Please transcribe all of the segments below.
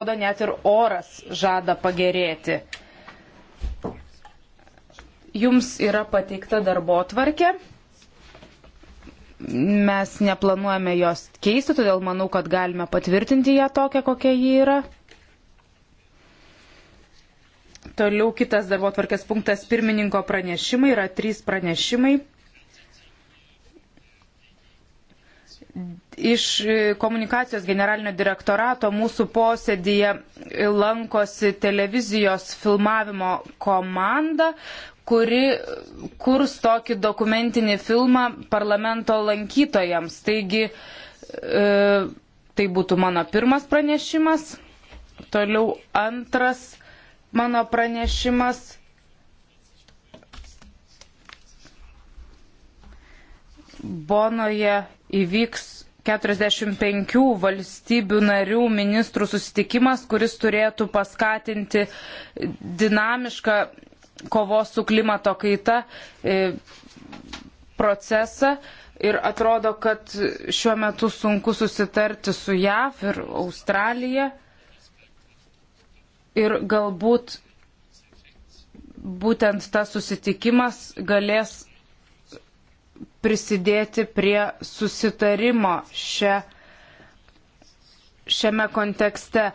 atrodo net ir oras žada pagerėti. Jums yra pateikta darbo tvarkė. Mes neplanuojame jos keisti, todėl manau, kad galime patvirtinti ją tokią, kokia ji yra. Toliau kitas darbo tvarkės punktas pirmininko pranešimai yra trys pranešimai iš e, komunikacijos generalinio direktorato mūsų posėdėje e, lankosi televizijos filmavimo komanda, kuri kurs tokį dokumentinį filmą parlamento lankytojams. Taigi e, tai būtų mano pirmas pranešimas. Toliau antras mano pranešimas. Bonoje įvyks 45 valstybių narių ministrų susitikimas, kuris turėtų paskatinti dinamišką kovos su klimato kaita e, procesą. Ir atrodo, kad šiuo metu sunku susitarti su JAV ir Australija. Ir galbūt būtent tas susitikimas galės prisidėti prie susitarimo šia, šiame kontekste.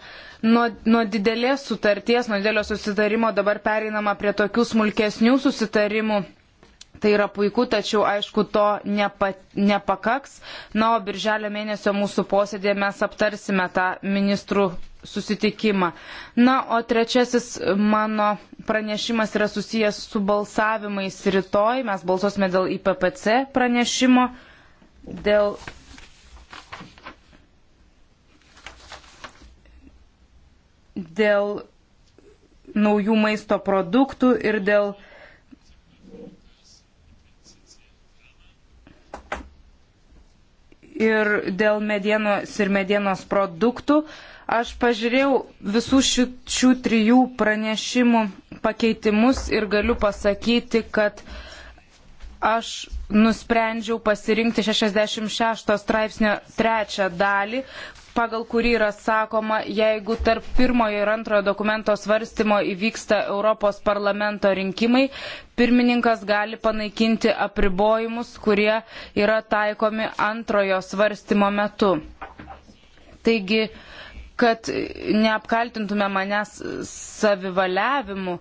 Nuo, nuo didelės sutarties, nuo didelio susitarimo dabar pereinama prie tokių smulkesnių susitarimų. Tai yra puiku, tačiau aišku, to nepa, nepakaks. Na, o birželio mėnesio mūsų posėdėje mes aptarsime tą ministrų susitikimą. Na, o trečiasis mano pranešimas yra susijęs su balsavimais rytoj. Mes balsuosime dėl IPPC pranešimo, dėl. dėl naujų maisto produktų ir dėl ir dėl medienos ir medienos produktų. Uh, Aš pažiūrėjau visų šių, šių trijų pranešimų pakeitimus ir galiu pasakyti, kad aš nusprendžiau pasirinkti 66 straipsnio trečią dalį, pagal kurį yra sakoma, jeigu tarp pirmojo ir antrojo dokumento svarstymo įvyksta Europos parlamento rinkimai, pirmininkas gali panaikinti apribojimus, kurie yra taikomi antrojo svarstymo metu. Taigi, uh, kad neapkaltintume manęs savivaliavimu,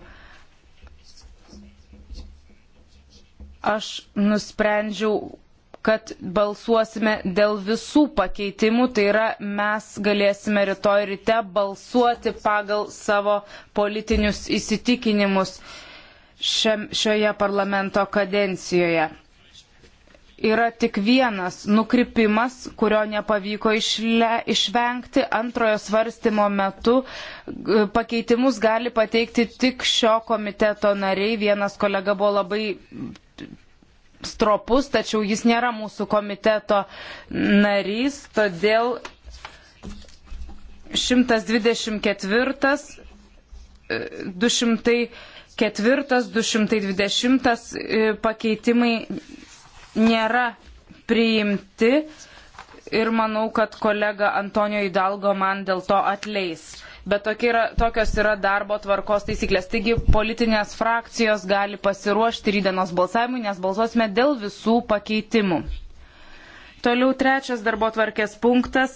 aš nusprendžiau, kad balsuosime dėl visų pakeitimų, tai yra mes galėsime rytoj ryte balsuoti pagal savo politinius įsitikinimus šiam, šioje parlamento kadencijoje yra tik vienas nukrypimas, kurio nepavyko išle, išvengti. Antrojo svarstymo metu pakeitimus gali pateikti tik šio komiteto nariai. Vienas kolega buvo labai stropus, tačiau jis nėra mūsų komiteto narys, todėl 124, 200 ketvirtas, 220 e, e, pakeitimai nėra priimti ir manau, kad kolega Antonijo Idalgo man dėl to atleis. Bet yra, tokios yra darbo tvarkos taisyklės. Taigi politinės frakcijos gali pasiruošti rydienos balsavimui, nes balsuosime dėl visų pakeitimų. Toliau trečias darbo tvarkės punktas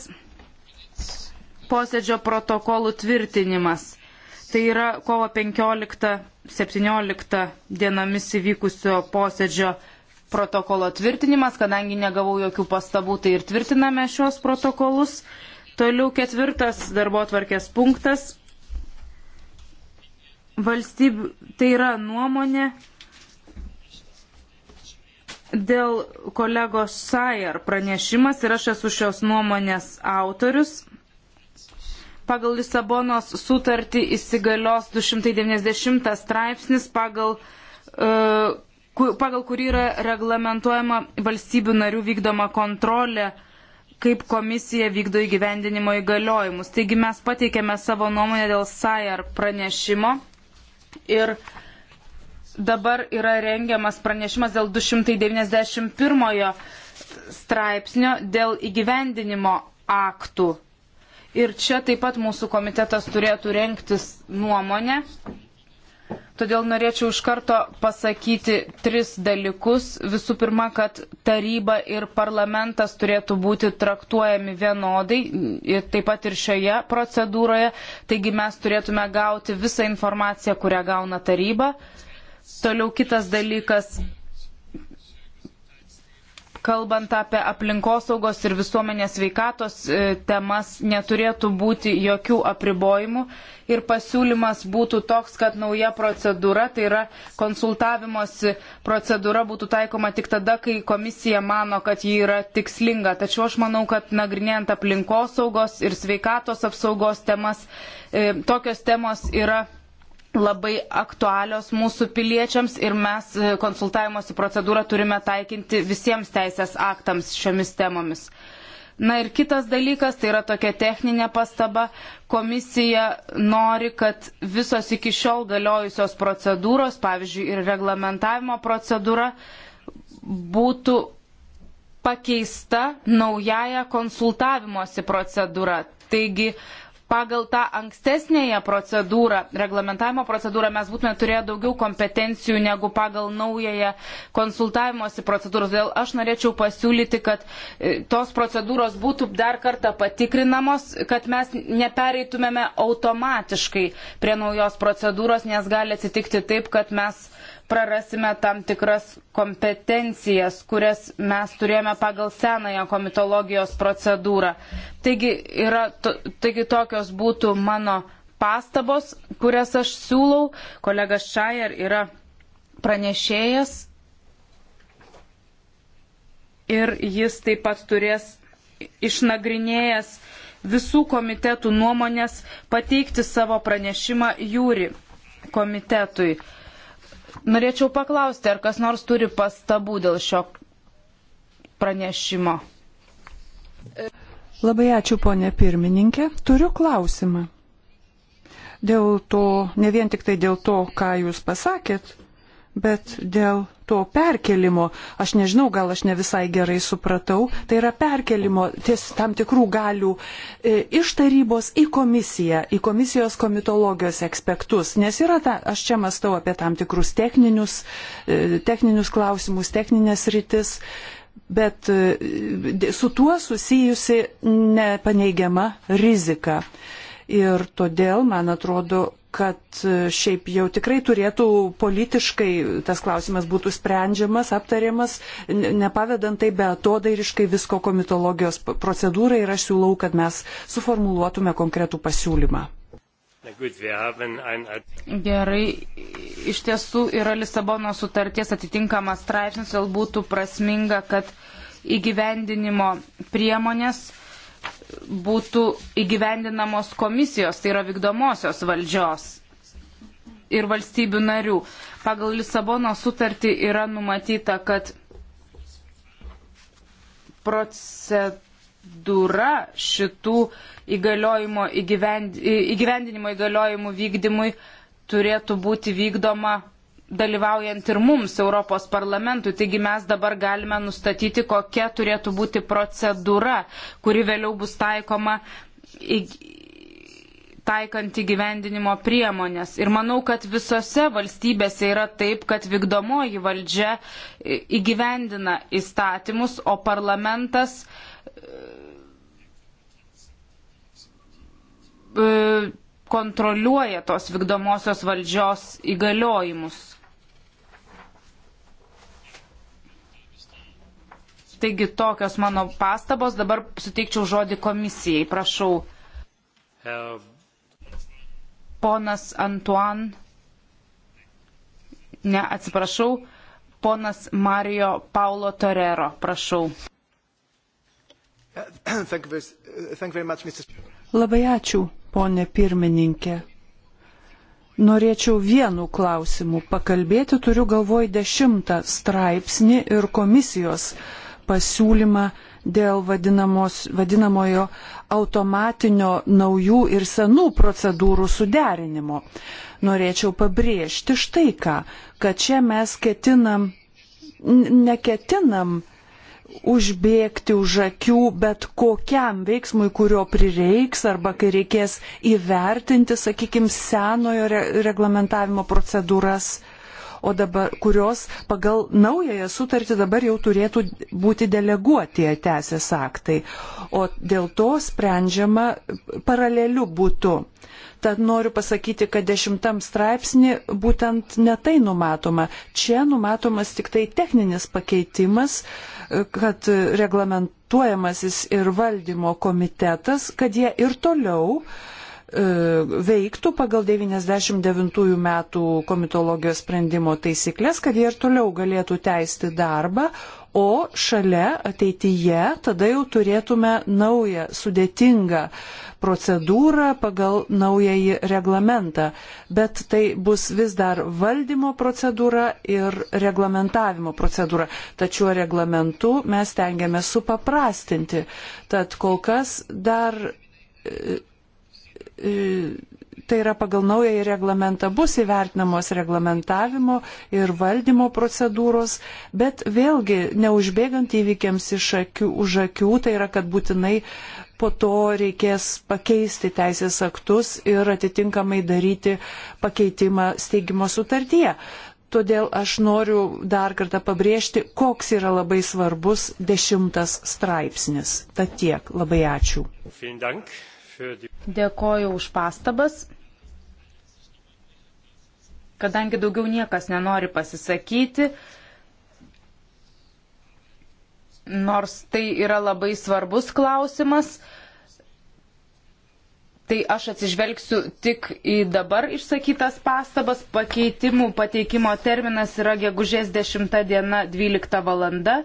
- posėdžio protokolų tvirtinimas. Tai yra kovo 15-17 dienomis įvykusio posėdžio tvirtinimas protokolo tvirtinimas, kadangi negavau jokių pastabų, tai ir tvirtiname šios protokolus. Toliau ketvirtas darbo tvarkės punktas. Valstyb... Tai yra nuomonė dėl kolegos Sayer pranešimas ir aš esu šios nuomonės autorius. Pagal Lisabonos sutartį įsigalios 290 straipsnis, pagal uh, pagal kurį yra reglamentuojama valstybių narių vykdoma kontrolė, kaip komisija vykdo įgyvendinimo įgaliojimus. Taigi mes pateikėme savo nuomonę dėl SAJAR pranešimo ir dabar yra rengiamas pranešimas dėl 291 straipsnio dėl įgyvendinimo aktų. Ir čia taip pat mūsų komitetas turėtų renktis nuomonę Todėl norėčiau iš karto pasakyti tris dalykus. Visų pirma, kad taryba ir parlamentas turėtų būti traktuojami vienodai, taip pat ir šioje procedūroje. Taigi mes turėtume gauti visą informaciją, kurią gauna taryba. Toliau kitas dalykas kalbant apie aplinkosaugos ir visuomenės veikatos e, temas, neturėtų būti jokių apribojimų. Ir pasiūlymas būtų toks, kad nauja procedūra, tai yra konsultavimosi procedūra, būtų taikoma tik tada, kai komisija mano, kad ji yra tikslinga. Tačiau aš manau, kad nagrinėjant aplinkosaugos ir sveikatos apsaugos temas, e, tokios temos yra labai aktualios mūsų piliečiams ir mes e, konsultavimosi procedūrą turime taikinti visiems teisės aktams šiomis temomis. Na ir kitas dalykas, tai yra tokia techninė pastaba. Komisija nori, kad visos iki šiol galiojusios procedūros, pavyzdžiui, ir reglamentavimo procedūra, būtų pakeista naujaja konsultavimosi procedūra. Taigi pagal tą ankstesnėje procedūrą, reglamentavimo procedūrą, mes būtume turėję daugiau kompetencijų negu pagal naująją konsultavimosi procedūrą. Todėl aš norėčiau pasiūlyti, kad e, tos procedūros būtų dar kartą patikrinamos, kad mes nepereitumėme automatiškai prie naujos procedūros, nes gali atsitikti taip, kad mes prarasime tam tikras kompetencijas, kurias mes turėjome pagal senąją komitologijos procedūrą. Taigi, yra, to, taigi tokios būtų mano pastabos, kurias aš siūlau. Kolega Šajer yra pranešėjas ir jis taip pat turės išnagrinėjęs visų komitetų nuomonės pateikti savo pranešimą jūri komitetui. Norėčiau paklausti, ar kas nors turi pastabų dėl šio pranešimo. Labai ačiū, ponė pirmininkė. Turiu klausimą. Dėl to, ne vien tik tai dėl to, ką jūs pasakėt, bet dėl to perkelimo, aš nežinau, gal aš ne visai gerai supratau, tai yra perkelimo ties tam tikrų galių e, iš tarybos į komisiją, į komisijos komitologijos aspektus, nes yra ta, aš čia mastau apie tam tikrus techninius, e, techninius klausimus, techninės rytis, bet e, su tuo susijusi nepaneigiama rizika. Ir todėl, man atrodo, kad e, šiaip jau tikrai turėtų politiškai tas klausimas būtų sprendžiamas, aptariamas, nepavedant tai be atodairiškai visko komitologijos procedūrai ir aš siūlau, kad mes suformuluotume konkretų pasiūlymą. Gerai, iš tiesų yra Lisabono sutarties atitinkamas straipsnis, gal būtų prasminga, kad įgyvendinimo priemonės būtų įgyvendinamos komisijos, tai yra vykdomosios valdžios ir valstybių narių. Pagal Lisabono sutartį yra numatyta, kad procedūra šitų įgaliojimo įgyvendinimo įgaliojimų vykdymui turėtų būti vykdoma dalyvaujant ir mums, Europos parlamentui. Taigi mes dabar galime nustatyti, kokia turėtų būti procedūra, kuri vėliau bus taikoma taikant įgyvendinimo priemonės. Ir manau, kad visose valstybėse yra taip, kad vykdomoji valdžia įgyvendina įstatymus, o parlamentas e, kontroliuoja tos vykdomosios valdžios įgaliojimus. Taigi tokios mano pastabos, dabar suteikčiau žodį komisijai, prašau. Ponas Antuan, ne, atsiprašau, ponas Mario Paulo Torero, prašau. Labai ačiū, ponė pirmininkė. Norėčiau vienu klausimu pakalbėti, turiu galvoj dešimtą straipsnį ir komisijos uh, pasiūlymą dėl vadinamos, vadinamojo automatinio naujų ir senų procedūrų suderinimo. Norėčiau pabrėžti štai ką, kad čia mes ketinam, neketinam užbėgti už akių bet kokiam veiksmui, kurio prireiks arba kai reikės įvertinti, sakykime, senojo re reglamentavimo procedūras o dabar, kurios pagal naująją sutartį dabar jau turėtų būti deleguotie teisės aktai, o dėl to sprendžiama paraleliu būtų. Tad noriu pasakyti, kad dešimtam straipsnį būtent netai numatoma. Čia numatomas tik tai techninis pakeitimas, kad reglamentuojamasis ir valdymo komitetas, kad jie ir toliau uh, E, veiktų pagal 99 metų komitologijos sprendimo taisyklės, kad jie ir toliau galėtų teisti darbą, o šalia ateityje tada jau turėtume naują sudėtingą procedūrą pagal naująjį reglamentą. Bet tai bus vis dar valdymo procedūra ir reglamentavimo procedūra. Tačiau reglamentu mes tengiame supaprastinti. Tad kol kas dar e, E, tai yra pagal naująjį reglamentą bus įvertinamos reglamentavimo ir valdymo procedūros, bet vėlgi neužbėgant įvykiams iš akių, už akių, tai yra, kad būtinai po to reikės pakeisti teisės aktus ir atitinkamai daryti pakeitimą steigimo sutartyje. Todėl aš noriu dar kartą pabrėžti, koks yra labai svarbus dešimtas straipsnis. Tad tiek, labai ačiū. Vielen Dank. Dėkoju už pastabas. Kadangi daugiau niekas nenori pasisakyti, nors tai yra labai svarbus klausimas, tai aš atsižvelgsiu tik į dabar išsakytas pastabas. Pakeitimų pateikimo terminas yra gegužės 10 diena 12 valanda.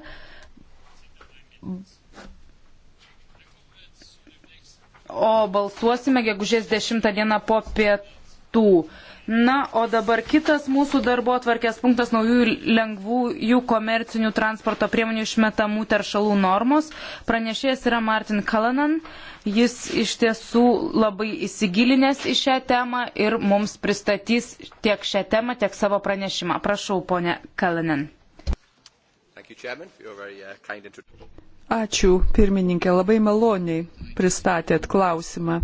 o balsuosime gegužės 10 dieną po pietų. Na, o dabar kitas mūsų darbo atvarkės punktas naujų lengvųjų komercinių transporto priemonių išmetamų teršalų normos. Pranešėjas yra Martin Kalanan. Jis iš tiesų labai įsigilinęs į šią temą ir mums pristatys tiek šią temą, tiek savo pranešimą. Prašau, ponė Kalanan. You, Chairman, very, uh, kind Ačiū, pirmininkė, labai maloniai pristatėt klausimą.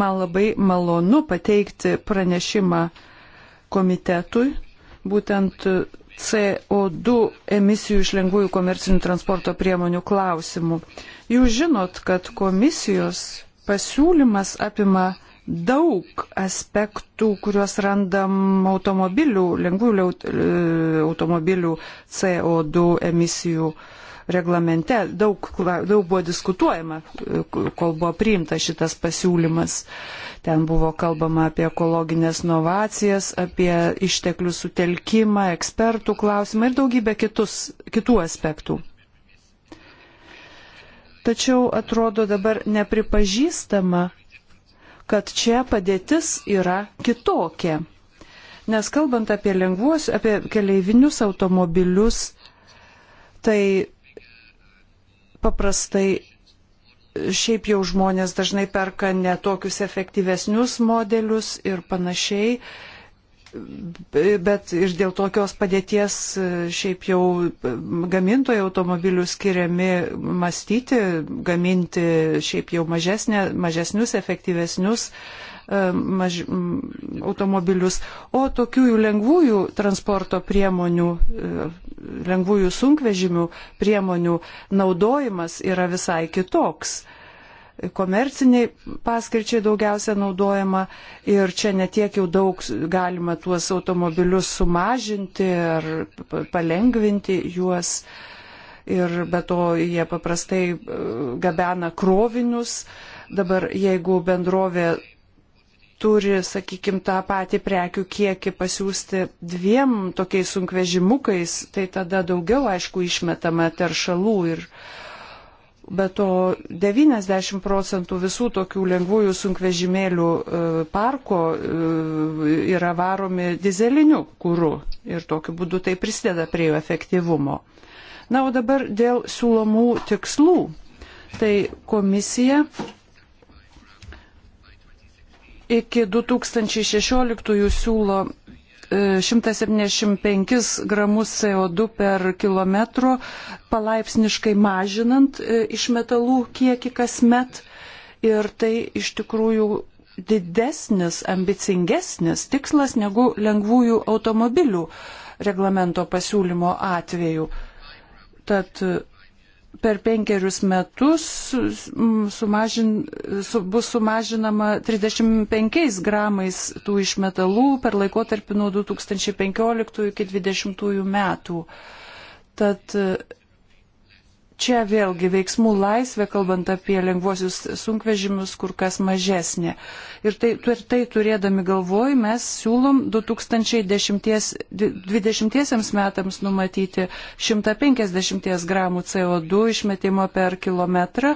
Man labai malonu pateikti pranešimą komitetui, būtent CO2 emisijų iš lengvųjų komercinių transporto priemonių klausimų. Jūs žinot, kad komisijos pasiūlymas apima daug aspektų, kuriuos randam automobilių, lengvųjų automobilių CO2 emisijų uh, reglamente daug, daug buvo diskutuojama, kol buvo priimta šitas pasiūlymas. Ten buvo kalbama apie ekologinės inovacijas, apie išteklių sutelkimą, ekspertų klausimą ir daugybę kitus, kitų aspektų. Tačiau atrodo dabar nepripažįstama, kad čia padėtis yra kitokia. Nes kalbant apie lengvuosius, apie keleivinius automobilius, tai paprastai šiaip jau žmonės dažnai perka ne tokius efektyvesnius modelius ir panašiai, bet ir dėl tokios padėties e, šiaip jau gamintojai automobilių skiriami mąstyti, gaminti šiaip jau mažesnė, mažesnius, efektyvesnius uh, E, maž, automobilius, o tokiųjų lengvųjų transporto priemonių, e, lengvųjų sunkvežimių priemonių naudojimas yra visai kitoks. Komerciniai paskirčiai daugiausia naudojama ir čia netiek jau daug galima tuos automobilius sumažinti ar palengvinti juos. Ir be to jie paprastai e, gabena krovinius, Dabar jeigu bendrovė turi, sakykime, tą patį prekių kiekį pasiūsti dviem tokiais sunkvežimukais, tai tada daugiau, aišku, išmetama teršalų ir be to 90 procentų visų tokių lengvųjų sunkvežimėlių e, parko e, yra varomi dizeliniu kūru ir tokiu būdu tai prisideda prie jų efektyvumo. Na, o dabar dėl siūlomų tikslų. Tai komisija iki 2016 siūlo 175 e, gramus CO2 per kilometro, palaipsniškai mažinant e, iš metalų kiekį kasmet. Ir tai iš tikrųjų didesnis, ambicingesnis tikslas negu lengvųjų automobilių reglamento pasiūlymo atveju. Tad per penkerius metus sumažin, su, bus sumažinama 35 gramais tų išmetalų per laikotarpį nuo 2015 iki 2020 metų. Tad Čia vėlgi veiksmų laisvė, kalbant apie lengvuosius sunkvežimius, kur kas mažesnė. Ir tai, ir tai turėdami galvoj, mes siūlom 2020 metams numatyti 150 gramų CO2 išmetimo per kilometrą.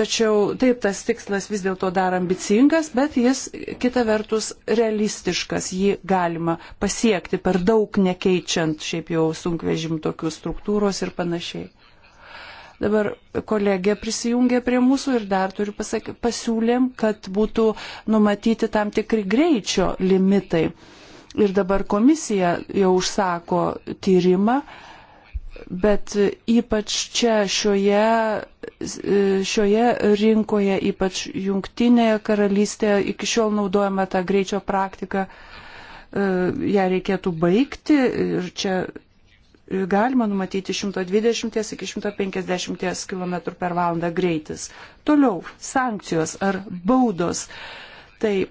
Tačiau taip tas tikslas vis dėlto dar ambicingas, bet jis kita vertus realistiškas, jį galima pasiekti per daug nekeičiant šiaip jau sunkvežim tokių struktūros ir panašiai. Dabar kolegė prisijungė prie mūsų ir dar turiu pasakyti, pasiūlėm, kad būtų numatyti tam tikri greičio limitai. Ir dabar komisija jau užsako tyrimą, bet ypač čia šioje, šioje rinkoje, ypač jungtinėje karalystėje iki šiol naudojama ta greičio praktika e, ją reikėtų baigti ir čia galima numatyti 120 iki 150 km per valandą greitis. Toliau sankcijos ar baudos. Tai,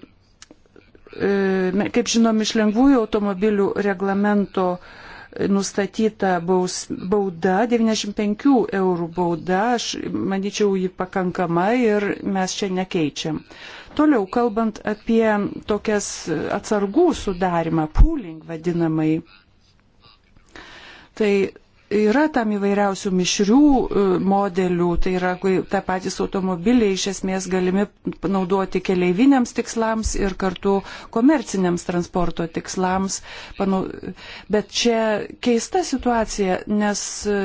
e, kaip žinom, iš lengvųjų automobilių reglamento e, nustatyta baus, bauda, 95 eurų bauda, aš manyčiau, ji pakankama ir mes čia nekeičiam. Toliau, kalbant apie tokias atsargų sudarimą, pooling vadinamai, Tai yra tam įvairiausių mišrių e, modelių, tai yra, kai ta patys automobiliai iš esmės galimi naudoti keleiviniams tikslams ir kartu komerciniams transporto tikslams. Bet čia keista situacija, nes e,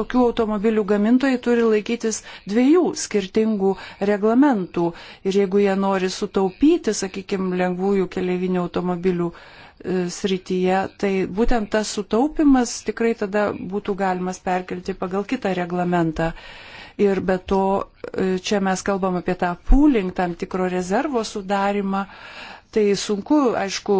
tokių automobilių gamintojai turi laikytis dviejų skirtingų reglamentų ir jeigu jie nori sutaupyti, sakykime, lengvųjų keleivinių automobilių, E, srityje, tai būtent tas sutaupimas tikrai tada būtų galimas perkelti pagal kitą reglamentą. Ir be to, e, čia mes kalbam apie tą pooling, tam tikro rezervo sudarimą, Tai sunku, aišku,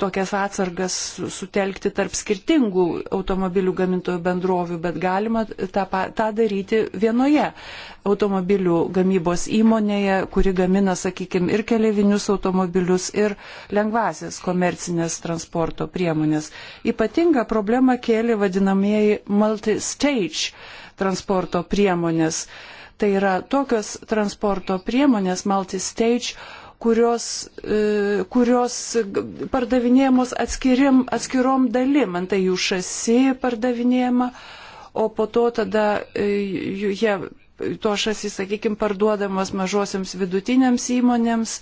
tokias atsargas sutelkti tarp skirtingų automobilių gamintojų bendrovių, bet galima tą, tą daryti vienoje automobilių gamybos įmonėje, kuri gamina, sakykime, ir keliavinius automobilius, ir lengvasis komercinės transporto priemonės. Ypatinga problema kėlė vadinamieji multi-stage transporto priemonės. Tai yra tokios transporto priemonės multi-stage kurios, e, kurios pardavinėjamos atskirim, atskirom dalim, antai jų šasi pardavinėjama, o po to tada e, jie to šasis, sakykime, parduodamas mažosiams vidutiniams įmonėms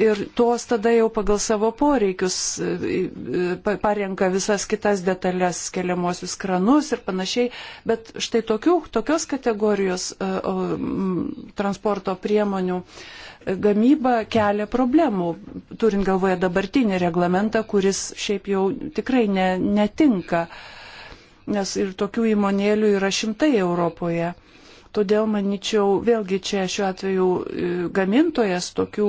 ir tos tada jau pagal savo poreikius e, parenka visas kitas detalės, keliamosius kranus ir panašiai. Bet štai tokių, tokios kategorijos transporto priemonių uh, gamyba kelia problemų, turint galvoje dabartinį reglamentą, kuris šiaip jau tikrai ne, netinka, nes ir tokių įmonėlių yra šimtai Europoje. Todėl, manyčiau, vėlgi čia šiuo atveju e, gamintojas tokių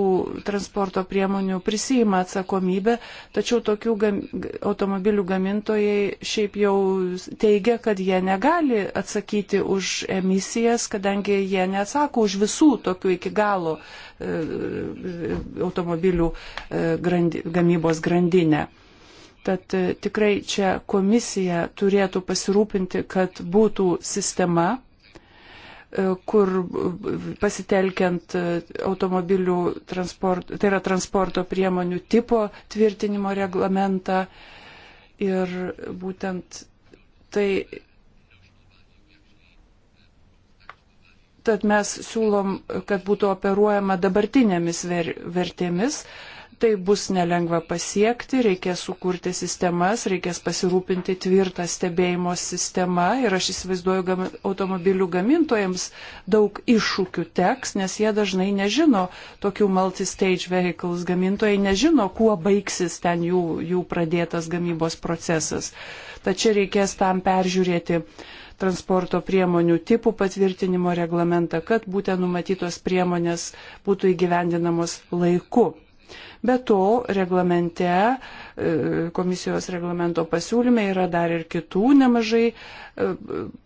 transporto priemonių prisijima atsakomybę, tačiau tokių gam, automobilių gamintojai šiaip jau teigia, kad jie negali atsakyti už emisijas, kadangi jie neatsako už visų tokių iki galo e, automobilių e, grandi, gamybos grandinę. Tad tikrai čia komisija turėtų pasirūpinti, kad būtų sistema E, kur e, pasitelkiant e, automobilių transport, tai yra transporto priemonių tipo tvirtinimo reglamentą. Ir būtent tai. Tad mes siūlom, kad būtų operuojama dabartinėmis ver, vertėmis, uh, Tai bus nelengva pasiekti, reikės sukurti sistemas, reikės pasirūpinti tvirtą stebėjimo sistemą ir aš įsivaizduoju, gam, automobilių gamintojams daug iššūkių teks, nes jie dažnai nežino, tokių multistage vehicles gamintojai nežino, kuo baigsis ten jų, jų pradėtas gamybos procesas. Tačiau reikės tam peržiūrėti transporto priemonių tipų patvirtinimo reglamentą, kad būtent numatytos priemonės būtų įgyvendinamos laiku. Be to, reglamente, e, komisijos reglamento pasiūlyme yra dar ir kitų nemažai e,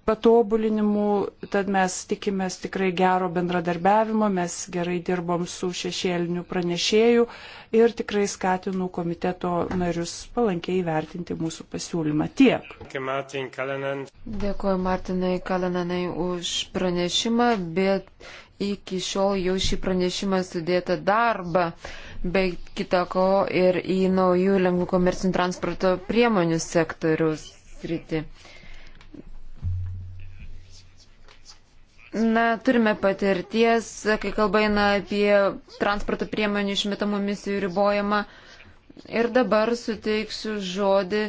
patobulinimų, tad mes tikimės tikrai gero bendradarbiavimo, mes gerai dirbom su šešėliniu pranešėju ir tikrai skatinu komiteto narius palankiai vertinti mūsų pasiūlymą. Tiek. Dėkuoju Martinai Kalinanai už pranešimą, bet iki šiol jau šį pranešimą sudėta darbą bei kitako ir į naujų lengvų komercinių transporto priemonių sektoriaus sritį. Na, turime patirties, kai kalba eina apie transporto priemonių išmetamų misijų ribojimą. Ir dabar suteiksiu žodį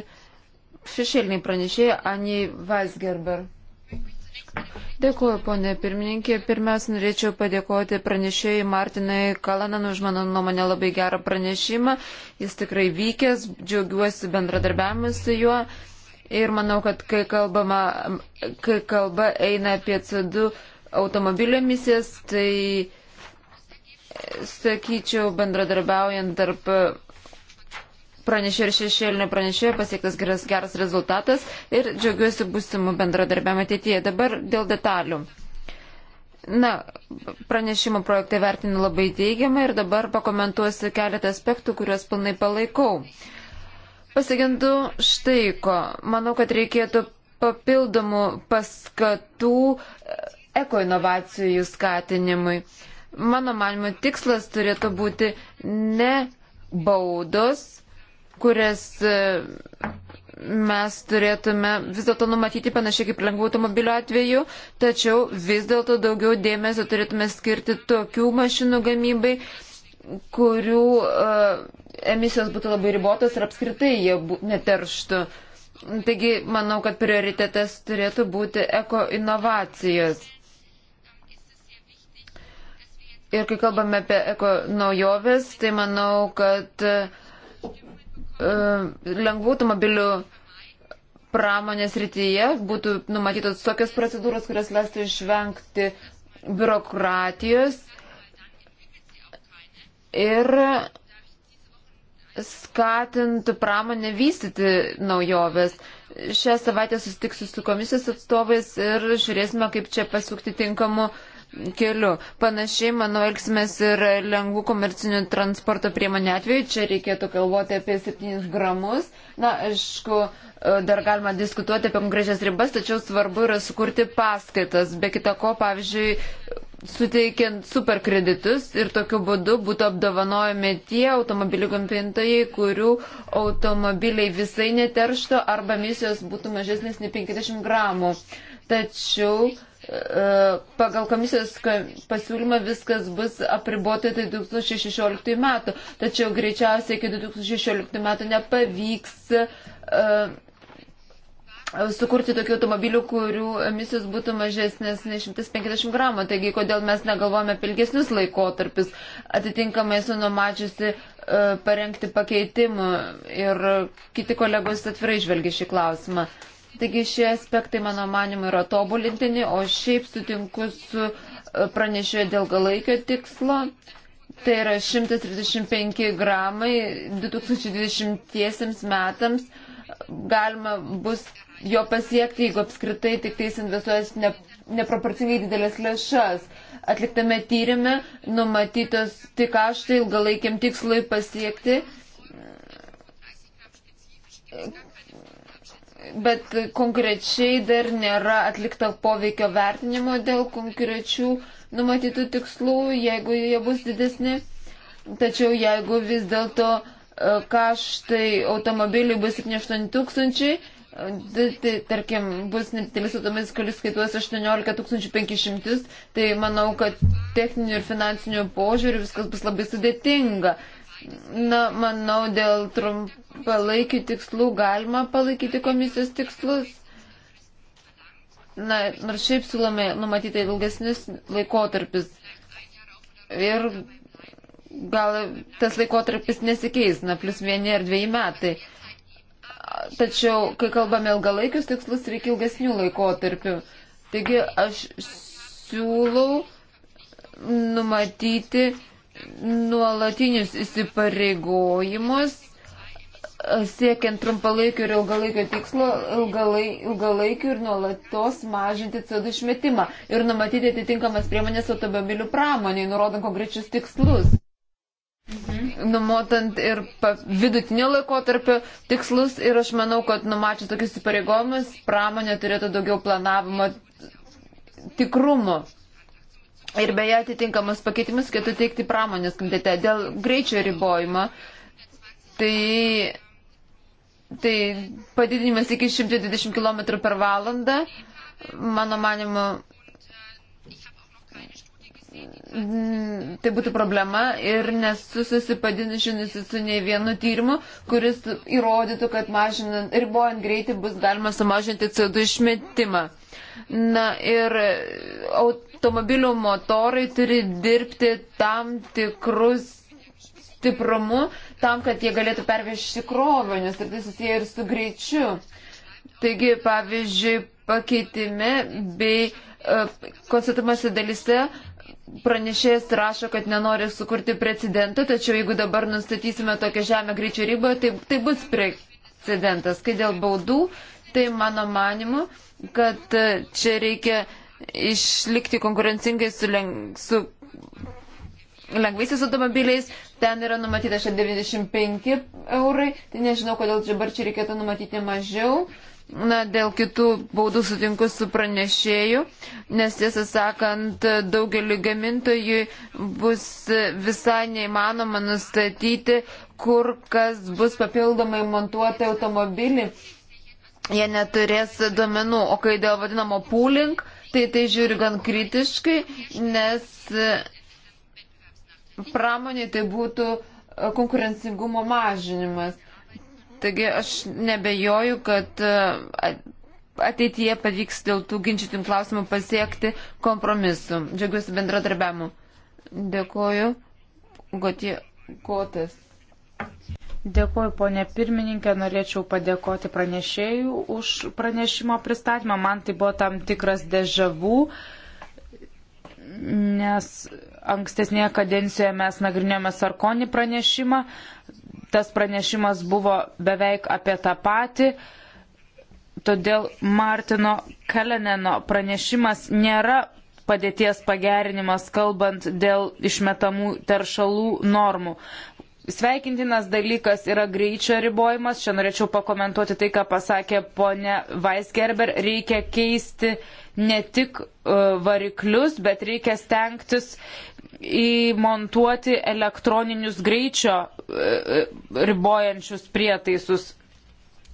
šešėliniai pranešėjai Anijai Weisgerber. Dėkuoju, ponė pirmininkė. Pirmiausia, norėčiau padėkoti pranešėjai Martinai Kalanan už mano nuomonę labai gerą pranešimą. Jis tikrai vykęs, džiaugiuosi bendradarbiavimu su juo. Ir manau, kad kai, kalbama, kai kalba eina apie CO2 automobilio emisijas, tai sakyčiau, bendradarbiaujant tarp pranešė ir šešėlinio pranešėjo pasiektas geras, geras rezultatas ir džiaugiuosi būsimų bendradarbiavimo ateityje. Dabar dėl detalių. Na, pranešimo projektą vertinu labai teigiamai ir dabar pakomentuosiu keletą aspektų, kuriuos pilnai palaikau. Pasigendu štai ko. Manau, kad reikėtų papildomų paskatų e, ekoinovacijų skatinimui. Mano manimo tikslas turėtų būti ne baudos, kurias e, mes turėtume vis dėlto numatyti panašiai kaip lengvų automobilių atveju, tačiau vis dėlto daugiau dėmesio turėtume skirti tokių mašinų gamybai, kurių uh, emisijos būtų labai ribotos ir apskritai jie neterštų. Taigi, manau, kad prioritetas turėtų būti eko inovacijos. Ir kai kalbame apie eko naujoves, tai manau, kad uh, E, lengvų automobilių pramonės rytyje būtų numatytos tokios procedūros, kurios leistų išvengti biurokratijos ir skatintų pramonę vystyti naujoves. Šią savaitę susitiksiu su komisijos atstovais ir žiūrėsime, kaip čia pasukti tinkamu uh, keliu. Panašiai, manau, elgsimės ir lengvų komercinių transporto priemonių atveju. Čia reikėtų kalbuoti apie 7 gramus. Na, aišku, dar galima diskutuoti apie konkrečias ribas, tačiau svarbu yra sukurti paskaitas. Be kita ko, pavyzdžiui, suteikiant superkreditus ir tokiu būdu būtų apdovanojami tie automobilių gamintojai, kurių automobiliai visai neteršto arba misijos būtų mažesnės nei 50 gramų. Tačiau E, pagal komisijos pasiūlymą viskas bus apribota tai 2016 metų, tačiau greičiausiai iki 2016 metų nepavyks uh, sukurti tokių automobilių, kurių emisijos būtų mažesnės nei 150 gramų. Taigi, kodėl mes negalvojame apie ilgesnius laikotarpius, atitinkamai esu numačiusi uh, parengti pakeitimų ir kiti kolegos atvirai žvelgia šį klausimą. Taigi šie aspektai, mano manimu, yra tobulintini, o šiaip sutinku su e, pranešėjo dėl galaikio tikslo. Tai yra 135 gramai 2020 metams. Galima bus jo pasiekti, jeigu apskritai tik tais investuojas ne, neproporcingai didelės lėšas. Atliktame tyrimė numatytos tik kaštai ilgalaikiam tikslui pasiekti bet konkrečiai dar nėra atlikta poveikio vertinimo dėl konkrečių numatytų tikslų, jeigu jie bus didesni. Tačiau jeigu vis dėlto e, kaštai automobiliui bus 7-8 tūkstančiai, e, tai, tai tarkim bus nedidelis automobilis, kuris skaituos 18 500, tai manau, kad techniniu ir finansiniu požiūriu viskas bus labai sudėtinga. Na, manau, dėl trumpalaikių tikslų galima palaikyti komisijos tikslus. Na, nors šiaip siūlome numatyti ilgesnius laikotarpis. Ir gal tas laikotarpis nesikeis, na, plus vieni ar dviejai metai. Tačiau, kai kalbame ilgalaikius tikslus, reikia ilgesnių laikotarpių. Taigi aš siūlau numatyti nuolatinius įsipareigojimus e, siekiant trumpalaikio ir ilgalaikio tikslo, ilgalaikio ir nuolatos mažinti CO2 išmetimą ir numatyti atitinkamas priemonės automobilių pramoniai, nurodant konkrečius tikslus. Mhm. Numotant ir vidutinio laikotarpio tikslus ir aš manau, kad numačius tokius įpareigojimus, pramonė turėtų daugiau planavimo tikrumo. Ir beje, atitinkamus pakeitimus kitų teikti pramonės komitete dėl greičio ribojimo. Tai, tai padidinimas iki 120 km per valandą, mano manimo, tai būtų problema ir nesu susipadinišinusi su ne vienu tyrimu, kuris įrodytų, kad mažinant, ribojant greitį bus galima sumažinti CO2 išmetimą. Na ir automobilių motorai turi dirbti tam tikrus stiprumu, tam, kad jie galėtų pervežti krovinius ir tai susiję ir su greičiu. Taigi, pavyzdžiui, pakeitime bei e, konstatuomasi dalise pranešėjas rašo, kad nenori sukurti precedento, tačiau jeigu dabar nustatysime tokią žemę greičio ribą, tai, tai bus precedentas. Kai dėl baudų, tai mano manimu, kad čia reikia išlikti konkurencingai su, leng su lengvaisiais automobiliais, ten yra numatyta 95 eurai, tai nežinau, kodėl dabar čia reikėtų numatyti mažiau. Na, dėl kitų baudų sutinku su pranešėju, nes tiesą sakant, daugeliu gamintojų bus visai neįmanoma nustatyti, kur kas bus papildomai montuota automobilį jie neturės duomenų. O kai dėl vadinamo pooling, tai tai žiūri gan kritiškai, nes e, pramonė tai būtų e, konkurencingumo mažinimas. Taigi aš nebejoju, kad e, ateityje pavyks dėl tų ginčytim klausimų pasiekti kompromisu. Džiaugiuosi bendradarbiavimu. Dėkoju. Gotie Gotas. Dėkuoju, ponė pirmininkė, norėčiau padėkoti pranešėjų už pranešimo pristatymą. Man tai buvo tam tikras dežavų, nes ankstesnėje kadencijoje mes nagrinėjome Sarkonį pranešimą. Tas pranešimas buvo beveik apie tą patį. Todėl Martino Kaleneno pranešimas nėra padėties pagerinimas, kalbant dėl išmetamų teršalų normų. Sveikintinas dalykas yra greičio ribojimas. Čia norėčiau pakomentuoti tai, ką pasakė ponė Weisgerber. Reikia keisti ne tik e, variklius, bet reikia stengtis įmontuoti elektroninius greičio e, e, ribojančius prietaisus.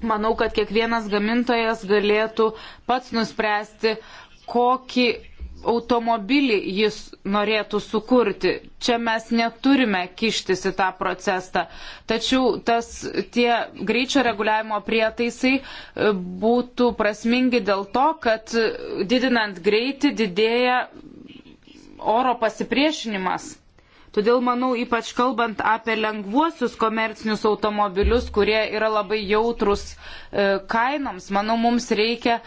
Manau, kad kiekvienas gamintojas galėtų pats nuspręsti, kokį automobilį jis norėtų sukurti. Čia mes neturime kištis į tą procesą. Tačiau tas, tie greičio reguliavimo prietaisai e, būtų prasmingi dėl to, kad didinant greitį didėja oro pasipriešinimas. Todėl manau, ypač kalbant apie lengvuosius komercinius automobilius, kurie yra labai jautrus e, kainoms, manau, mums reikia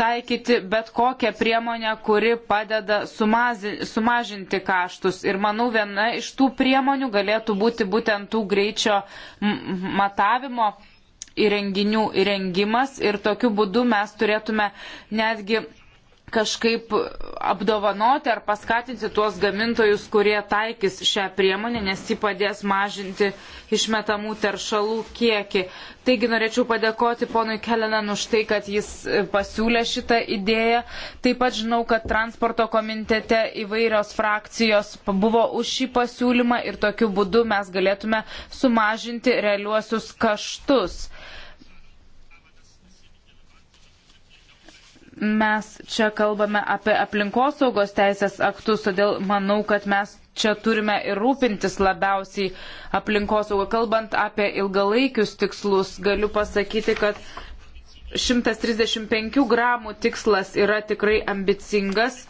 taikyti bet kokią priemonę, kuri padeda sumazi, sumažinti kaštus. Ir manau, viena iš tų priemonių galėtų būti būtent tų greičio matavimo įrenginių įrengimas ir tokiu būdu mes turėtume netgi kažkaip apdovanoti ar paskatinti tuos gamintojus, kurie taikys šią priemonę, nes ji padės mažinti išmetamų teršalų kiekį. Taigi norėčiau padėkoti ponui Kelenan už tai, kad jis pasiūlė šitą idėją. Taip pat žinau, kad transporto komitete įvairios frakcijos buvo už šį pasiūlymą ir tokiu būdu mes galėtume sumažinti realiuosius kaštus. Uh, mes čia kalbame apie aplinkosaugos teisės aktus, todėl manau, kad mes čia turime ir rūpintis labiausiai aplinkosaugą. Kalbant apie ilgalaikius tikslus, galiu pasakyti, kad 135 gramų tikslas yra tikrai ambicingas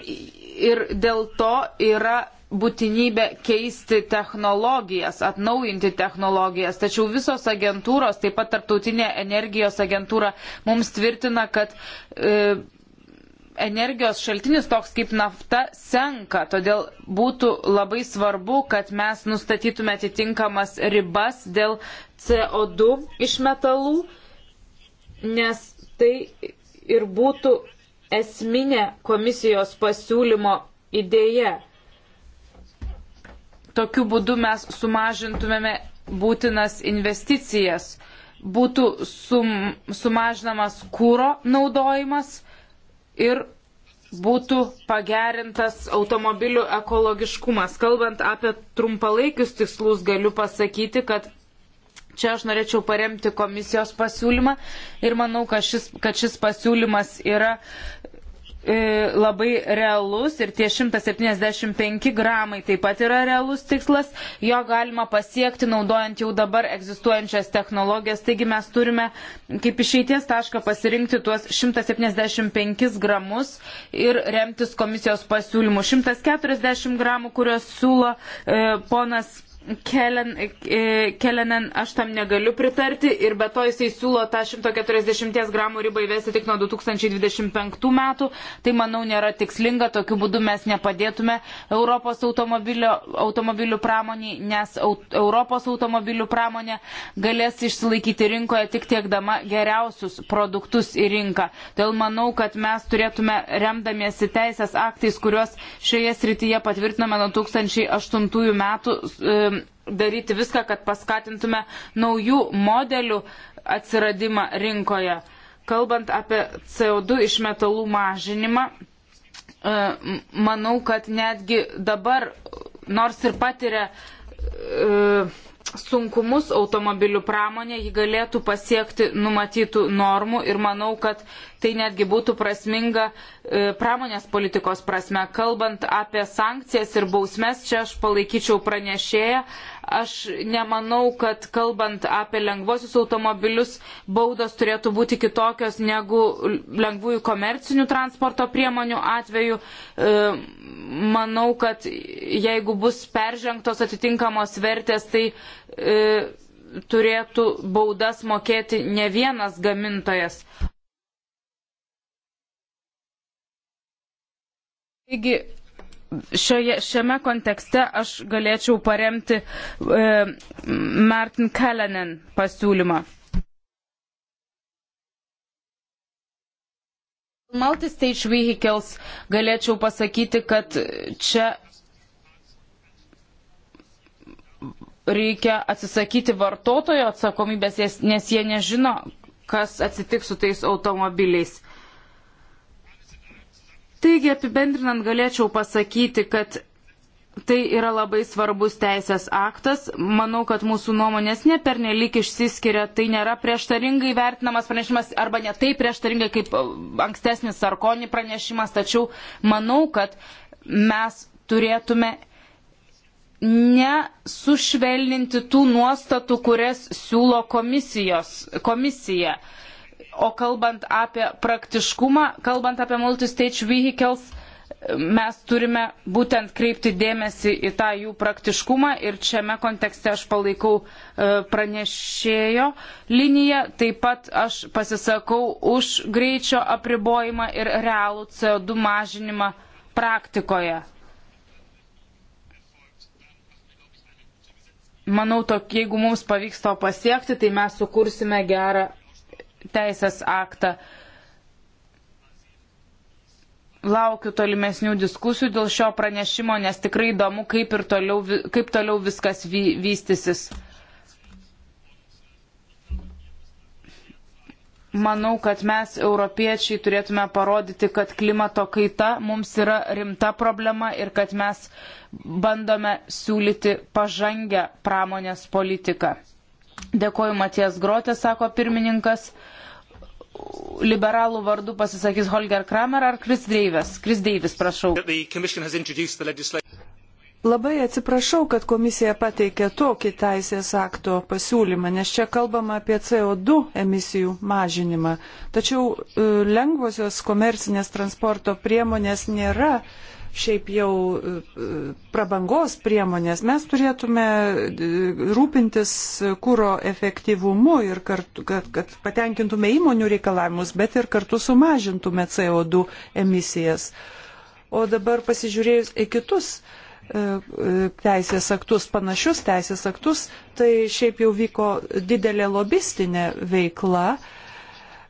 ir dėl to yra būtinybę keisti technologijas, atnaujinti technologijas. Tačiau visos agentūros, taip pat Tarptautinė energijos agentūra, mums tvirtina, kad e, energijos šaltinis toks kaip nafta senka. Todėl būtų labai svarbu, kad mes nustatytume atitinkamas ribas dėl CO2 iš metalų, nes tai ir būtų esminė komisijos pasiūlymo idėja tokiu būdu mes sumažintumėme būtinas investicijas, būtų sum, sumažinamas kūro naudojimas ir būtų pagerintas automobilių ekologiškumas. Kalbant apie trumpalaikius tikslus, galiu pasakyti, kad čia aš norėčiau paremti komisijos pasiūlymą ir manau, kad šis, kad šis pasiūlymas yra E, labai realus ir tie 175 gramai taip pat yra realus tikslas, jo galima pasiekti naudojant jau dabar egzistuojančias technologijas, taigi mes turime kaip išeities tašką pasirinkti tuos 175 gramus ir remtis komisijos pasiūlymų 140 gramų, kurios siūlo e, ponas Kelen, e, Kelenen aš tam negaliu pritarti ir be to jisai siūlo tą 140 gramų ribą įvesti tik nuo 2025 metų. Tai manau nėra tikslinga, tokiu būdu mes nepadėtume Europos automobilių pramoniai, nes aut, Europos automobilių pramonė galės išsilaikyti rinkoje tik tiekdama geriausius produktus į rinką. Todėl manau, kad mes turėtume remdamiesi teisės aktais, kuriuos šioje srityje patvirtiname nuo 2008 metų. E, daryti viską, kad paskatintume naujų modelių atsiradimą rinkoje. Kalbant apie CO2 iš metalų mažinimą, e, manau, kad netgi dabar, nors ir patiria e, sunkumus automobilių pramonė, ji galėtų pasiekti numatytų normų ir manau, kad tai netgi būtų prasminga e, pramonės politikos prasme. Kalbant apie sankcijas ir bausmes, čia aš palaikyčiau pranešėją, Aš nemanau, kad kalbant apie lengvosius automobilius, baudos turėtų būti kitokios negu lengvųjų komercinių transporto priemonių atveju. E, manau, kad jeigu bus peržengtos atitinkamos vertės, tai e, turėtų baudas mokėti ne vienas gamintojas. Taigi šioje, šiame kontekste aš galėčiau paremti e, Martin Kalenen pasiūlymą. Multistage vehicles galėčiau pasakyti, kad čia reikia atsisakyti vartotojo atsakomybės, nes jie nežino, kas atsitiks su tais automobiliais. Taigi apibendrinant galėčiau pasakyti, kad tai yra labai svarbus teisės aktas. Manau, kad mūsų nuomonės nepernelik išsiskiria, tai nėra prieštaringai vertinamas pranešimas arba ne taip prieštaringai kaip uh, ankstesnis Sarkonį pranešimas, tačiau manau, kad mes turėtume nesušvelninti tų nuostatų, kurias siūlo komisijos, komisija. Uh, O kalbant apie praktiškumą, kalbant apie multistage vehicles, mes turime būtent kreipti dėmesį į tą jų praktiškumą ir šiame kontekste aš palaikau e, pranešėjo liniją. Taip pat aš pasisakau už greičio apribojimą ir realų CO2 mažinimą praktikoje. Manau, tok, jeigu mums pavyks to pasiekti, tai mes sukursime gerą teisės aktą. Laukiu tolimesnių diskusijų dėl šio pranešimo, nes tikrai įdomu, kaip, toliau, kaip toliau viskas vy, vystysis. Manau, kad mes, europiečiai, turėtume parodyti, kad klimato kaita mums yra rimta problema ir kad mes bandome siūlyti pažangę pramonės politiką. Dėkoju Matijas Grotė, sako pirmininkas. Liberalų vardu pasisakys Holger Kramer ar Kris Deivis. Kris Deivis, prašau. Labai atsiprašau, kad komisija pateikė tokį teisės akto pasiūlymą, nes čia kalbama apie CO2 emisijų mažinimą. Tačiau e, lengvosios komercinės transporto priemonės nėra uh, šiaip jau e, prabangos priemonės, mes turėtume e, rūpintis kūro efektyvumu ir kartu, kad, kad patenkintume įmonių reikalavimus, bet ir kartu sumažintume CO2 emisijas. O dabar pasižiūrėjus į kitus e, teisės aktus, panašius teisės aktus, tai šiaip jau vyko didelė lobistinė veikla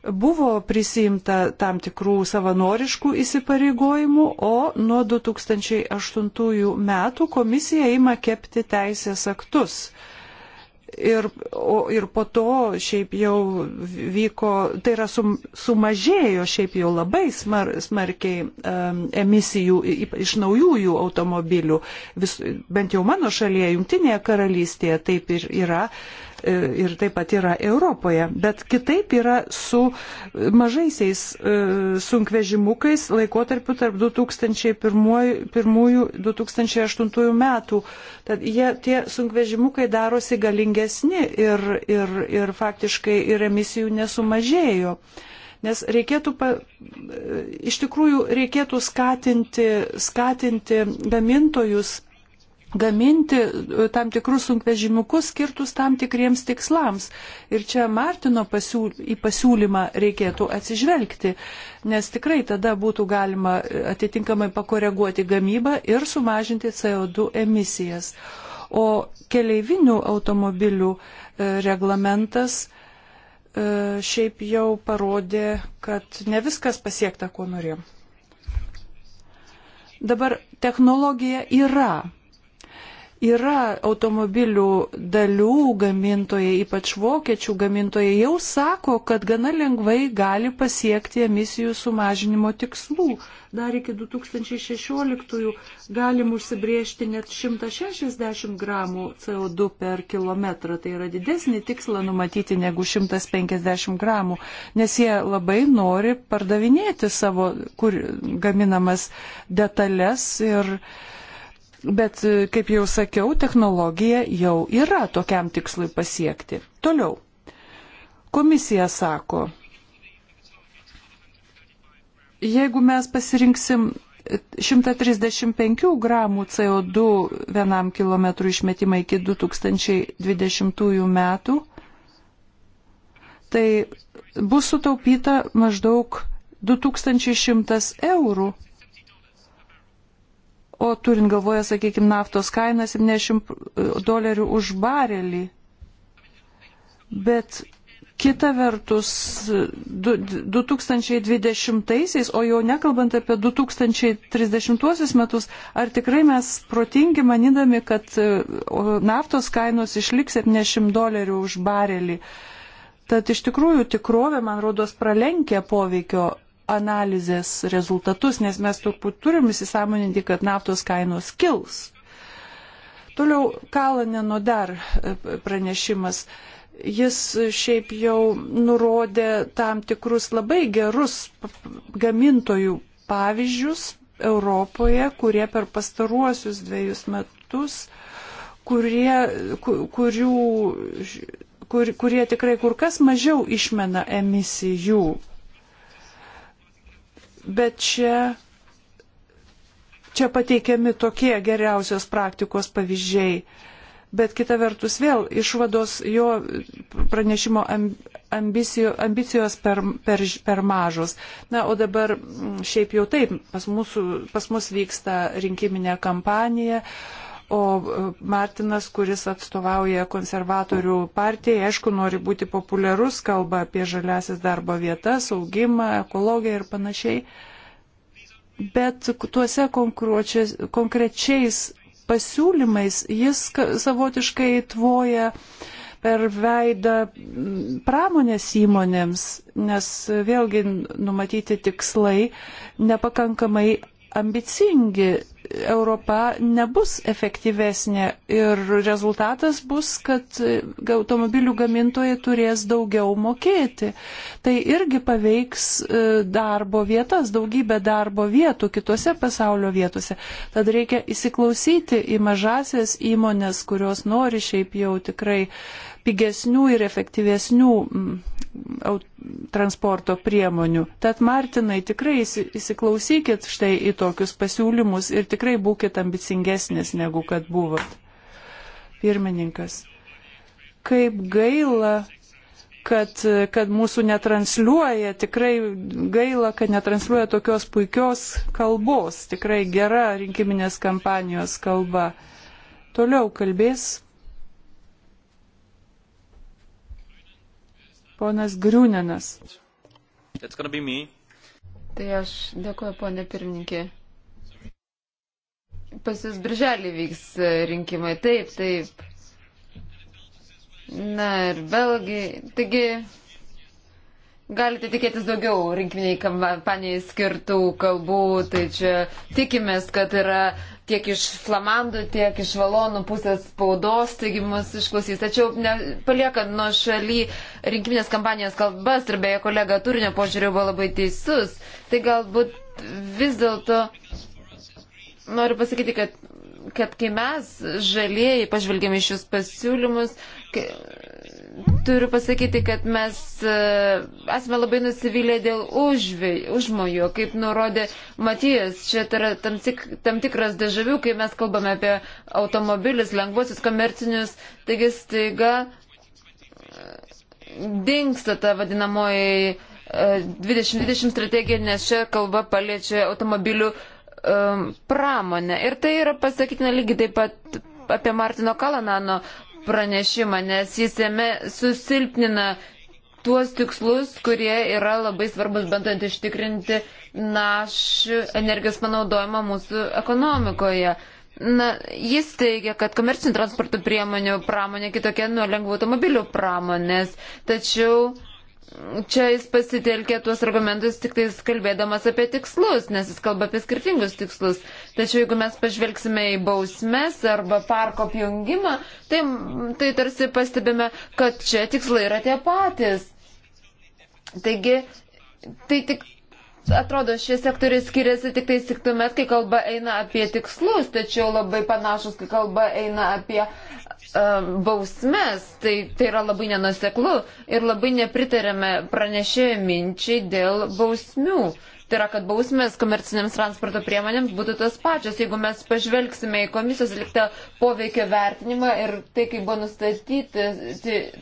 buvo prisimta tam tikrų savanoriškų įsipareigojimų, o nuo 2008 metų komisija ima kepti teisės aktus. Ir, o, ir po to šiaip jau vyko, tai yra sum, sumažėjo šiaip jau labai smar, smarkiai um, emisijų iš naujųjų automobilių. Vis, bent jau mano šalyje, Junktinėje karalystėje taip ir yra. Uh, E, ir taip pat yra Europoje, bet kitaip yra su mažaisiais e, sunkvežimukais laikotarpiu tarp 2001-2008 metų. Tad jie, tie sunkvežimukai darosi galingesni ir, ir, ir faktiškai ir emisijų nesumažėjo nes reikėtų, pa, e, iš tikrųjų, reikėtų skatinti, skatinti gamintojus gaminti e, tam tikrus sunkvežimiukus skirtus tam tikriems tikslams. Ir čia Martino pasiūl į pasiūlymą reikėtų atsižvelgti, nes tikrai tada būtų galima e, atitinkamai pakoreguoti gamybą ir sumažinti CO2 emisijas. O keleivinių automobilių e, reglamentas šiaip jau parodė, kad ne viskas pasiekta, ko norėjom. Dabar technologija yra Yra automobilių dalių gamintojai, ypač vokiečių gamintojai, jau sako, kad gana lengvai gali pasiekti emisijų sumažinimo tikslų. Dar iki 2016 galim užsibriežti net 160 gramų CO2 per kilometrą. Tai yra didesnį tikslą numatyti negu 150 gramų, nes jie labai nori pardavinėti savo kur, gaminamas detalės ir Bet, e, kaip jau sakiau, technologija jau yra tokiam tikslui pasiekti. Toliau. Komisija sako, jeigu mes pasirinksim 135 gramų CO2 vienam kilometrų išmetimą iki 2020 metų, tai bus sutaupyta maždaug 2100 eurų O turint galvoje, sakykime, naftos kainą 70 dolerių už barelį. Bet kita vertus, 2020-aisiais, o jau nekalbant apie 2030 metus, ar tikrai mes protingi manydami, kad e, naftos kainos išliks 70 dolerių už barelį. Tad iš tikrųjų tikrovė, man rodos, pralenkė poveikio analizės rezultatus, nes mes turbūt turim įsisamoninti, kad naftos kainos kils. Toliau Kalaneno dar e, pranešimas. Jis šiaip jau nurodė tam tikrus labai gerus gamintojų pavyzdžius Europoje, kurie per pastaruosius dviejus metus, kurie, kur, kurių, kur, kurie tikrai kur kas mažiau išmena emisijų bet čia, čia pateikiami tokie geriausios praktikos pavyzdžiai. Bet kita vertus vėl išvados jo pranešimo ambicijos, ambicijos per, per, per mažos. Na, o dabar šiaip jau taip, pas, mūsų, pas mus vyksta rinkiminė kampanija. Uh, O e, Martinas, kuris atstovauja konservatorių partijai, aišku, nori būti populiarus, kalba apie žaliasis darbo vietas, augimą, ekologiją ir panašiai. Bet tuose konkrečiais pasiūlymais jis savotiškai tvoja per veidą pramonės įmonėms, nes vėlgi numatyti tikslai nepakankamai ambicingi Europa nebus efektyvesnė ir rezultatas bus, kad automobilių gamintojai turės daugiau mokėti. Tai irgi paveiks e, darbo vietas, daugybę darbo vietų kitose pasaulio vietose. Tad reikia įsiklausyti į mažasias įmonės, kurios nori šiaip jau tikrai pigesnių ir efektyvesnių transporto priemonių. Tad, Martinai, tikrai įsiklausykit štai į tokius pasiūlymus ir tikrai būkite ambicingesnis, negu kad buvot. Pirmininkas. Kaip gaila, kad, kad mūsų netransliuoja, tikrai gaila, kad netransliuoja tokios puikios kalbos, tikrai gera rinkiminės kampanijos kalba. Toliau kalbės Ponas Griūnenas. Tai aš dėkuoju, ponė pirmininkė. Pas jūs birželį vyks e, rinkimai. Taip, taip. Na ir Belgija. Taigi, galite tikėtis daugiau rinkiminiai kampanijai skirtų kalbų, tai čia tikimės, kad yra tiek iš flamandų, tiek iš valonų pusės spaudos, taigi mus išklausys. Tačiau ne, paliekant nuo šaly rinkiminės kampanijos kalbas ir beje kolega turinio požiūrė buvo labai teisus, tai galbūt vis dėlto noriu pasakyti, kad kad kai mes žalieji pažvelgėme šius pasiūlymus, kai, turiu pasakyti, kad mes e, esame labai nusivylę dėl užvėj, užmojo, kaip nurodė Matijas. Čia tai yra tam, tik, tam tikras dežavių, kai mes kalbame apie automobilius, lengvuosius komercinius, taigi staiga e, dinksta ta vadinamoji 2020 e, strategija, nes čia kalba paliečia automobilių um, pramonę. Ir tai yra pasakytina lygiai taip pat apie Martino Kalanano pranešimą, nes jis jame susilpnina tuos tikslus, kurie yra labai svarbus bandant ištikrinti našų energijos panaudojimą mūsų ekonomikoje. Na, jis teigia, kad komercinių transporto priemonių pramonė kitokia nuo lengvų automobilių pramonės, tačiau čia jis pasitelkė tuos argumentus tik tai kalbėdamas apie tikslus, nes jis kalba apie skirtingus tikslus. Tačiau jeigu mes pažvelgsime į bausmes arba parko apjungimą, tai, tai tarsi pastebime, kad čia tikslai yra tie patys. Taigi, tai tik atrodo, šie sektoriai skiriasi tik tai tik tuomet, kai kalba eina apie tikslus, tačiau labai panašus, kai kalba eina apie um, bausmes. Tai, tai yra labai nenuseklu ir labai nepritarėme pranešėjai minčiai dėl bausmių. Tai yra, kad bausmės komercinėms transporto priemonėms būtų tas pačios. Jeigu mes pažvelgsime į komisijos liktą poveikio vertinimą ir tai, kaip buvo nustatyti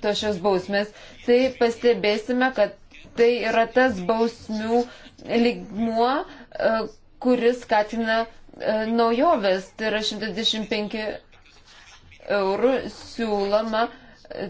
to šios bausmės, tai pastebėsime, kad tai yra tas bausmių uh, lygmuo, e, kuris skatina e, naujoves, tai yra 125 eurų siūloma e,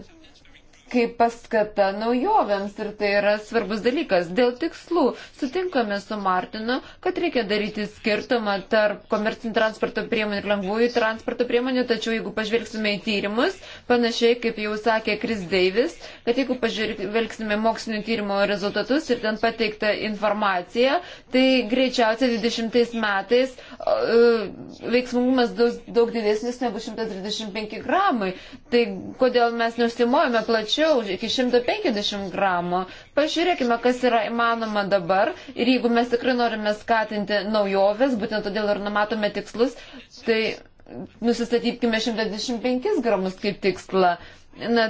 kaip paskata naujovėms ir tai yra svarbus dalykas. Dėl tikslų sutinkame su Martinu, kad reikia daryti skirtumą tarp komercinių transporto priemonių ir lengvųjų transporto priemonių, tačiau jeigu pažvelgsime į tyrimus, panašiai kaip jau sakė Kris Deivis, kad jeigu pažvelgsime mokslinio tyrimo rezultatus ir ten pateiktą informaciją, tai greičiausiai 20 metais uh, veiksmingumas daug, daug didesnis negu 135 gramai. Tai kodėl mes neusimojame plačiai? anksčiau, iki 150 gramų. Pažiūrėkime, kas yra įmanoma dabar ir jeigu mes tikrai norime skatinti naujoves, būtent todėl ir numatome tikslus, tai nusistatykime 125 gramus kaip tikslą. Na,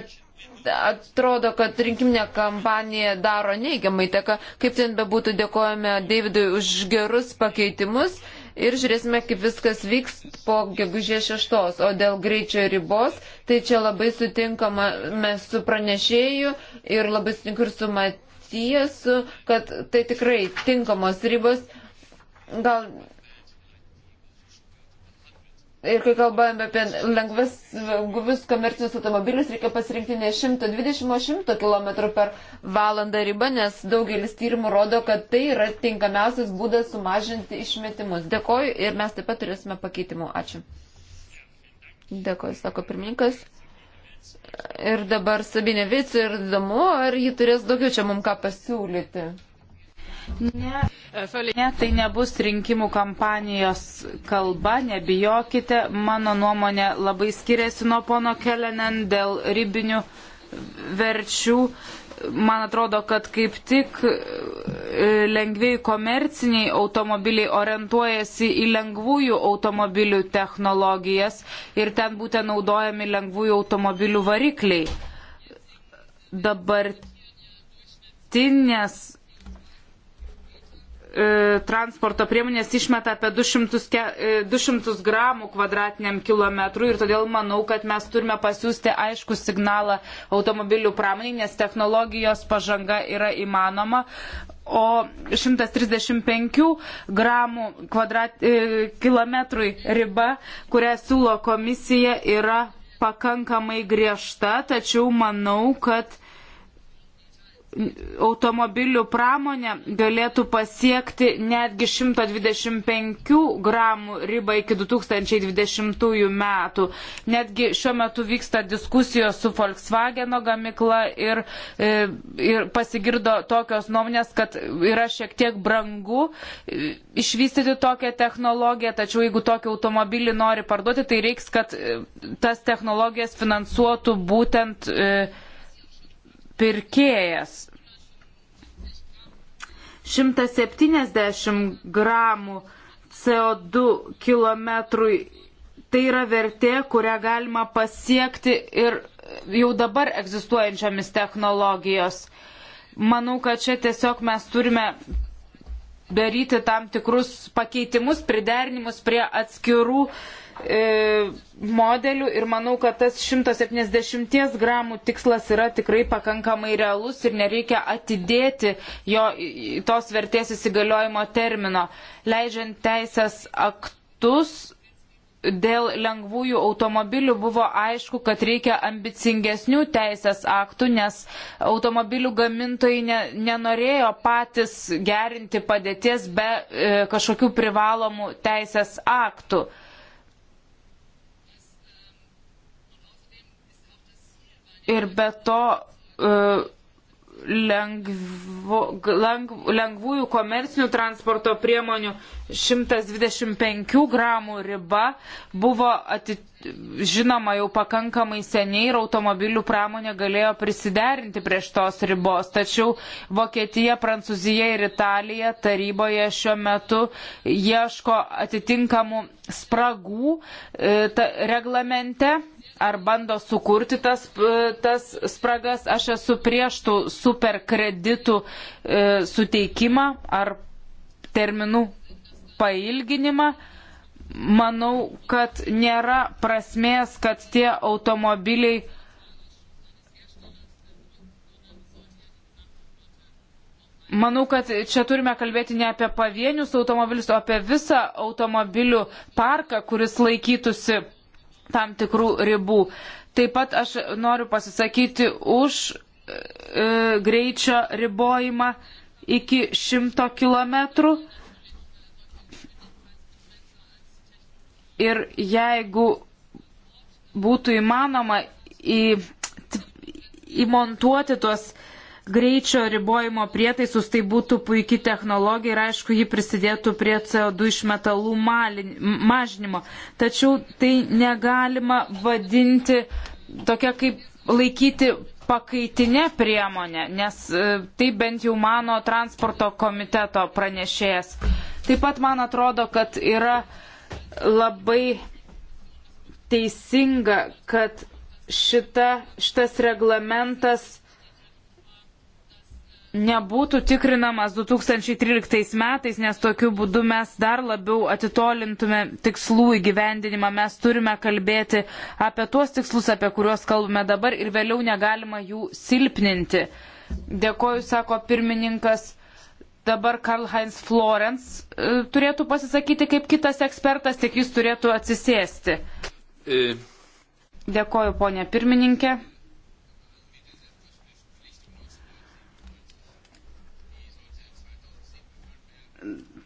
atrodo, kad rinkiminė kampanija daro neigiamą įtaką. Kaip ten bebūtų, dėkojame Davidui už gerus pakeitimus ir žiūrėsime, kaip viskas vyks po gegužės šeštos. O dėl greičio ribos, tai čia labai sutinkama mes su pranešėju ir labai sutinku ir su Matiesu, kad tai tikrai tinkamos ribos. Gal Ir kai kalbame apie lengvas, guvius komercinius automobilius, reikia pasirinkti ne 120, o 100 km per valandą ribą, nes daugelis tyrimų rodo, kad tai yra tinkamiausias būdas sumažinti išmetimus. Dėkoju ir mes taip pat turėsime pakeitimų. Ačiū. Dėkoju, sako pirmininkas. Ir dabar Sabinė Vic ir įdomu, ar ji turės daugiau čia mums ką pasiūlyti. Ne, ne, tai nebus rinkimų kampanijos kalba, nebijokite. Mano nuomonė labai skiriasi nuo pono Kelenen dėl ribinių verčių. Man atrodo, kad kaip tik e, lengviai komerciniai automobiliai orientuojasi į lengvųjų automobilių technologijas ir ten būtent naudojami lengvųjų automobilių varikliai. Dabartinės E, transporto priemonės išmeta apie 200, 200 e, gramų kvadratiniam kilometrui ir todėl manau, kad mes turime pasiūsti aišku signalą automobilių pramoniai, nes technologijos pažanga yra įmanoma. O 135 gramų kvadrat, e, kilometrui riba, kurią siūlo komisija, yra pakankamai griežta, tačiau manau, kad automobilių pramonė galėtų pasiekti netgi 125 gramų ribą iki 2020 metų. Netgi šiuo metu vyksta diskusijos su Volkswageno gamikla ir, e, ir pasigirdo tokios nuomonės, kad yra šiek tiek brangu e, išvystyti tokią technologiją, tačiau jeigu tokį automobilį nori parduoti, tai reiks, kad e, tas technologijas finansuotų būtent e, pirkėjas. 170 gramų CO2 kilometrui tai yra vertė, kurią galima pasiekti ir jau dabar egzistuojančiomis technologijos. Manau, kad čia tiesiog mes turime daryti tam tikrus pakeitimus, priderinimus prie atskirų uh, E, modelių ir manau, kad tas 170 gramų tikslas yra tikrai pakankamai realus ir nereikia atidėti jo tos vertės įsigaliojimo termino. Leidžiant teisės aktus dėl lengvųjų automobilių buvo aišku, kad reikia ambicingesnių teisės aktų, nes automobilių gamintojai ne, nenorėjo patys gerinti padėties be e, kažkokių privalomų teisės aktų. E, ir be to e, lengvo, leng, lengvųjų komercinių transporto priemonių 125 gramų riba buvo atitikta žinoma jau pakankamai seniai ir automobilių pramonė galėjo prisiderinti prie šitos ribos. Tačiau Vokietija, Prancūzija ir Italija taryboje šiuo metu ieško atitinkamų spragų e, ta, reglamente ar bando sukurti tas, e, tas spragas. Aš esu prieš tų superkreditų e, suteikimą ar terminų pailginimą. Manau, kad nėra prasmės, kad tie automobiliai Manau, kad čia turime kalbėti ne apie pavienius automobilius, o apie visą automobilių parką, kuris laikytųsi tam tikrų ribų. Taip pat aš noriu pasisakyti už e, greičio ribojimą iki 100 km. Ir jeigu būtų įmanoma į, įmontuoti tuos e, greičio ribojimo prietaisus, tai būtų puikia technologija ir aišku, ji prisidėtų prie CO2 išmetalų mažinimo. Tačiau tai negalima vadinti tokia kaip laikyti pakaitinė priemonė, nes e, tai bent jau mano transporto komiteto pranešėjas. Taip pat man atrodo, kad yra labai teisinga, kad šita, šitas reglamentas nebūtų tikrinamas 2013 metais, nes tokiu būdu mes dar labiau atitolintume tikslų įgyvendinimą. Mes turime kalbėti apie tuos tikslus, apie kuriuos kalbame dabar ir vėliau negalima jų silpninti. Dėkoju, sako pirmininkas. Dabar Karl Heinz Florence turėtų pasisakyti kaip kitas ekspertas, tik jis turėtų atsisėsti. E. Dėkoju, ponė pirmininkė.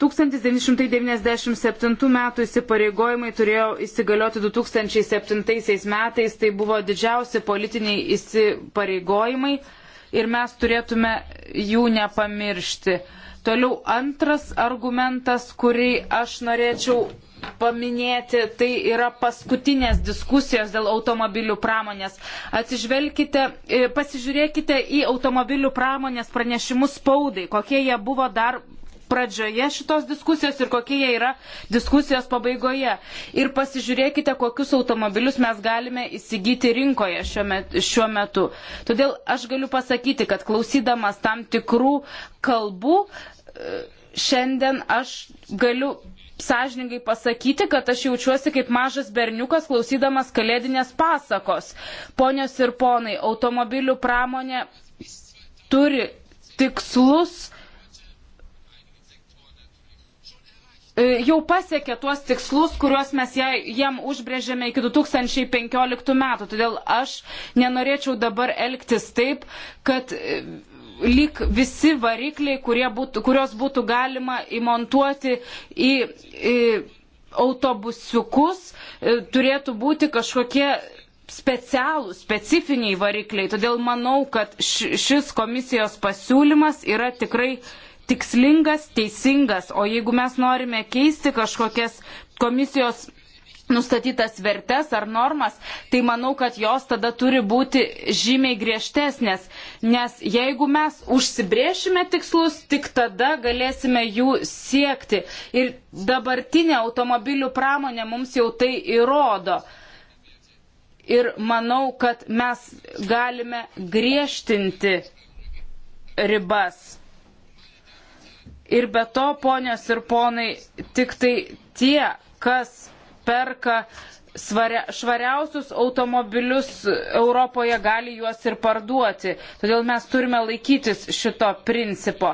1997 metų įsipareigojimai turėjo įsigalioti 2007 metais, tai buvo didžiausi politiniai įsipareigojimai ir mes turėtume jų nepamiršti. Toliau antras argumentas, kurį aš norėčiau paminėti, tai yra paskutinės diskusijos dėl automobilių pramonės. Atsižvelkite, e, pasižiūrėkite į automobilių pramonės pranešimus spaudai, kokie jie buvo dar pradžioje šitos diskusijos ir kokie jie yra diskusijos pabaigoje. Ir pasižiūrėkite, kokius automobilius mes galime įsigyti rinkoje šiuo metu. Todėl aš galiu pasakyti, kad klausydamas tam tikrų kalbų, e, šiandien aš galiu sąžiningai pasakyti, kad aš jaučiuosi kaip mažas berniukas klausydamas kalėdinės pasakos. Ponios ir ponai, automobilių pramonė turi tikslus E, jau pasiekė tuos tikslus, kuriuos mes jiem užbrėžėme iki 2015 metų. Todėl aš nenorėčiau dabar elgtis taip, kad e, lyg visi varikliai, būtų, kurios būtų galima įmontuoti į, į autobusiukus, e, turėtų būti kažkokie specialūs, specifiniai varikliai. Todėl manau, kad šis komisijos pasiūlymas yra tikrai tikslingas, teisingas. O jeigu mes norime keisti kažkokias komisijos nustatytas vertes ar normas, tai manau, kad jos tada turi būti žymiai griežtesnės, nes jeigu mes užsibriešime tikslus, tik tada galėsime jų siekti. Ir dabartinė automobilių pramonė mums jau tai įrodo. Ir manau, kad mes galime griežtinti ribas. Ir be to, ponios ir ponai, tik tai tie, kas perka svaria, švariausius automobilius Europoje gali juos ir parduoti. Todėl mes turime laikytis šito principo.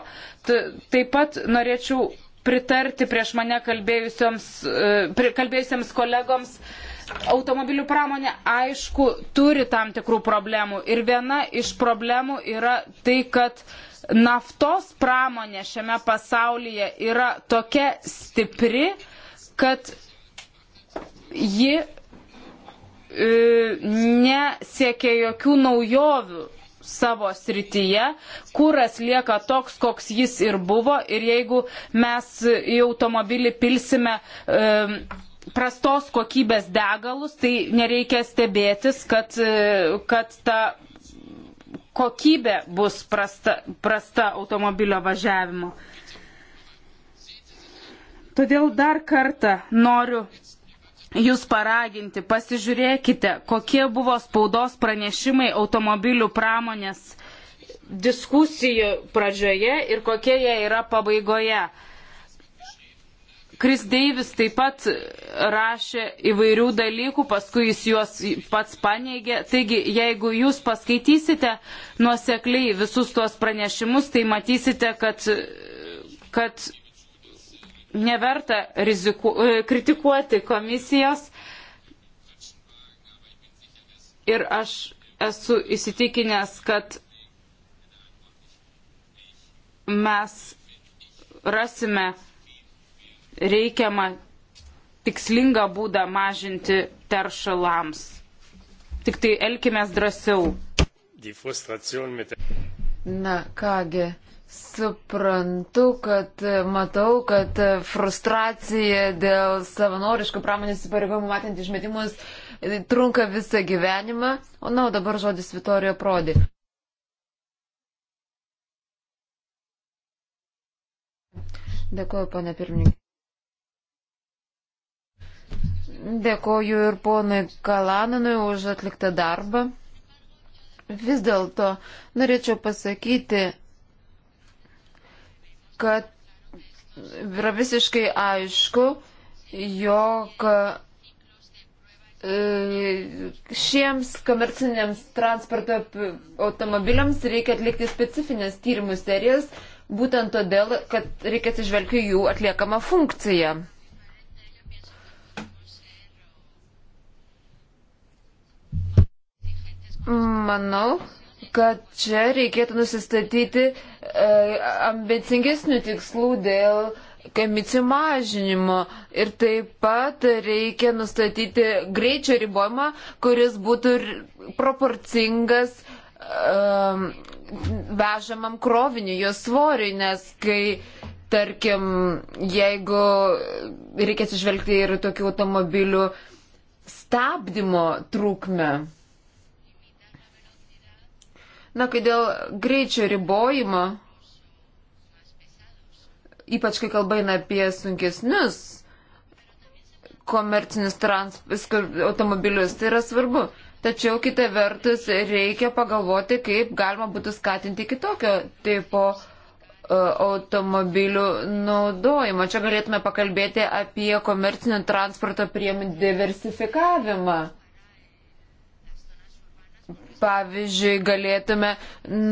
T taip pat norėčiau pritarti prieš mane kalbėjusiems e, kolegoms. Automobilių pramonė aišku turi tam tikrų problemų ir viena iš problemų yra tai, kad uh, naftos pramonė šiame pasaulyje yra tokia stipri, kad ji e, nesiekia jokių naujovių savo srityje, kuras lieka toks, koks jis ir buvo ir jeigu mes į automobilį pilsime e, prastos kokybės degalus, tai nereikia stebėtis, kad, e, kad ta kokybė bus prasta, prasta automobilio važiavimo. Todėl dar kartą noriu Jūs paraginti, pasižiūrėkite, kokie buvo spaudos pranešimai automobilių pramonės diskusijų pradžioje ir kokie jie yra pabaigoje. Kris Deivis taip pat rašė įvairių dalykų, paskui jis juos pats paneigė. Taigi, jeigu jūs paskaitysite nuosekliai visus tuos pranešimus, tai matysite, kad, kad neverta riziku, e, kritikuoti komisijos. Ir aš esu įsitikinęs, kad mes rasime reikiamą tikslingą būdą mažinti teršalams. Tik tai elkime drąsiau. Na kągi, suprantu, kad matau, kad frustracija dėl savanoriškų pramonės įpareigojimų matant išmetimus trunka visą gyvenimą. O na, o dabar žodis Vitorijo Prodi. Dėkuoju, ponė pirmininkė. Dėkoju ir ponui Kalananui už atliktą darbą. Vis dėlto norėčiau pasakyti, kad yra visiškai aišku, jog e, šiems komerciniams transporto automobiliams reikia atlikti specifines tyrimų serijas, būtent todėl, kad reikia atsižvelgti jų atliekamą funkciją. Manau, kad čia reikėtų nusistatyti e, ambicingesnių tikslų dėl emisijų mažinimo ir taip pat reikia nustatyti greičio ribojimą, kuris būtų proporcingas e, vežamam kroviniu, jo svoriui, nes kai tarkim, jeigu reikia atsižvelgti ir tokių automobilių stabdymo trūkme. Na, kai dėl greičio ribojimo, ypač kai kalba eina apie sunkesnius komercinius automobilius, tai yra svarbu. Tačiau kita vertus reikia pagalvoti, kaip galima būtų skatinti kitokio tipo e, automobilių naudojimą. Čia galėtume pakalbėti apie komercinio transporto priemonių diversifikavimą. Pavyzdžiui, galėtume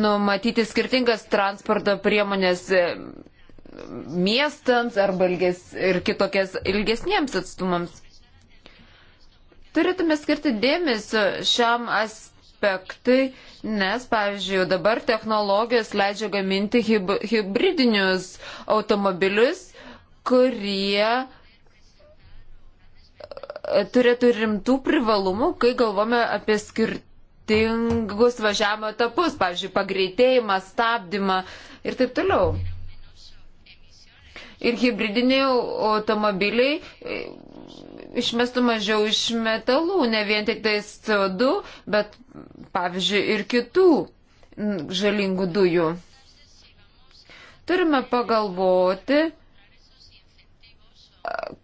numatyti skirtingas transporto priemonės e, miestams arba ilges, ir kitokias ilgesniems atstumams. Turėtume skirti dėmesio šiam aspektui, nes, pavyzdžiui, dabar technologijos leidžia gaminti hib hibridinius automobilius, kurie e, turėtų rimtų privalumų, kai galvome apie skir skirtingus važiavimo etapus, pavyzdžiui, pagreitėjimą, stabdymą ir taip toliau. Ir hybridiniai automobiliai išmestų mažiau iš metalų, ne vien tik tais CO2, bet pavyzdžiui ir kitų žalingų dujų. Turime pagalvoti,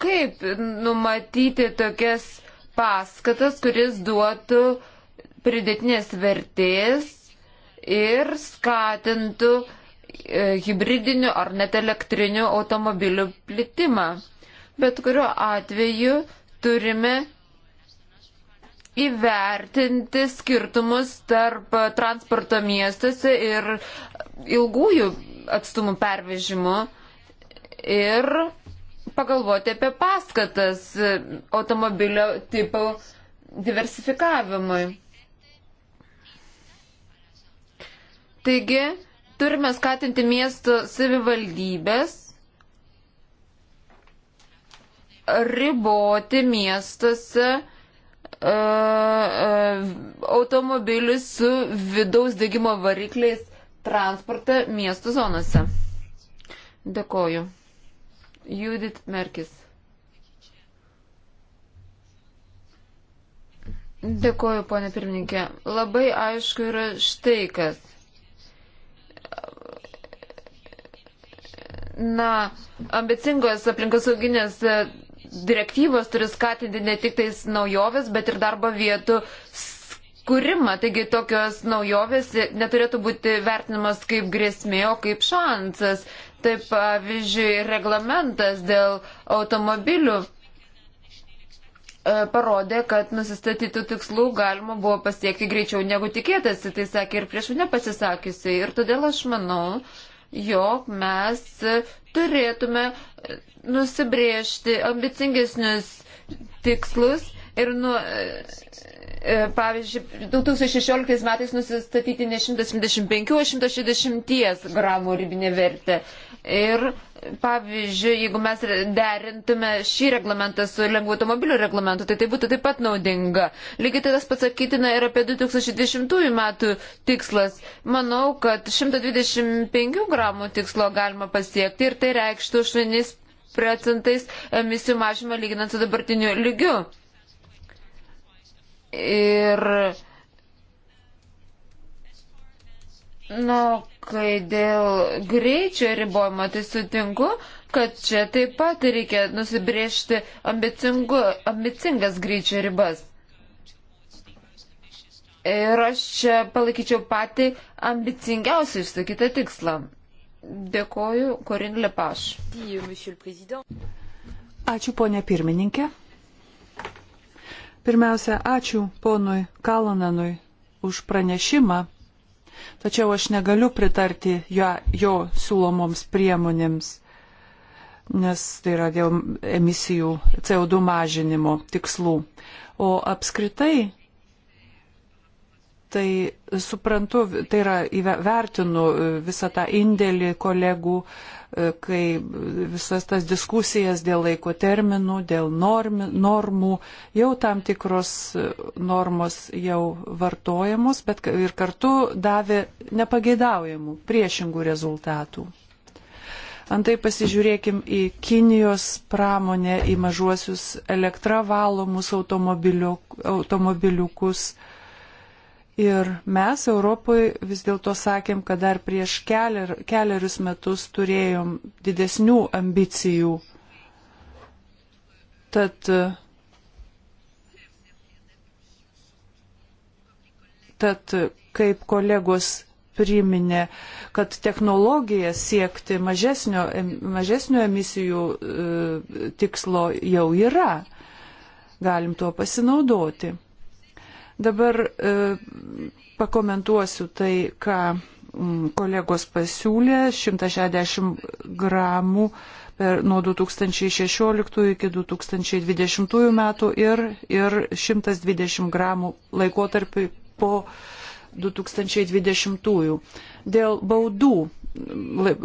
kaip numatyti tokias paskatas, kuris duotų uh, pridėtinės vertės ir skatintų e, hybridinių ar net elektrinių automobilių plitimą. Bet kuriuo atveju turime įvertinti skirtumus tarp transporto miestuose ir ilgųjų atstumų pervežimų ir pagalvoti apie paskatas automobilio tipo diversifikavimui. Taigi, turime skatinti miestų savivaldybės, riboti miestuose e, e, automobilių su vidaus degimo varikliais transportą miestų zonose. Dėkoju. Judith Merkis. Dėkoju, ponė pirmininkė. Labai aišku yra štai kas na, ambicingos aplinkosauginės e, direktyvos turi skatinti ne tik tais naujoves, bet ir darbo vietų kūrimą. Taigi tokios naujovės neturėtų būti vertinamas kaip grėsmė, o kaip šansas. Taip, pavyzdžiui, reglamentas dėl automobilių e, parodė, kad nusistatytų tikslų galima buvo pasiekti greičiau negu tikėtasi, tai sakė ir prieš mane pasisakysi. Ir todėl aš manau, uh, jog mes turėtume nusibriežti ambicingesnius tikslus ir, nu, e, e, pavyzdžiui, 2016 metais nusistatyti ne 175, o 160 gramų ribinė vertė. Ir pavyzdžiui, jeigu mes derintume šį reglamentą su lengvų automobilių reglamentu, tai tai būtų taip pat naudinga. Lygiai tai tas pasakytina ir apie 2020 metų tikslas. Manau, kad 125 gramų tikslo galima pasiekti ir tai reikštų 8 procentais emisijų mažymą lyginant su dabartiniu lygiu. Ir. Na, Kai dėl greičio ribojimo, tai sutinku, kad čia taip pat reikia nusibriežti ambicingas greičio ribas. Ir aš čia palaikyčiau patį ambicingiausią išsakytą tikslą. Dėkoju, Korin Lepaš. Ačiū, ponė pirmininkė. Pirmiausia, ačiū ponui Kalonanui už pranešimą tačiau aš negaliu pritarti jo, jo siūlomoms priemonėms, nes tai yra dėl emisijų CO2 mažinimo tikslų. O apskritai Tai suprantu, tai yra įvertinu e, visą tą indėlį kolegų, e, kai visas tas diskusijas dėl laiko terminų, dėl normi, normų, jau tam tikros e, normos jau vartojamos, bet ir kartu davė nepageidaujamų, priešingų rezultatų. Antai pasižiūrėkim į Kinijos pramonę, į mažuosius elektra valomus automobiliukus Ir mes Europoje vis dėlto sakėm, kad dar prieš keler, keliarius metus turėjom didesnių ambicijų. Tad, tad kaip kolegos priminė, kad technologija siekti mažesnio, mažesnio emisijų e, tikslo jau yra. Galim tuo pasinaudoti. Dabar e, pakomentuosiu tai, ką kolegos pasiūlė 160 gramų per, nuo 2016 iki 2020 metų ir, ir 120 gramų laikotarpį po 2020-ųjų. Dėl baudų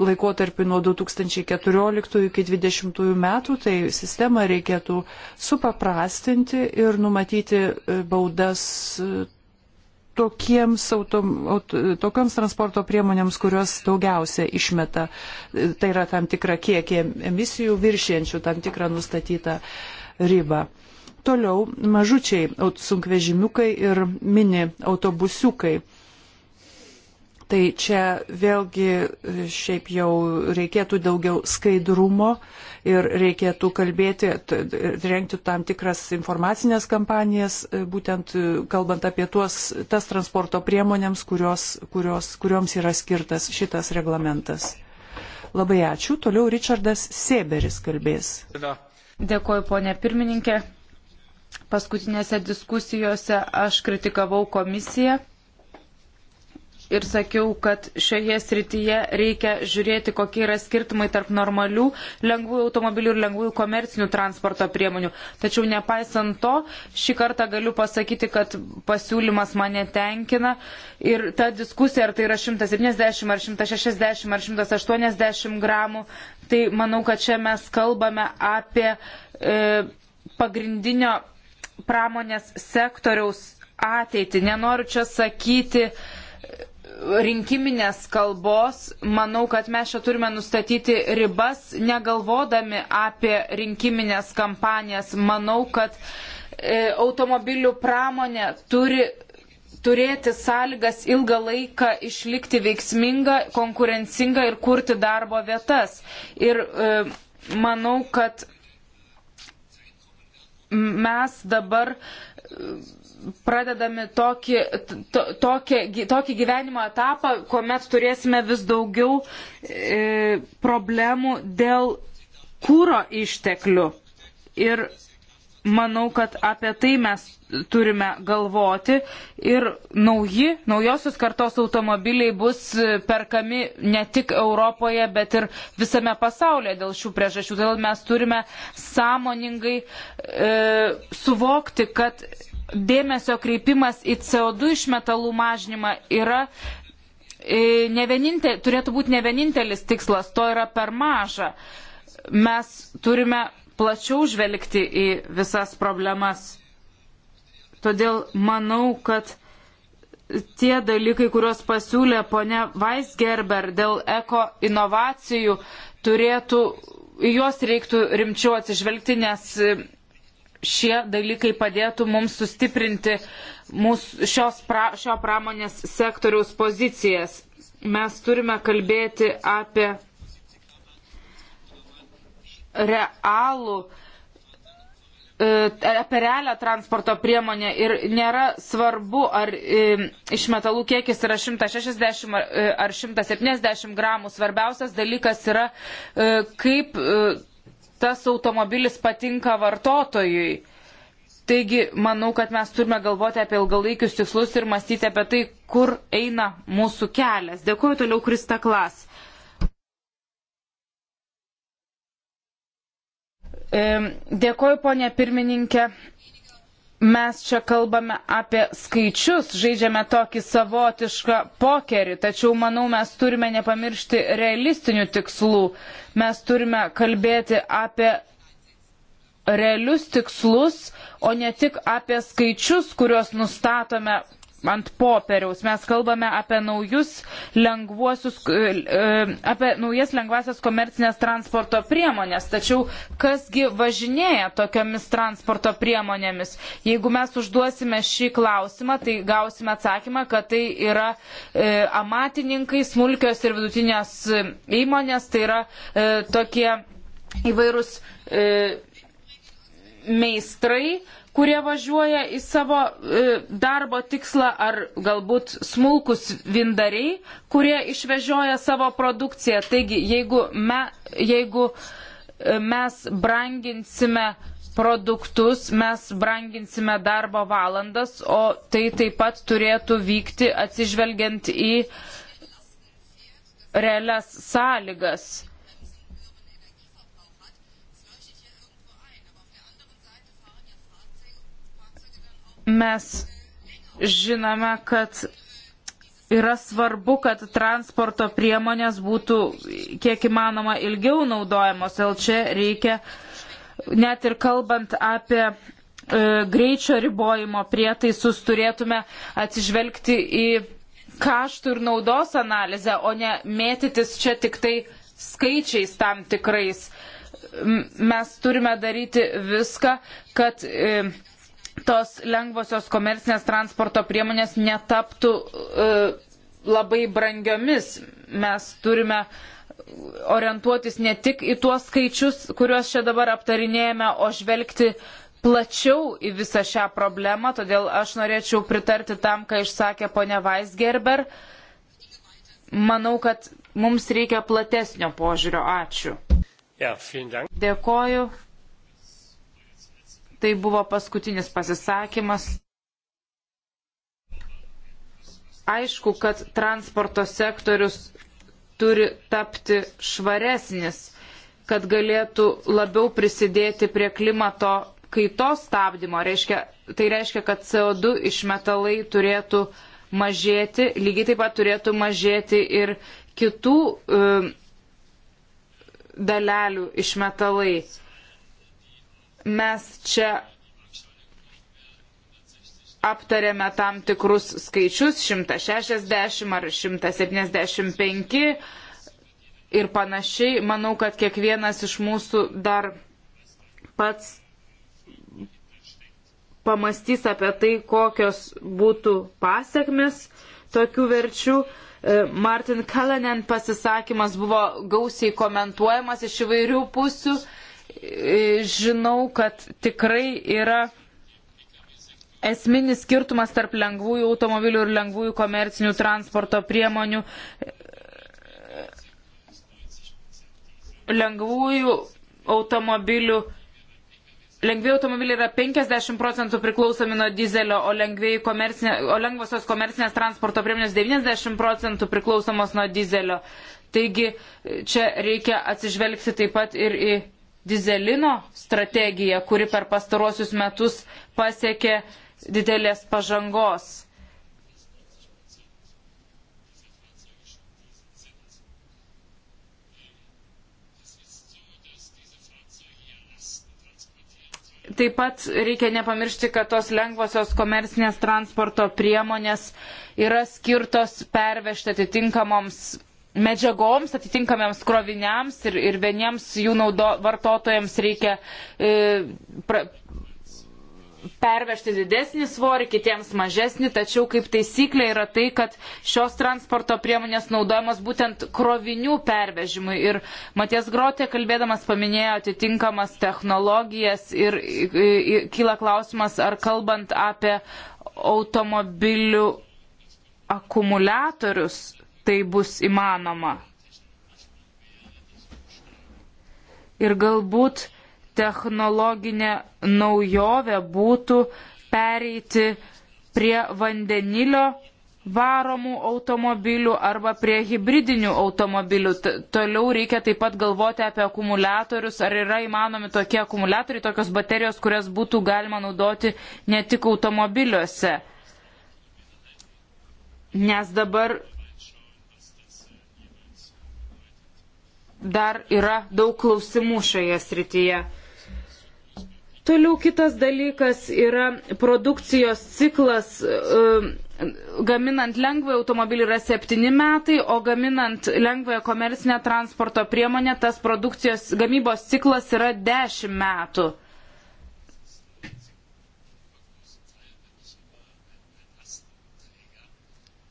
laikotarpį nuo 2014 iki 2020 metų, tai sistemą reikėtų supaprastinti ir numatyti e, baudas e, tokiems auto, auto, tokioms transporto priemonėms, kurios daugiausia išmeta, e, tai yra tam tikrą kiekį emisijų viršienčių tam tikrą nustatytą ribą toliau mažučiai sunkvežimiukai ir mini autobusiukai. Tai čia vėlgi e, šiaip jau reikėtų daugiau skaidrumo ir reikėtų kalbėti, rengti tam tikras informacinės kampanijas, e, būtent e, kalbant apie tuos, tas transporto priemonėms, kurios, kurios, kurioms yra skirtas šitas reglamentas. Labai ačiū. Toliau Richardas Sėberis kalbės. Dėkuoju, ponė pirmininkė. Paskutinėse diskusijose aš kritikavau komisiją ir sakiau, kad šioje srityje reikia žiūrėti, kokie yra skirtumai tarp normalių lengvųjų automobilių ir lengvųjų komercinių transporto priemonių. Tačiau nepaisant to, šį kartą galiu pasakyti, kad pasiūlymas mane tenkina ir ta diskusija, ar tai yra 170 ar 160 ar 180 gramų, tai manau, kad čia mes kalbame apie e, pagrindinio pramonės sektoriaus ateitį. Nenoriu čia sakyti rinkiminės kalbos. Manau, kad mes čia turime nustatyti ribas, negalvodami apie rinkiminės kampanijas. Manau, kad e, automobilių pramonė turi turėti sąlygas ilgą laiką išlikti veiksminga, konkurencinga ir kurti darbo vietas. Ir e, manau, kad mes dabar e, pradedame tokį, to, tokį, tokį gyvenimo etapą, kuomet turėsime vis daugiau e, problemų dėl kūro išteklių. Ir manau, kad apie tai mes turime galvoti ir nauji, naujosios kartos automobiliai bus perkami ne tik Europoje, bet ir visame pasaulyje dėl šių priežasčių. Todėl mes turime sąmoningai e, suvokti, kad dėmesio kreipimas į CO2 išmetalų mažinimą yra e, ne vieninte, turėtų būti ne vienintelis tikslas, to yra per maža. Mes turime plačiau žvelgti į visas problemas. Todėl manau, kad tie dalykai, kuriuos pasiūlė ponia Weisgerber dėl eko inovacijų, turėtų, į juos reiktų rimčiau atsižvelgti, nes šie dalykai padėtų mums sustiprinti mūsų, šios, pra, šio pramonės sektoriaus pozicijas. Mes turime kalbėti apie realų e, apie realią transporto priemonę ir nėra svarbu, ar e, iš metalų kiekis yra 160 ar 170 e, gramų. Svarbiausias dalykas yra, kaip tas automobilis patinka vartotojui. Taigi, manau, kad mes turime galvoti apie ilgalaikius tikslus ir mąstyti apie tai, kur eina mūsų kelias. Dėkuoju toliau Krista Klas. Dėkoju, ponė pirmininkė. Mes čia kalbame apie skaičius, žaidžiame tokį savotišką pokerį, tačiau manau mes turime nepamiršti realistinių tikslų. Mes turime kalbėti apie realius tikslus, o ne tik apie skaičius, kuriuos nustatome ant popieriaus. Mes kalbame apie, naujus, lengvuosius, e, e, apie naujas lengvasias komercinės transporto priemonės. Tačiau kasgi važinėja tokiamis transporto priemonėmis? Jeigu mes užduosime šį klausimą, tai gausime atsakymą, kad tai yra e, amatininkai, smulkios ir vidutinės e, įmonės, tai yra e, tokie įvairūs e, meistrai, kurie važiuoja į savo e, darbo tikslą, ar galbūt smulkus vindariai, kurie išvežioja savo produkciją. Taigi, jeigu, me, jeigu e, mes branginsime produktus, mes branginsime darbo valandas, o tai taip pat turėtų vykti atsižvelgiant į realias sąlygas Mes žinome, kad yra svarbu, kad transporto priemonės būtų kiek įmanoma ilgiau naudojamos, dėl čia reikia, net ir kalbant apie e, greičio ribojimo prietaisus, turėtume atsižvelgti į kaštų ir naudos analizę, o ne mėtytis čia tik tai skaičiais tam tikrais. Mes turime daryti viską, kad e, tos lengvosios komercinės transporto priemonės netaptų e, labai brangiomis. Mes turime orientuotis ne tik į tuos skaičius, kuriuos čia dabar aptarinėjame, o žvelgti plačiau į visą šią problemą. Todėl aš norėčiau pritarti tam, ką išsakė ponia Weisgerber. Manau, kad mums reikia platesnio požiūrio. Ačiū. Ja, Dėkoju. Tai buvo paskutinis pasisakymas. Aišku, kad transporto sektorius turi tapti švaresnis, kad galėtų labiau prisidėti prie klimato kaitos stabdymo. Reiškia, tai reiškia, kad CO2 išmetalai turėtų mažėti, lygiai taip pat turėtų mažėti ir kitų e, dalelių išmetalai. metalai mes čia aptarėme tam tikrus skaičius 160 ar 175 ir panašiai. Manau, kad kiekvienas iš mūsų dar pats pamastys apie tai, kokios būtų pasiekmes tokių verčių. E, Martin Kalanen pasisakymas buvo gausiai komentuojamas iš įvairių pusių žinau, kad tikrai yra esminis skirtumas tarp lengvųjų automobilių ir lengvųjų komercinių transporto priemonių. Lengvųjų automobilių. Lengvėjai automobiliai yra 50 procentų priklausomi nuo dizelio, o, komercinė, o lengvosios komercinės transporto priemonės 90 procentų priklausomos nuo dizelio. Taigi čia reikia atsižvelgti taip pat ir į dizelino strategiją, kuri per pastaruosius metus pasiekė didelės pažangos. Taip pat reikia nepamiršti, kad tos lengvosios komercinės transporto priemonės yra skirtos pervežti atitinkamoms medžiagoms, atitinkamiems kroviniams ir, ir vieniems jų naudo, vartotojams reikia e, pra, pervežti didesnį svorį, kitiems mažesnį, tačiau kaip taisyklė yra tai, kad šios transporto priemonės naudojamos būtent krovinių pervežimui. Ir Matės Grotė, kalbėdamas, paminėjo atitinkamas technologijas ir kyla klausimas, ar kalbant apie automobilių akumuliatorius, tai bus įmanoma. Ir galbūt technologinė naujovė būtų pereiti prie vandenilio varomų automobilių arba prie hybridinių automobilių. T toliau reikia taip pat galvoti apie akumuliatorius, ar yra įmanomi tokie akumuliatoriai, tokios baterijos, kurias būtų galima naudoti ne tik automobiliuose. Nes dabar dar yra daug klausimų šioje srityje. Toliau kitas dalykas yra produkcijos ciklas. E, gaminant lengvąjį automobilį yra septyni metai, o gaminant lengvąją komercinę transporto priemonę tas produkcijos gamybos ciklas yra dešimt metų.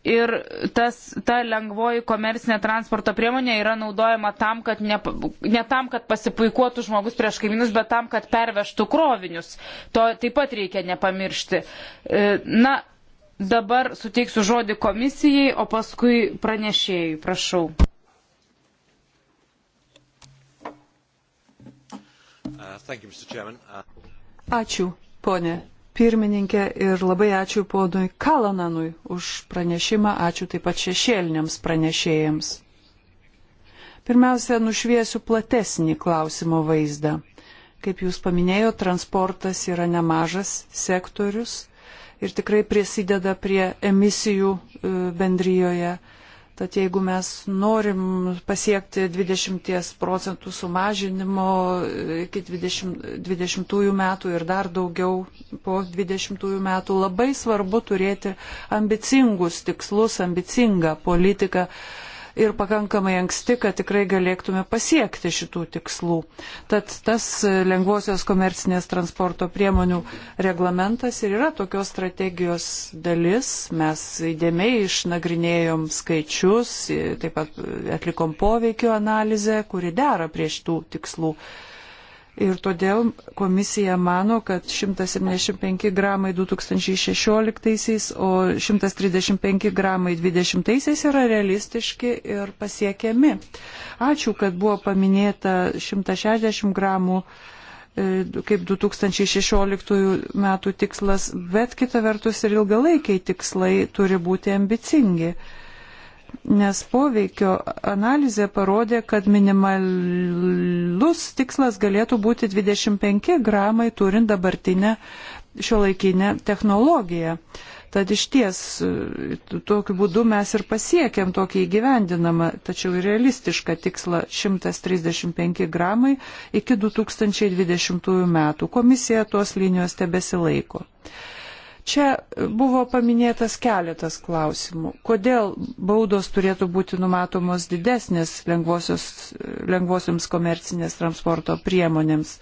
ir tas, ta lengvoji komercinė transporto priemonė yra naudojama tam, kad ne, ne tam, kad pasipuikuotų žmogus prieš kaimynus, bet tam, kad pervežtų krovinius. To taip pat reikia nepamiršti. E, na, dabar suteiksiu žodį komisijai, o paskui pranešėjai, prašau. Uh, uh, Ačiū, ponė pirmininkė ir labai ačiū ponui Kalananui už pranešimą, ačiū taip pat šešėliniams pranešėjams. Pirmiausia, nušviesiu platesnį klausimo vaizdą. Kaip jūs paminėjote, transportas yra nemažas sektorius ir tikrai prisideda prie emisijų e, bendryjoje Tad jeigu mes norim pasiekti 20 procentų sumažinimo iki 20, 20 metų ir dar daugiau po 20 metų, labai svarbu turėti ambicingus tikslus, ambicingą politiką ir pakankamai anksti, kad tikrai galėtume pasiekti šitų tikslų. Tad tas lengvosios komercinės transporto priemonių reglamentas ir yra tokios strategijos dalis. Mes įdėmiai išnagrinėjom skaičius, taip pat atlikom poveikio analizę, kuri dera prie šitų tikslų. Ir todėl komisija mano, kad 175 gramai 2016, o 135 gramai 2020 yra realistiški ir pasiekiami. Ačiū, kad buvo paminėta 160 gramų e, kaip 2016 metų tikslas, bet kita vertus ir ilgalaikiai tikslai turi būti ambicingi nes poveikio analizė parodė, kad minimalus tikslas galėtų būti 25 gramai turint dabartinę šio laikinę technologiją. Tad iš ties e, tokiu būdu mes ir pasiekėm tokį įgyvendinamą, tačiau ir realistišką tikslą 135 gramai iki 2020 metų. Komisija tos linijos tebesilaiko. laiko. Čia buvo paminėtas keletas klausimų. Kodėl baudos turėtų būti numatomos didesnės lengvosioms komercinės transporto priemonėms?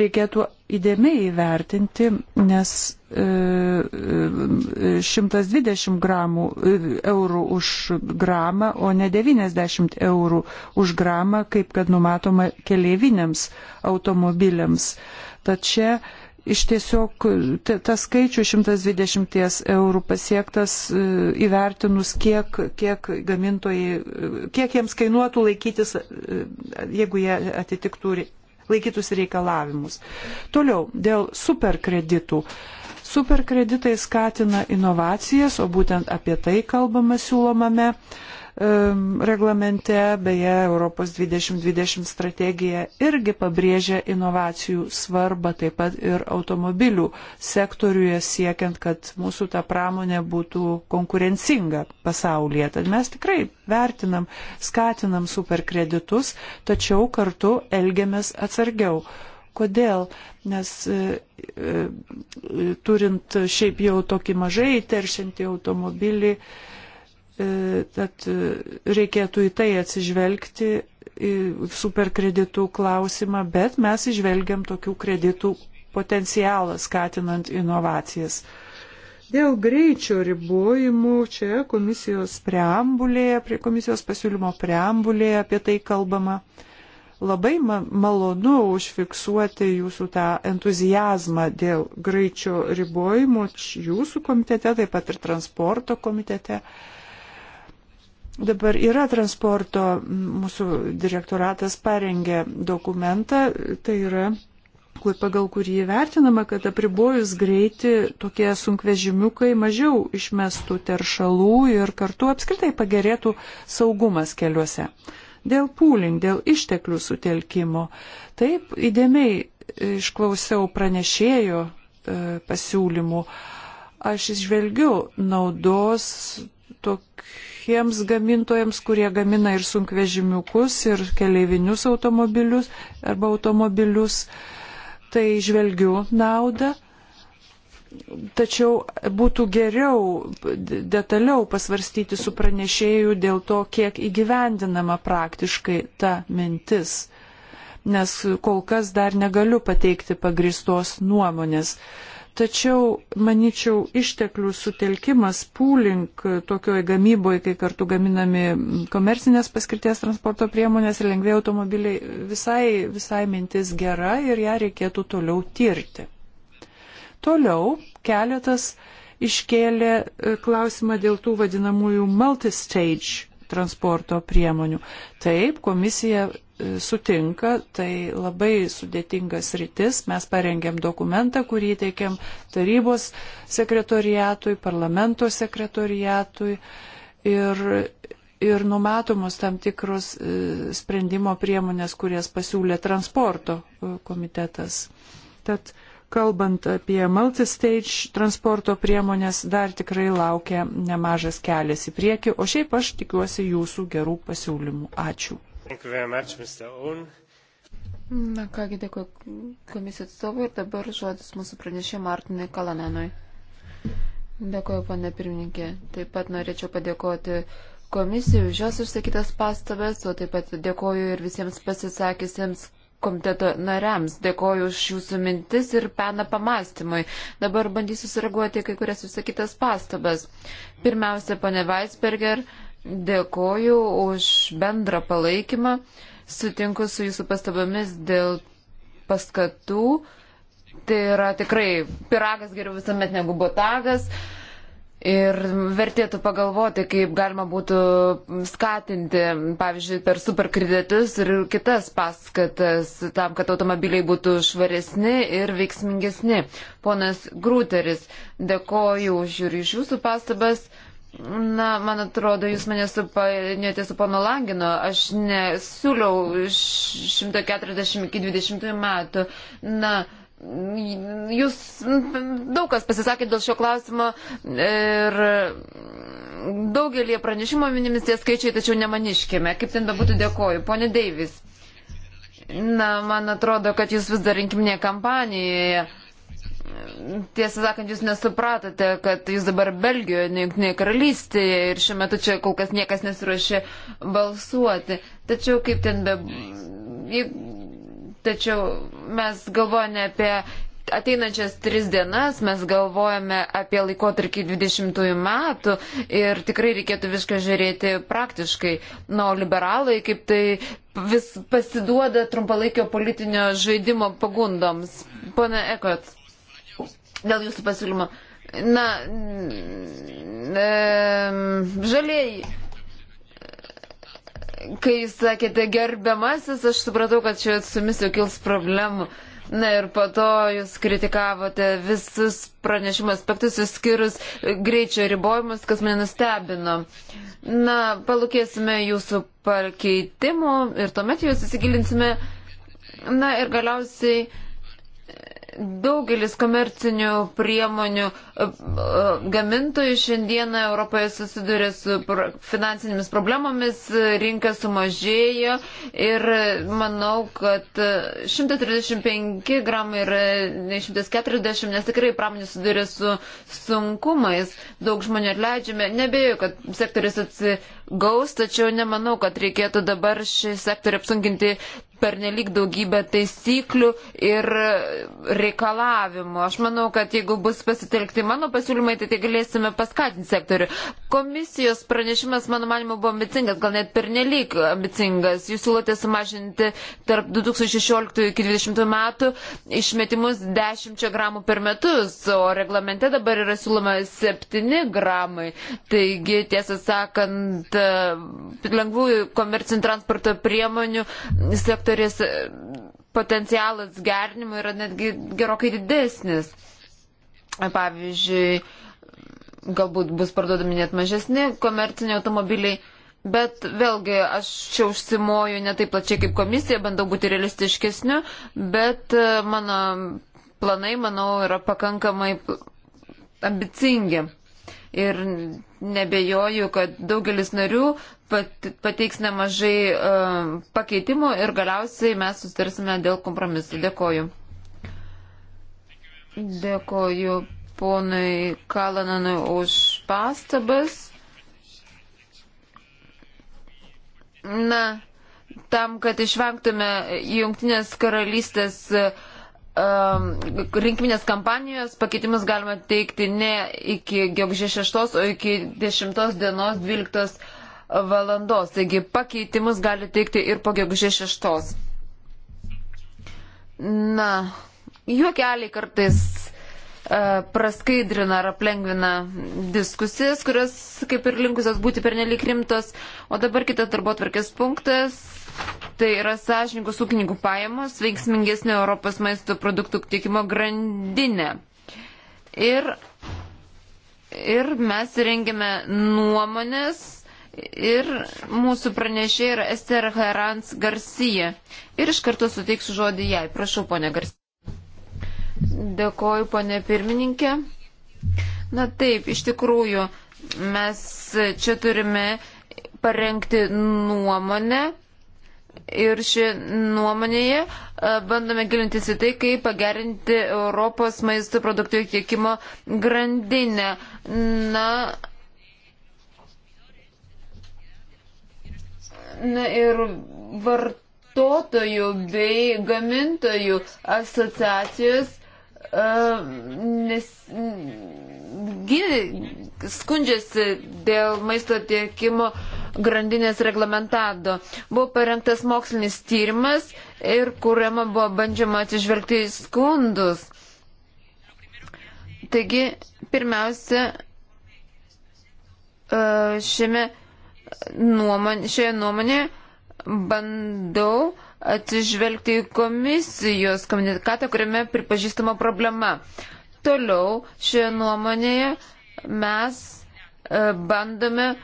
reikėtų įdėmiai įvertinti, nes 120 e, e, gramų, e, eurų už gramą, o ne 90 eurų už gramą, kaip kad numatoma keleiviniams automobiliams. Tad čia iš tiesiog tas skaičius 120 eurų pasiektas e, įvertinus, kiek, kiek gamintojai, e, kiek jiems kainuotų laikytis, e, jeigu jie atitiktų, laikytųsi reikalavimus. Toliau, dėl superkreditų. Superkreditai skatina inovacijas, o būtent apie tai kalbama siūlomame reglamente, beje, Europos 2020 strategija irgi pabrėžia inovacijų svarbą taip pat ir automobilių sektoriuje siekiant, kad mūsų ta pramonė būtų konkurencinga pasaulyje. Tad mes tikrai vertinam, skatinam superkreditus, tačiau kartu elgiamės atsargiau. Kodėl? Nes e, e, turint šiaip jau tokį mažai teršinti automobilį, e, E, tad e, reikėtų į tai atsižvelgti superkreditų klausimą, bet mes išvelgiam tokių kreditų potencialą skatinant inovacijas. Dėl greičio ribojimų čia komisijos preambulėje, prie komisijos pasiūlymo preambulėje apie tai kalbama. Labai malonu užfiksuoti jūsų tą entuzijazmą dėl greičio ribojimų jūsų komitete, taip pat ir transporto komitete. Uh, Dabar yra transporto, mūsų direktoratas parengė dokumentą, tai yra, pagal kurį vertinama, kad apribojus greitį tokie sunkvežimiukai mažiau išmestų teršalų ir kartu apskritai pagerėtų saugumas keliuose. Dėl pūling, dėl išteklių sutelkimo. Taip, įdėmiai išklausiau pranešėjo e, pasiūlymų. Aš išvelgiu naudos tokių tiems gamintojams, kurie gamina ir sunkvežimiukus, ir keleivinius automobilius arba automobilius. Tai žvelgiu naudą. Tačiau būtų geriau detaliau pasvarstyti su pranešėju dėl to, kiek įgyvendinama praktiškai ta mintis. Nes kol kas dar negaliu pateikti pagristos nuomonės. Uh, Tačiau, manyčiau, išteklių sutelkimas, pūlink tokioje gamyboje, kai kartu gaminami komercinės paskirties transporto priemonės ir lengvėjai automobiliai, visai, visai mintis gera ir ją reikėtų toliau tirti. Toliau keletas iškėlė e, klausimą dėl tų vadinamųjų multistage transporto priemonių. Taip, komisija sutinka, tai labai sudėtingas rytis. Mes parengėm dokumentą, kurį teikėm tarybos sekretoriatui, parlamento sekretoriatui ir, ir numatomos tam tikros e, sprendimo priemonės, kurias pasiūlė transporto e, komitetas. Tad, kalbant apie multistage transporto priemonės, dar tikrai laukia nemažas kelias į priekį, o šiaip aš tikiuosi jūsų gerų pasiūlymų. Ačiū. Na kągi, dėkuoju komisijos atstovui ir dabar žodis mūsų pranešė Martinui Kalanenui. Dėkuoju, pane pirmininkė. Taip pat norėčiau padėkoti komisijai už jos išsakytas pastabas, o taip pat dėkuoju ir visiems pasisakysiems komiteto nariams. Dėkoju už jūsų mintis ir peną pamastymui. Dabar bandysiu sureaguoti kai kurias išsakytas pastabas. Pirmiausia, pane Weisberger, Dėkoju už bendrą palaikymą. Sutinku su jūsų pastabomis dėl paskatų. Tai yra tikrai piragas geriau visuomet negu botagas. Ir vertėtų pagalvoti, kaip galima būtų skatinti, pavyzdžiui, per superkreditus ir kitas paskatas, tam, kad automobiliai būtų švaresni ir veiksmingesni. Ponas Grūteris, dėkoju už ir iš jūsų pastabas. Na, man atrodo, jūs mane supainiote su pono Langino. Aš nesiūliau 140 iki 20 metų. Na, jūs daug kas pasisakė dėl šio klausimo ir daugelį pranešimo minimis tie skaičiai, tačiau nemaniškime. Kaip ten bebūtų, dėkoju. Pone Deivis. Na, man atrodo, kad jūs vis dar rinkiminėje kampanijoje tiesą sakant, jūs nesupratote, kad jūs dabar Belgijoje, ne nu, Junktinėje karalystėje ir šiuo metu čia kol kas niekas nesiruošia balsuoti. Tačiau kaip ten be. Tačiau mes galvojame apie ateinančias tris dienas, mes galvojame apie laikotarpį 20 metų ir tikrai reikėtų viską žiūrėti praktiškai. Na, o liberalai kaip tai vis pasiduoda trumpalaikio politinio žaidimo pagundoms. Pone Ekot dėl jūsų pasiūlymo. Na, e, žalieji, kai sakėte gerbiamasis, aš supratau, kad čia su jumis jau kils problemų. Na ir po to jūs kritikavote visus pranešimo aspektus, išskyrus greičio ribojimus, kas mane nustebino. Na, palūkėsime jūsų pakeitimų ir tuomet jūs įsigilinsime. Na ir galiausiai Daugelis komercinių priemonių e, e, gamintojų šiandieną Europoje susiduria su finansinėmis problemomis, rinka sumažėjo ir manau, kad 135 gramai yra ne 140, nes tikrai pramonė susiduria su sunkumais, daug žmonių atleidžiame. Nebėjau, kad sektoris atsigaus, tačiau nemanau, kad reikėtų dabar šį sektorį apsunkinti pernelik daugybę taisyklių ir reikalavimų. Aš manau, kad jeigu bus pasitelkti mano pasiūlymai, tai, tai galėsime paskatinti sektorių. Komisijos pranešimas, mano manimo, buvo ambicingas, gal net pernelik ambicingas. Jūs siūlote sumažinti tarp 2016 iki 2020 metų išmetimus 10 gramų per metus, o reglamente dabar yra siūloma 7 gramai. Taigi, tiesą sakant, lengvųjų komercinių transporto priemonių sektorių sektoris e, potencialas gerinimui yra netgi gerokai didesnis. Pavyzdžiui, galbūt bus parduodami net mažesni komerciniai automobiliai, bet vėlgi aš čia užsimoju ne taip plačiai kaip komisija, bandau būti realistiškesniu, bet e, mano planai, manau, yra pakankamai ambicingi. Ir nebejoju, kad daugelis narių pateiks nemažai uh, pakeitimų ir galiausiai mes sustarsime dėl kompromisų. Dėkoju. Dėkoju ponui Kalananui už pastabas. Na, tam, kad išvengtume jungtinės karalystės um, rinkiminės kampanijos, pakeitimus galima teikti ne iki gegužės 6, o iki 10 dienos 12 valandos, taigi pakeitimus gali teikti ir po gegužės šeštos. Na, juokeliai kartais uh, praskaidrina ar aplengvina diskusijas, kurios kaip ir linkusios būti pernelik rimtos. O dabar kitas darbo tvarkės punktas. Tai yra sąžininkų ūkininkų pajamos, veiksmingesnė Europos maisto produktų tiekimo grandinė. Ir, ir mes rengėme nuomonės ir mūsų pranešė yra Ester Herans Garcia. Ir iš karto suteiksiu žodį jai. Prašau, ponė Garcia. Dėkoju, ponė pirmininkė. Na taip, iš tikrųjų, mes čia turime parengti nuomonę. Ir ši nuomonėje e, bandome gilintis į tai, kaip pagerinti Europos maisto produktų tiekimo grandinę. Na, Na ir vartotojų bei gamintojų asociacijos uh, nes, skundžiasi dėl maisto tiekimo grandinės reglamentado. Buvo parengtas mokslinis tyrimas ir kuriama buvo bandžiama atsižvelgti į skundus. Taigi, pirmiausia, e, šiame nuomonė, šioje nuomonėje bandau atsižvelgti į komisijos komunikatą, kuriame pripažįstama problema. Toliau šioje nuomonėje mes e, bandome e,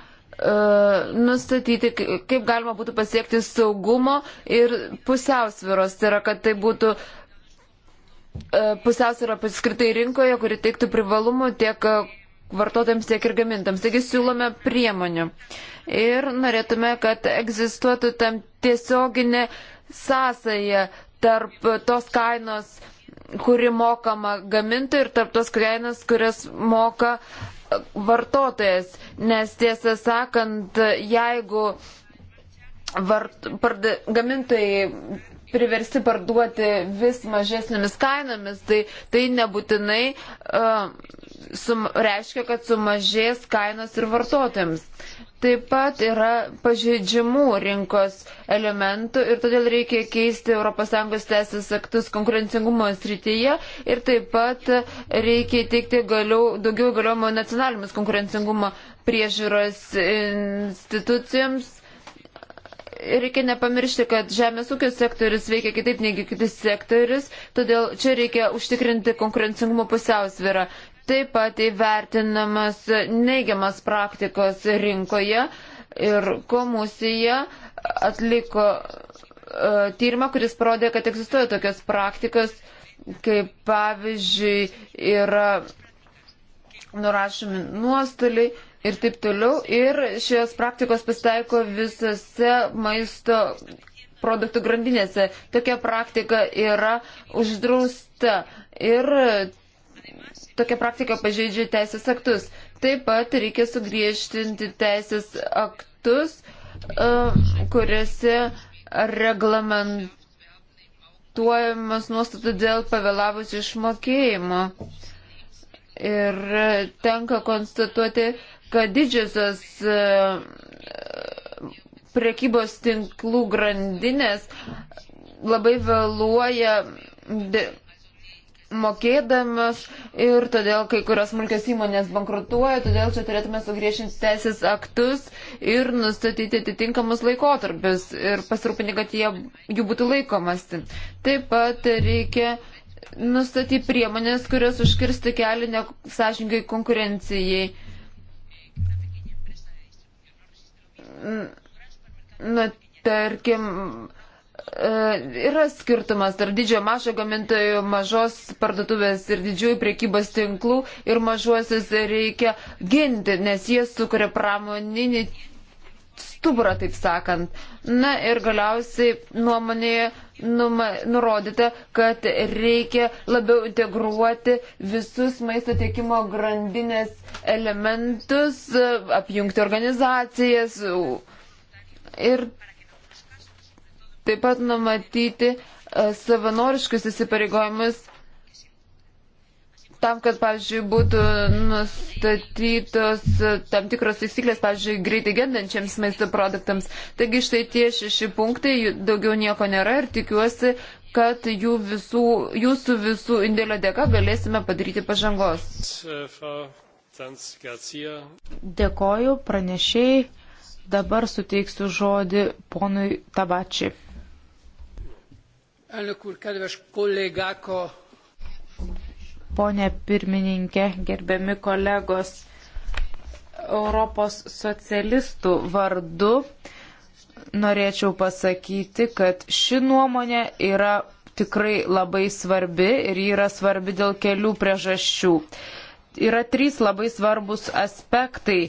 nustatyti, kaip galima būtų pasiekti saugumo ir pusiausviros. Tai yra, kad tai būtų e, pusiausvėra paskritai rinkoje, kuri teiktų privalumų tiek vartotojams, tiek ir gamintams. Taigi siūlome priemonių. Ir norėtume, kad egzistuotų tam tiesioginė sąsaja tarp tos kainos, kuri mokama gamintojai ir tarp tos kainos, kurias moka vartotojas. Nes tiesą sakant, jeigu vart, parda, gamintojai priversti parduoti vis mažesnėmis kainomis, tai, tai nebūtinai uh, sum, reiškia, kad sumažės kainos ir vartotojams. Taip pat yra pažeidžiamų rinkos elementų ir todėl reikia keisti ES teisės aktus konkurencingumo srityje ir taip pat reikia teikti galiau, daugiau galiojimo nacionalinėmis konkurencingumo priežiūros institucijams reikia nepamiršti, kad žemės ūkio sektorius veikia kitaip negu kitis sektorius, todėl čia reikia užtikrinti konkurencingumo pusiausvyrą. Taip pat įvertinamas neigiamas praktikos rinkoje ir komisija atliko uh, tyrimą, kuris parodė, kad egzistuoja tokios praktikos, kaip pavyzdžiui yra nurašomi nuostoliai ir taip toliau. Ir šios praktikos pasitaiko visose maisto produktų grandinėse. Tokia praktika yra uždrausta ir tokia praktika pažeidžia teisės aktus. Taip pat reikia sugriežtinti teisės aktus, e, kuriuose reglamentuojamas nuostata dėl pavėlavus išmokėjimo. Ir tenka konstatuoti, kad didžiosios e, prekybos tinklų grandinės labai vėluoja mokėdamas ir todėl kai kurios smulkios įmonės bankrutuoja, todėl čia turėtume sugriešinti teisės aktus ir nustatyti atitinkamus laikotarpius ir pasirūpinti, kad jie, jų būtų laikomasi. Taip pat reikia nustatyti priemonės, kurios užkirsti kelią nesažingai konkurencijai. na, tarkim, e, yra skirtumas tarp didžiojo mažo gamintojų, mažos parduotuvės ir didžiųjų priekybos tinklų ir mažuosius reikia ginti, nes jie sukuria pramoninį stuburą, taip sakant. Na ir galiausiai nuomonėje numa, nurodyta, kad reikia labiau integruoti visus maisto tiekimo grandinės elementus, apjungti organizacijas ir taip pat numatyti e, savanoriškus įsipareigojimus tam, kad, pavyzdžiui, būtų nustatytos tam tikros taisyklės, pavyzdžiui, greitai gendančiams maisto produktams. Taigi štai tie šeši punktai, daugiau nieko nėra ir tikiuosi, kad jų visų, jūsų visų indėlio dėka galėsime padaryti pažangos. Dėkoju pranešiai. Dabar suteiksiu žodį ponui Tabačiui. Elnök úr, kedves kollégákkal! Pone pirmininkė, gerbiami kolegos, Europos socialistų vardu norėčiau pasakyti, kad ši nuomonė yra tikrai labai svarbi ir ji yra svarbi dėl kelių priežasčių. Yra trys labai svarbus aspektai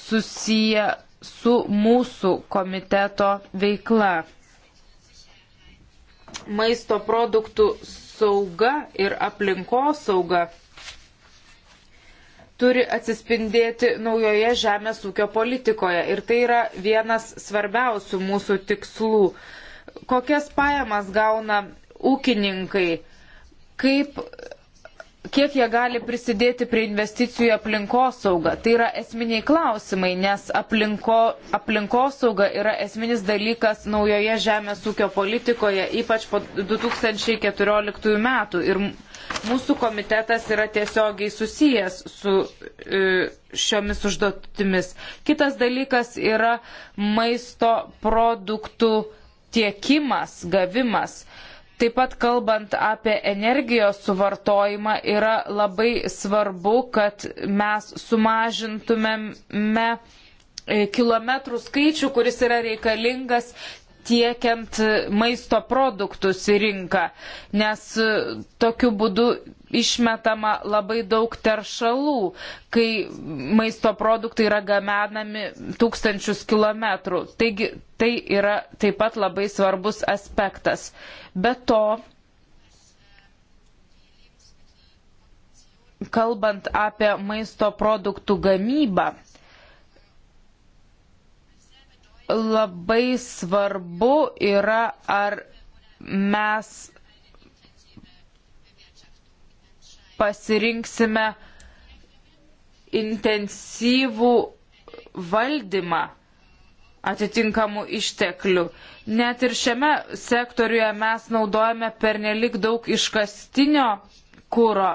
susiję su mūsų komiteto veikla. Maisto produktų sauga ir aplinkos sauga turi atsispindėti naujoje žemės ūkio politikoje. Ir tai yra vienas svarbiausių mūsų tikslų. Kokias pajamas gauna ūkininkai, kaip kiek jie gali prisidėti prie investicijų į aplinkosaugą. Tai yra esminiai klausimai, nes aplinko, aplinkosauga yra esminis dalykas naujoje žemės ūkio politikoje, ypač po 2014 metų. Ir mūsų komitetas yra tiesiogiai susijęs su e, šiomis užduotimis. Kitas dalykas yra maisto produktų tiekimas, gavimas. Uh, Taip pat kalbant apie energijos suvartojimą, yra labai svarbu, kad mes sumažintumėme e, kilometrų skaičių, kuris yra reikalingas tiekiant maisto produktus į rinką, nes e, tokiu būdu išmetama labai daug teršalų, kai maisto produktai yra gamenami tūkstančius kilometrų. Taigi tai yra taip pat labai svarbus aspektas. Be to, kalbant apie maisto produktų gamybą, labai svarbu yra, ar mes pasirinksime intensyvų valdymą atitinkamų išteklių. Net ir šiame sektoriuje mes naudojame pernelik daug iškastinio kūro,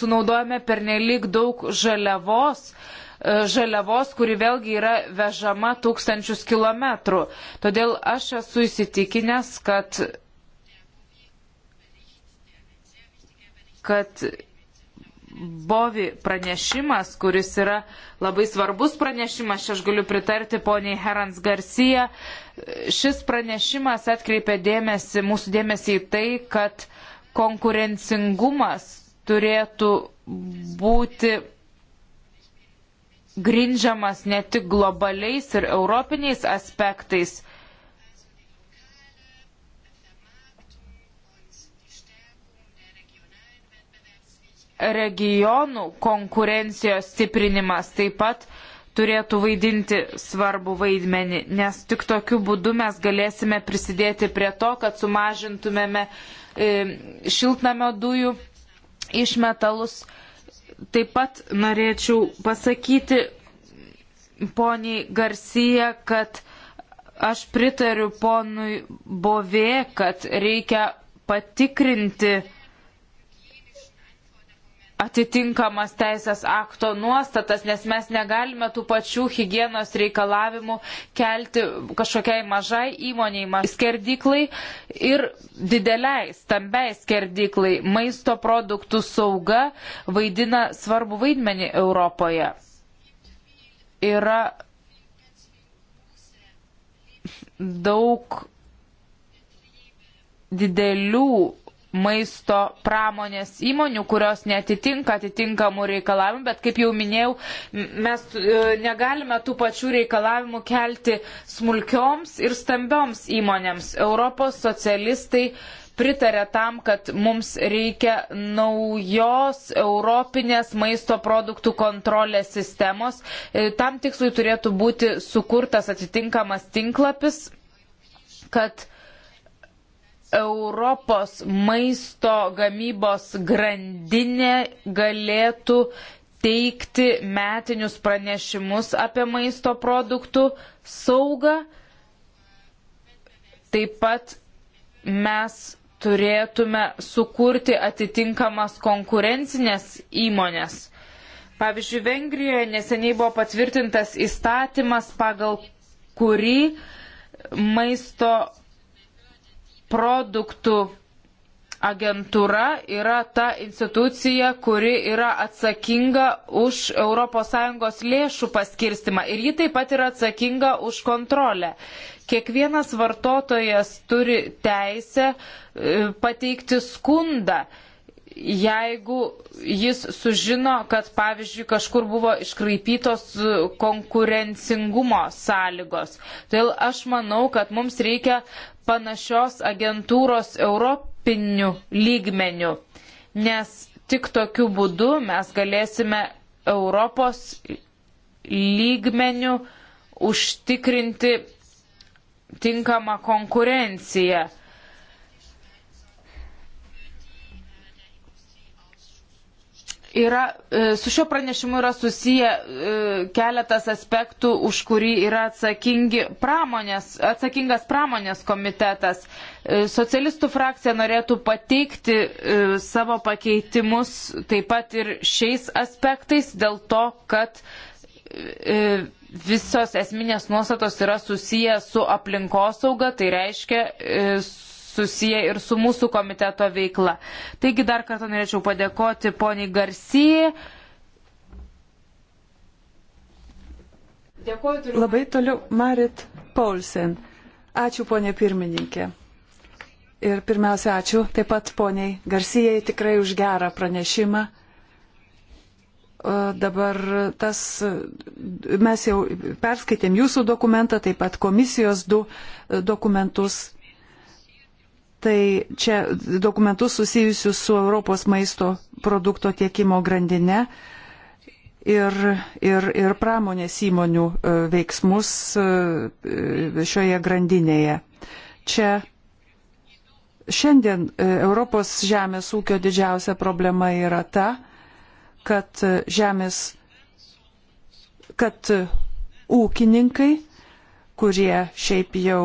sunaudojame pernelik daug žaliavos, e, žaliavos, kuri vėlgi yra vežama tūkstančius kilometrų. Todėl aš esu įsitikinęs, kad kad Bovi pranešimas, kuris yra labai svarbus pranešimas, čia aš galiu pritarti poniai Herans Garcia, šis pranešimas atkreipia dėmesį, mūsų dėmesį į tai, kad konkurencingumas turėtų būti grindžiamas ne tik globaliais ir europiniais aspektais, regionų konkurencijos stiprinimas taip pat turėtų vaidinti svarbų vaidmenį, nes tik tokiu būdu mes galėsime prisidėti prie to, kad sumažintumėme e, šiltnamio dujų išmetalus. Taip pat norėčiau pasakyti poniai Garcija, kad aš pritariu ponui Bovė, kad reikia patikrinti atitinkamas teisės akto nuostatas, nes mes negalime tų pačių hygienos reikalavimų kelti kažkokiai mažai įmoniai, mažai skerdiklai ir dideliai, stambiai skerdiklai. Maisto produktų sauga vaidina svarbu vaidmenį Europoje. Yra daug didelių maisto pramonės įmonių, kurios netitinka atitinkamų reikalavimų, bet kaip jau minėjau, mes e, negalime tų pačių reikalavimų kelti smulkioms ir stambioms įmonėms. Europos socialistai pritarė tam, kad mums reikia naujos europinės maisto produktų kontrolės sistemos. E, tam tikslui turėtų būti sukurtas atitinkamas tinklapis, kad Europos maisto gamybos grandinė galėtų teikti metinius pranešimus apie maisto produktų saugą. Taip pat mes turėtume sukurti atitinkamas konkurencinės įmonės. Pavyzdžiui, Vengrijoje neseniai buvo patvirtintas įstatymas, pagal kurį maisto produktų agentūra yra ta institucija, kuri yra atsakinga už ES lėšų paskirstimą ir ji taip pat yra atsakinga už kontrolę. Kiekvienas vartotojas turi teisę e, pateikti skundą jeigu jis sužino, kad pavyzdžiui kažkur buvo iškraipytos e, konkurencingumo sąlygos. Todėl aš manau, kad mums reikia panašios agentūros europiniu lygmeniu, nes tik tokiu būdu mes galėsime Europos lygmeniu užtikrinti tinkamą konkurenciją. yra, e, su šiuo pranešimu yra susiję e, keletas aspektų, už kurį yra pramonės, atsakingas pramonės komitetas. E, socialistų frakcija norėtų pateikti savo pakeitimus taip pat ir šiais aspektais dėl to, kad visos esminės nuostatos yra susiję su aplinkosauga, tai reiškia susiję ir su mūsų komiteto veikla. Taigi dar kartą norėčiau padėkoti poniai Garsijai. Dėkuoju turiu. Labai toliau Marit Paulsen. Ačiū ponė pirmininkė. Ir pirmiausia, ačiū taip pat poniai Garsijai tikrai už gerą pranešimą dabar tas, mes jau perskaitėm jūsų dokumentą, taip pat komisijos du dokumentus tai čia dokumentus susijusius su Europos maisto produkto tiekimo grandinė ir, ir, ir pramonės įmonių e, veiksmus e, e, šioje grandinėje. Čia šiandien Europos žemės ūkio didžiausia problema yra ta, kad žemės, kad ūkininkai kurie šiaip jau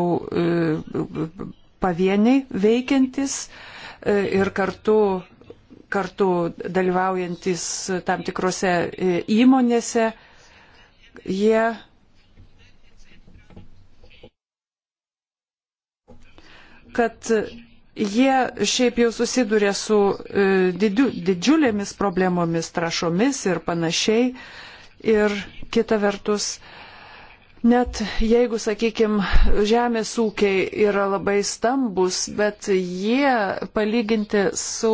pavieniai veikiantis e, ir kartu, kartu dalyvaujantis tam tikrose e, įmonėse, jie kad jie šiaip jau susiduria su e, didiu, didžiulėmis problemomis, trašomis ir panašiai. Ir kita vertus, uh, Net jeigu, sakykime, žemės ūkiai yra labai stambus, bet jie palyginti su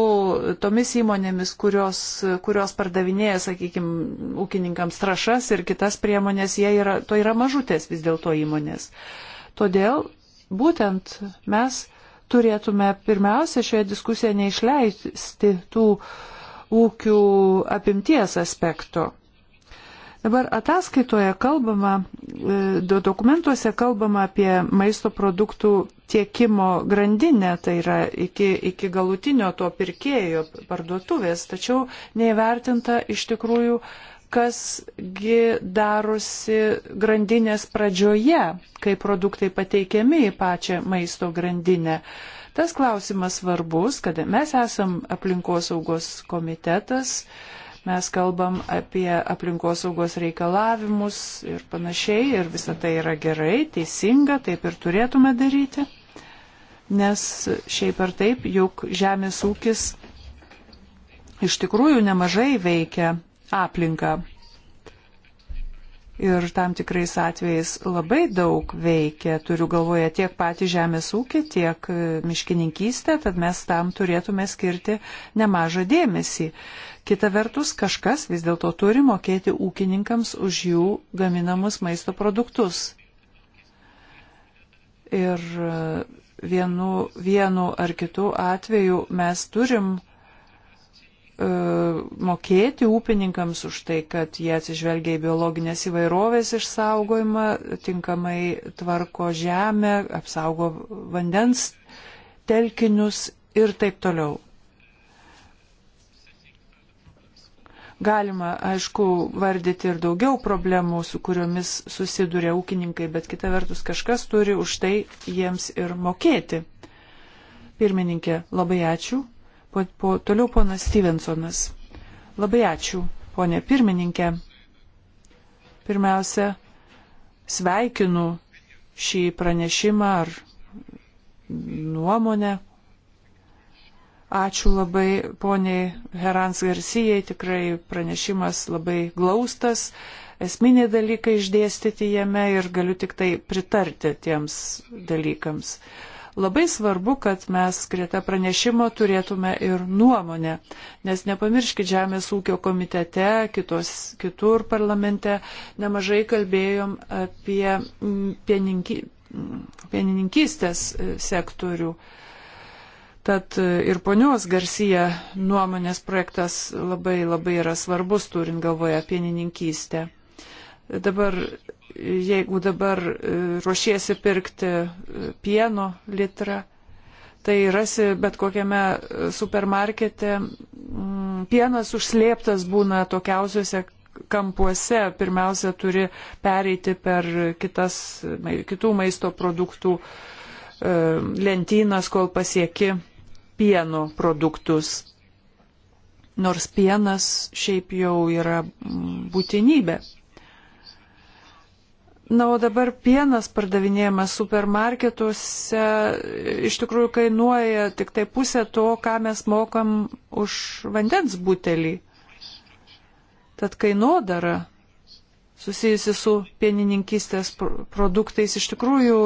tomis įmonėmis, kurios, kurios pardavinėja, sakykime, ūkininkams trašas ir kitas priemonės, jie yra, to yra mažutės vis dėlto įmonės. Todėl būtent mes turėtume pirmiausia šioje diskusijoje neišleisti tų ūkių apimties aspekto. Dabar ataskaitoje kalbama, e, dokumentuose kalbama apie maisto produktų tiekimo grandinę, tai yra iki, iki galutinio to pirkėjo parduotuvės, tačiau neįvertinta iš tikrųjų, kasgi darosi grandinės pradžioje, kai produktai pateikiami į pačią maisto grandinę. Tas klausimas svarbus, kad mes esam aplinkosaugos komitetas. Uh, mes kalbam apie aplinkosaugos reikalavimus ir panašiai, ir visa tai yra gerai, teisinga, taip ir turėtume daryti, nes šiaip ar taip, juk žemės ūkis iš tikrųjų nemažai veikia aplinką. Ir tam tikrais atvejais labai daug veikia, turiu galvoje tiek patį žemės ūkį, tiek miškininkystę, tad mes tam turėtume skirti nemažą dėmesį. Kita vertus, kažkas vis dėlto turi mokėti ūkininkams už jų gaminamus maisto produktus. Ir e, vienu, vienu ar kitu atveju mes turim e, mokėti ūkininkams už tai, kad jie atsižvelgia į biologinės įvairovės išsaugojimą, tinkamai tvarko žemę, apsaugo vandens telkinius ir taip toliau. Galima, aišku, vardyti ir daugiau problemų, su kuriomis susiduria ūkininkai, bet kita vertus kažkas turi už tai jiems ir mokėti. Pirmininkė, labai ačiū. Po, po, toliau ponas Stevensonas. Labai ačiū, ponė pirmininkė. Pirmiausia, sveikinu šį pranešimą ar nuomonę, Ačiū labai poniai Herans Garcijai, tikrai pranešimas labai glaustas, esminiai dalykai išdėstyti jame ir galiu tik tai pritarti tiems dalykams. Labai svarbu, kad mes greta pranešimo turėtume ir nuomonę, nes nepamirškit Žemės ūkio komitete, kitos, kitur parlamente nemažai kalbėjom apie mm, pieninkystės mm, e, sektorių Tad e, ir ponios Garcija nuomonės projektas labai labai yra svarbus, turint galvoje pienininkystę. Dabar, jeigu dabar e, ruošiesi pirkti e, pieno litrą, tai rasi bet kokiame supermarkete mm, pienas užslėptas būna tokiausiuose kampuose. Pirmiausia, turi pereiti per kitas, kitų maisto produktų lentynas, kol pasieki pieno produktus. Nors pienas šiaip jau yra mm, būtinybė. Na, o dabar pienas pardavinėjamas supermarketuose iš tikrųjų kainuoja tik tai pusę to, ką mes mokam už vandens butelį. Tad kainodara susijusi su pienininkystės produktais iš tikrųjų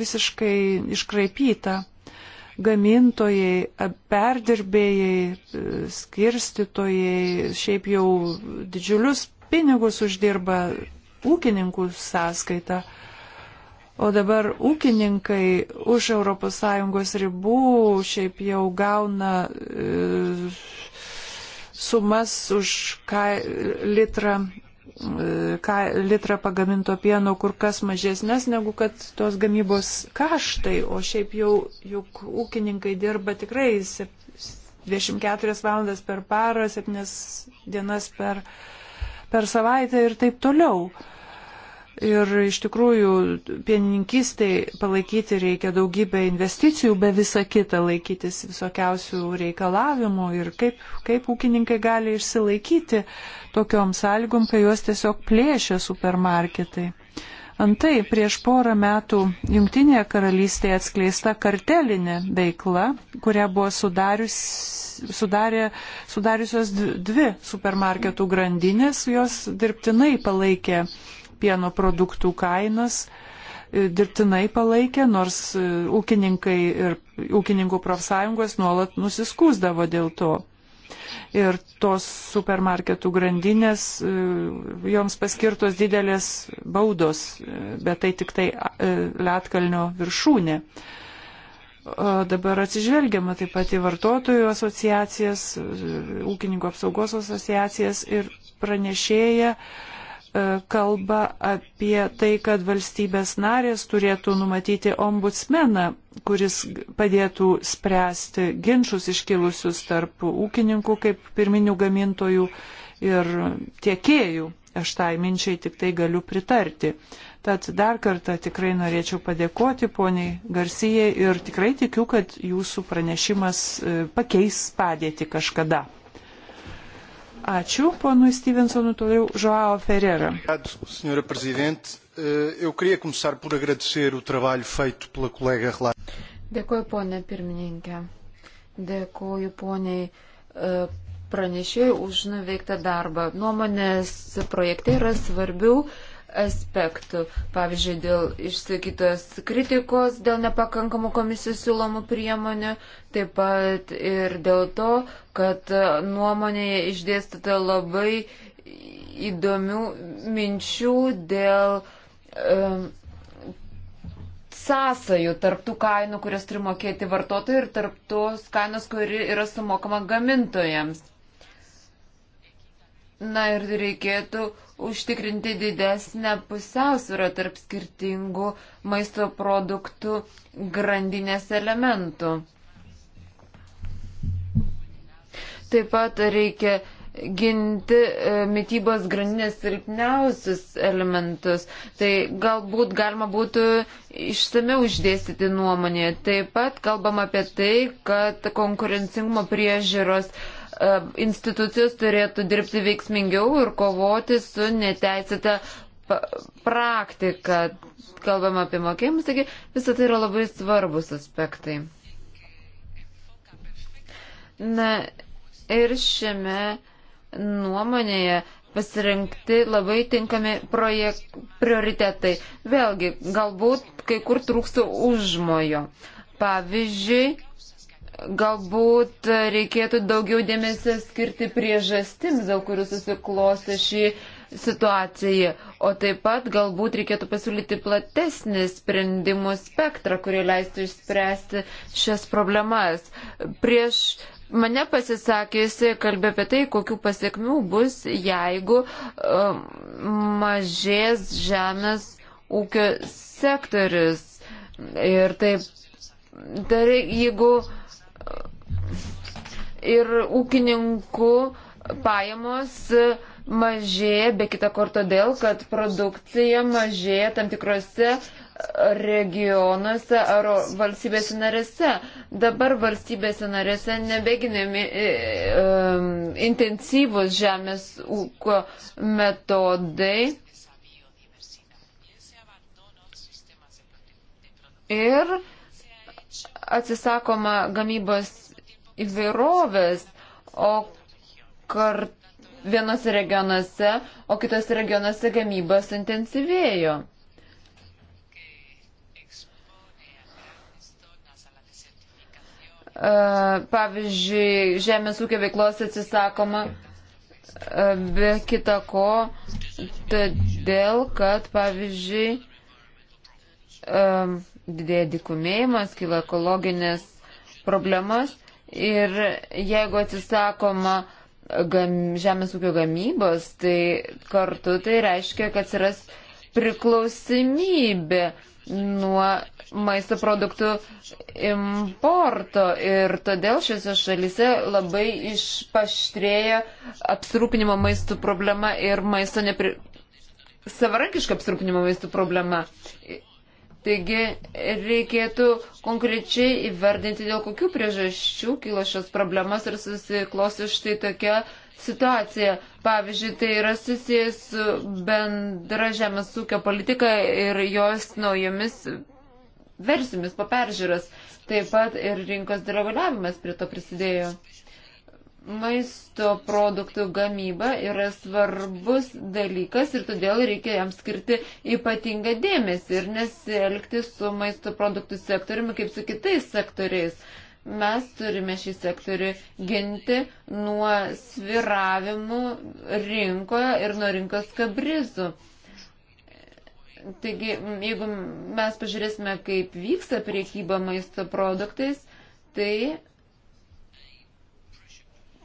visiškai iškraipyta gamintojai, perdirbėjai, e, skirstytojai šiaip jau didžiulius pinigus uždirba ūkininkų sąskaitą. O dabar ūkininkai už ES ribų šiaip jau gauna e, sumas už kai, litrą ką litrą pagaminto pieno kur kas mažesnės negu kad tos gamybos kaštai, o šiaip jau juk ūkininkai dirba tikrai 24 valandas per parą, 7 dienas per, per savaitę ir taip toliau. Uh, Ir iš tikrųjų, pienininkystai palaikyti reikia daugybę investicijų, be visą kitą laikytis visokiausių reikalavimų ir kaip, kaip ūkininkai gali išsilaikyti tokiom sąlygom, kai juos tiesiog plėšia supermarketai. Antai, prieš porą metų Junktinėje karalystėje atskleista kartelinė veikla, kurią buvo sudarius, sudarė, sudariusios dvi supermarketų grandinės, jos dirbtinai palaikė uh, pieno produktų kainas e, dirbtinai palaikė, nors e, ūkininkai ir ūkininkų profsąjungos nuolat nusiskūsdavo dėl to. Ir tos supermarketų grandinės, e, joms paskirtos didelės baudos, bet tai tik tai Lietkalnio viršūnė. O dabar atsižvelgiama taip pat į vartotojų asociacijas, ūkininkų apsaugos asociacijas ir pranešėja uh, E, kalba apie tai, kad valstybės narės turėtų numatyti ombudsmeną, kuris padėtų spręsti ginčius iškilusius tarp ūkininkų kaip pirminių gamintojų ir tiekėjų. Aš tai minčiai tik tai galiu pritarti. Tad dar kartą tikrai norėčiau padėkoti poniai Garcijai ir tikrai tikiu, kad jūsų pranešimas e, pakeis padėti kažkada. Ačiū, ponui Stevensonui, toliau Joao Ferreira. Senhora Presidente, eh, eu queria começar por agradecer o trabalho feito pela colega Relata. Dėkuoju, ponė pirmininkė. Dėkuoju, poniai eh, pranešėjai už nuveiktą darbą. Nuomonės projekte yra svarbių aspektų. Pavyzdžiui, dėl išsakytos kritikos, dėl nepakankamų komisijos siūlomų priemonių, taip pat ir dėl to, kad nuomonėje išdėstata labai įdomių minčių dėl um, sąsajų tarp tų kainų, kurias turi mokėti vartotojai ir tarp tos kainos, kuri yra sumokama gamintojams. Na ir reikėtų užtikrinti didesnę pusiausvyrą tarp skirtingų maisto produktų grandinės elementų. Taip pat reikia ginti e, mytybos grandinės silpniausius elementus. Tai galbūt galima būtų išsameu uždėstyti nuomonė. Taip pat kalbam apie tai, kad konkurencingumo priežiūros uh, E, institucijos turėtų dirbti veiksmingiau ir kovoti su neteisėta praktika. Kalbam apie mokėjimus, taigi visą tai yra labai svarbus aspektai. Na ir šiame nuomonėje pasirinkti labai tinkami projekt, prioritetai. Vėlgi, galbūt kai kur trūksta užmojo. Pavyzdžiui, Galbūt reikėtų daugiau dėmesio skirti priežastims, dėl kurių susiklosti šį situaciją, o taip pat galbūt reikėtų pasiūlyti platesnį sprendimų spektrą, kurie leistų išspręsti šias problemas. Prieš mane pasisakėsi, kalbė apie tai, kokiu pasiekmių bus, jeigu um, mažės žemės ūkio sektorius. Ir taip, dar tai jeigu uh, ir ūkininkų pajamos mažėja, be kita ko todėl, kad produkcija mažėja tam tikrose regionuose ar valstybėse narėse. Dabar valstybėse narėse nebeginami e, e, um, intensyvus žemės ūkio metodai. Ir atsisakoma gamybos įvairovės, o kart vienose regionuose, o kitose regionuose gamybos intensyvėjo. E, pavyzdžiui, žemės ūkio veiklos atsisakoma e, be kita ko, todėl, kad, pavyzdžiui, e, didėja dikumėjimas, kyla ekologinės problemas Ir jeigu atsisakoma gam, žemės ūkio gamybos, tai kartu tai reiškia, kad atsiras priklausomybė nuo maisto produktų importo ir todėl šiose šalyse labai išpaštrėja apsirūpinimo maistų problema ir maisto nepri... savarankiška apsirūpinimo maistų problema. Taigi reikėtų konkrečiai įvardinti, dėl kokių priežasčių kilo šios problemas ir susiklosi štai tokia situacija. Pavyzdžiui, tai yra susijęs su bendra žemės ūkio politika ir jos naujomis versijomis po peržiūros. Taip pat ir rinkos dereguliavimas prie to prisidėjo maisto produktų gamyba yra svarbus dalykas ir todėl reikia jam skirti ypatingą dėmesį ir nesielgti su maisto produktų sektoriumi kaip su kitais sektoriais. Mes turime šį sektorių ginti nuo sviravimų rinkoje ir nuo rinkos kabrizų. Taigi, jeigu mes pažiūrėsime, kaip vyksta priekyba maisto produktais, tai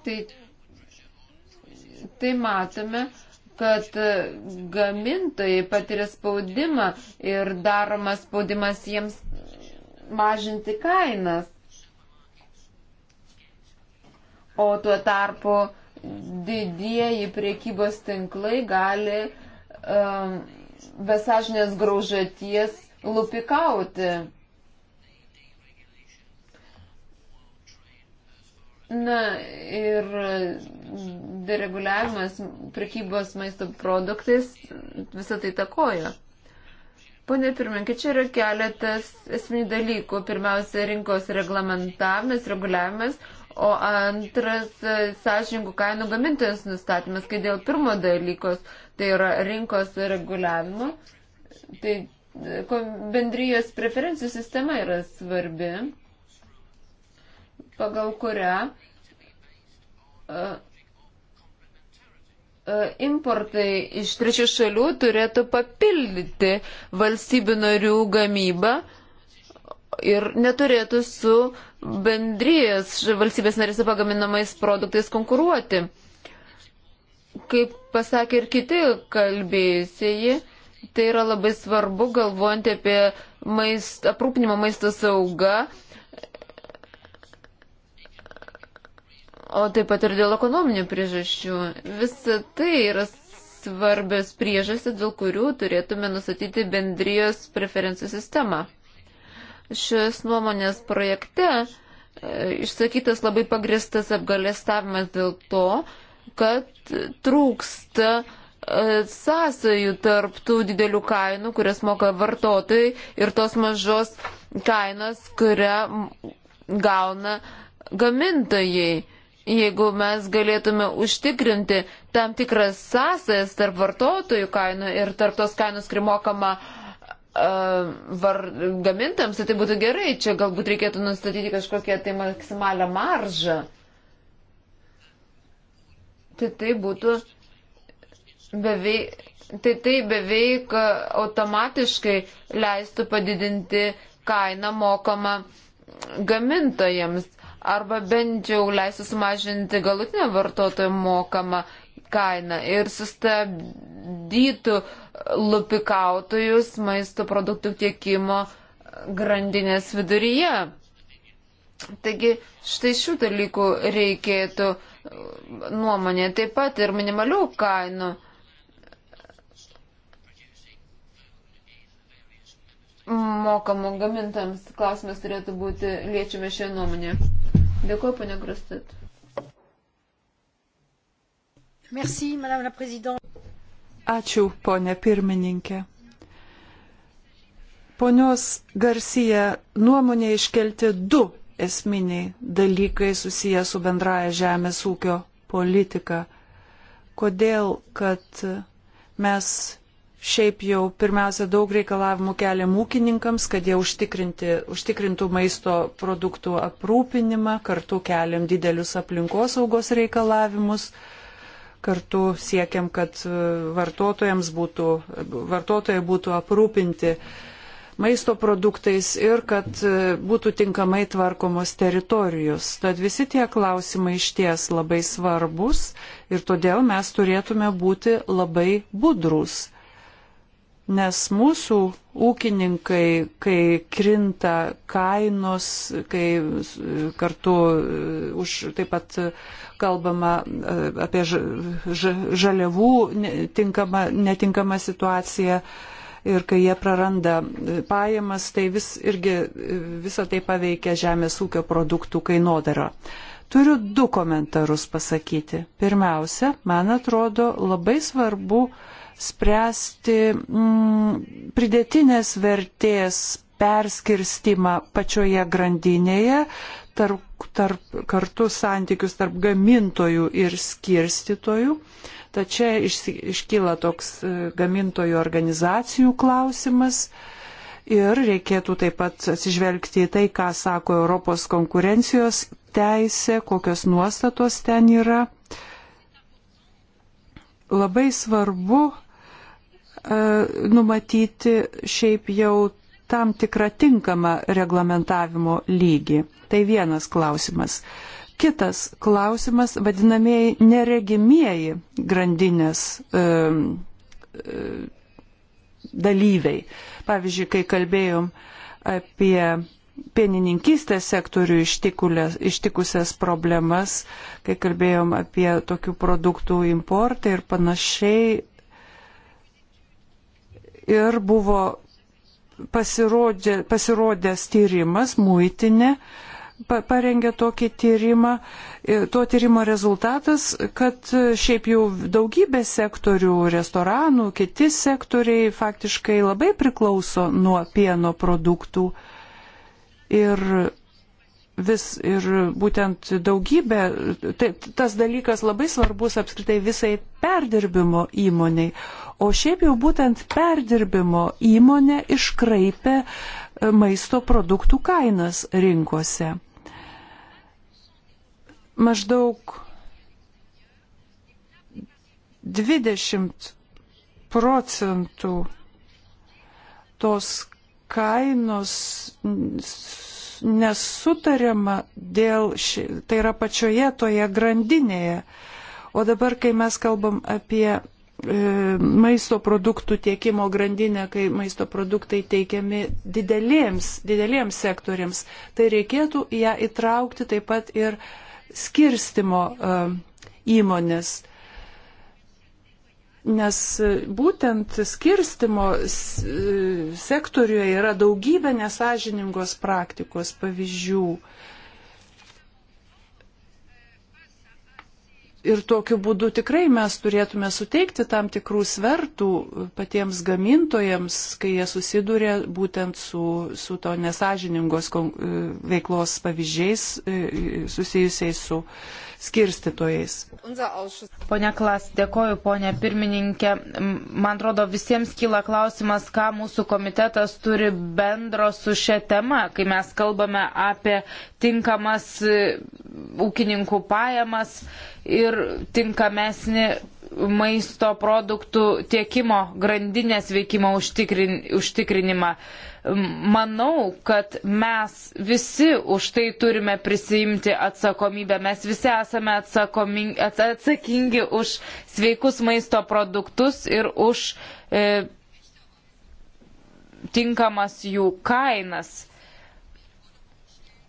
tai, tai matome, kad gamintojai patiria spaudimą ir daromas spaudimas jiems mažinti kainas. O tuo tarpu didieji priekybos tinklai gali um, besažinės graužaties lupikauti. Na ir dereguliavimas prekybos maisto produktais visą tai takoja. Pone pirmininkai, čia yra keletas esminių dalykų. Pirmiausia, rinkos reglamentavimas, reguliavimas, o antras, sąžininkų kainų gamintojas nustatymas, kai dėl pirmo dalykos, tai yra rinkos reguliavimo, tai bendrijos preferencijų sistema yra svarbi, pagal kurią E, e, importai iš trečių šalių turėtų papildyti valstybių narių gamybą ir neturėtų su bendrijos valstybės narėse pagaminamais produktais konkuruoti. Kaip pasakė ir kiti kalbėjusieji, tai yra labai svarbu galvojant apie maist, aprūpinimo maisto saugą o taip pat ir dėl ekonominių priežasčių. Visa tai yra svarbios priežastys, dėl kurių turėtume nusatyti bendrijos preferencijų sistemą. Šios nuomonės projekte e, išsakytas labai pagristas apgalėstavimas dėl to, kad trūksta e, sąsajų tarp tų didelių kainų, kurias moka vartotojai ir tos mažos kainos, kurią gauna gamintojai jeigu mes galėtume užtikrinti tam tikras sąsajas tarp vartotojų kainų ir tarp tos kainos, kuri mokama uh, var, gamintams, tai, tai būtų gerai. Čia galbūt reikėtų nustatyti kažkokią tai maksimalią maržą. Tai tai būtų beveik, tai tai beveik automatiškai leistų padidinti kainą mokamą gamintojams arba bent jau leistų sumažinti galutinę vartotojų mokamą kainą ir sustabdytų lupikautojus maisto produktų tiekimo grandinės viduryje. Taigi štai šių dalykų reikėtų nuomonė taip pat ir minimalių kainų mokamų gamintams klausimas turėtų būti liečiame šią nuomonę. Dėkuoju, ponia Grastet. Merci, madame la présidente. Ačiū, ponia pirmininkė. Ponios Garcija nuomonė iškelti du esminiai dalykai susiję su bendraja žemės ūkio politika. Kodėl, kad mes Šiaip jau pirmiausia daug reikalavimų keliam ūkininkams, kad jie užtikrintų maisto produktų aprūpinimą, kartu keliam didelius aplinkosaugos reikalavimus kartu siekiam, kad e, vartotojams būtų, vartotojai būtų aprūpinti maisto produktais ir kad e, būtų tinkamai tvarkomos teritorijos. Tad visi tie klausimai iš ties labai svarbus ir todėl mes turėtume būti labai budrus nes mūsų ūkininkai, kai krinta kainos, kai kartu e, už taip pat kalbama e, apie žaliavų netinkama, netinkamą situaciją ir kai jie praranda e, pajamas, tai vis irgi visą tai paveikia žemės ūkio produktų kainodarą. Turiu du komentarus pasakyti. Pirmiausia, man atrodo labai svarbu, uh, spręsti mm, pridėtinės vertės perskirstimą pačioje grandinėje, tarp, tarp, kartu santykius tarp gamintojų ir skirstytojų. Tačiau iškyla toks e, gamintojų organizacijų klausimas. Ir reikėtų taip pat atsižvelgti į tai, ką sako Europos konkurencijos teisė, kokios nuostatos ten yra. Labai svarbu E, numatyti šiaip jau tam tikrą tinkamą reglamentavimo lygį. Tai vienas klausimas. Kitas klausimas - vadinamieji neregimieji grandinės e, e, dalyviai. Pavyzdžiui, kai kalbėjom apie pienininkystės sektorių ištikusias problemas, kai kalbėjom apie tokių produktų importą ir panašiai, ir buvo pasirodė, pasirodęs tyrimas, muitinė parengė tokį tyrimą. E, to tyrimo rezultatas, kad šiaip jau daugybė sektorių, restoranų, kiti sektoriai faktiškai labai priklauso nuo pieno produktų. Ir vis ir būtent daugybė, tai tas dalykas labai svarbus apskritai visai perdirbimo įmoniai. O šiaip jau būtent perdirbimo įmonė iškraipė e, maisto produktų kainas rinkose. Maždaug 20 procentų tos kainos nesutariama dėl, ši, tai yra pačioje toje grandinėje. O dabar, kai mes kalbam apie E, maisto produktų tiekimo grandinę, kai maisto produktai teikiami didelėms, didelėms sektoriams, tai reikėtų ją įtraukti taip pat ir skirstimo e, įmonės. Nes būtent skirstimo e, sektoriuje yra daugybė nesažiningos praktikos pavyzdžių. ir tokiu būdu tikrai mes turėtume suteikti tam tikrų svertų patiems gamintojams, kai jie susiduria būtent su, su to nesažiningos e, veiklos pavyzdžiais e, susijusiais su skirstytojais. Pone Klas, dėkoju, ponė pirmininkė. Man atrodo, visiems kyla klausimas, ką mūsų komitetas turi bendro su šia tema, kai mes kalbame apie tinkamas e, ūkininkų pajamas ir tinkamesnį maisto produktų tiekimo grandinės veikimo užtikrin, užtikrinimą manau, kad mes visi už tai turime prisijimti atsakomybę. Mes visi esame atsakingi už sveikus maisto produktus ir už e, tinkamas jų kainas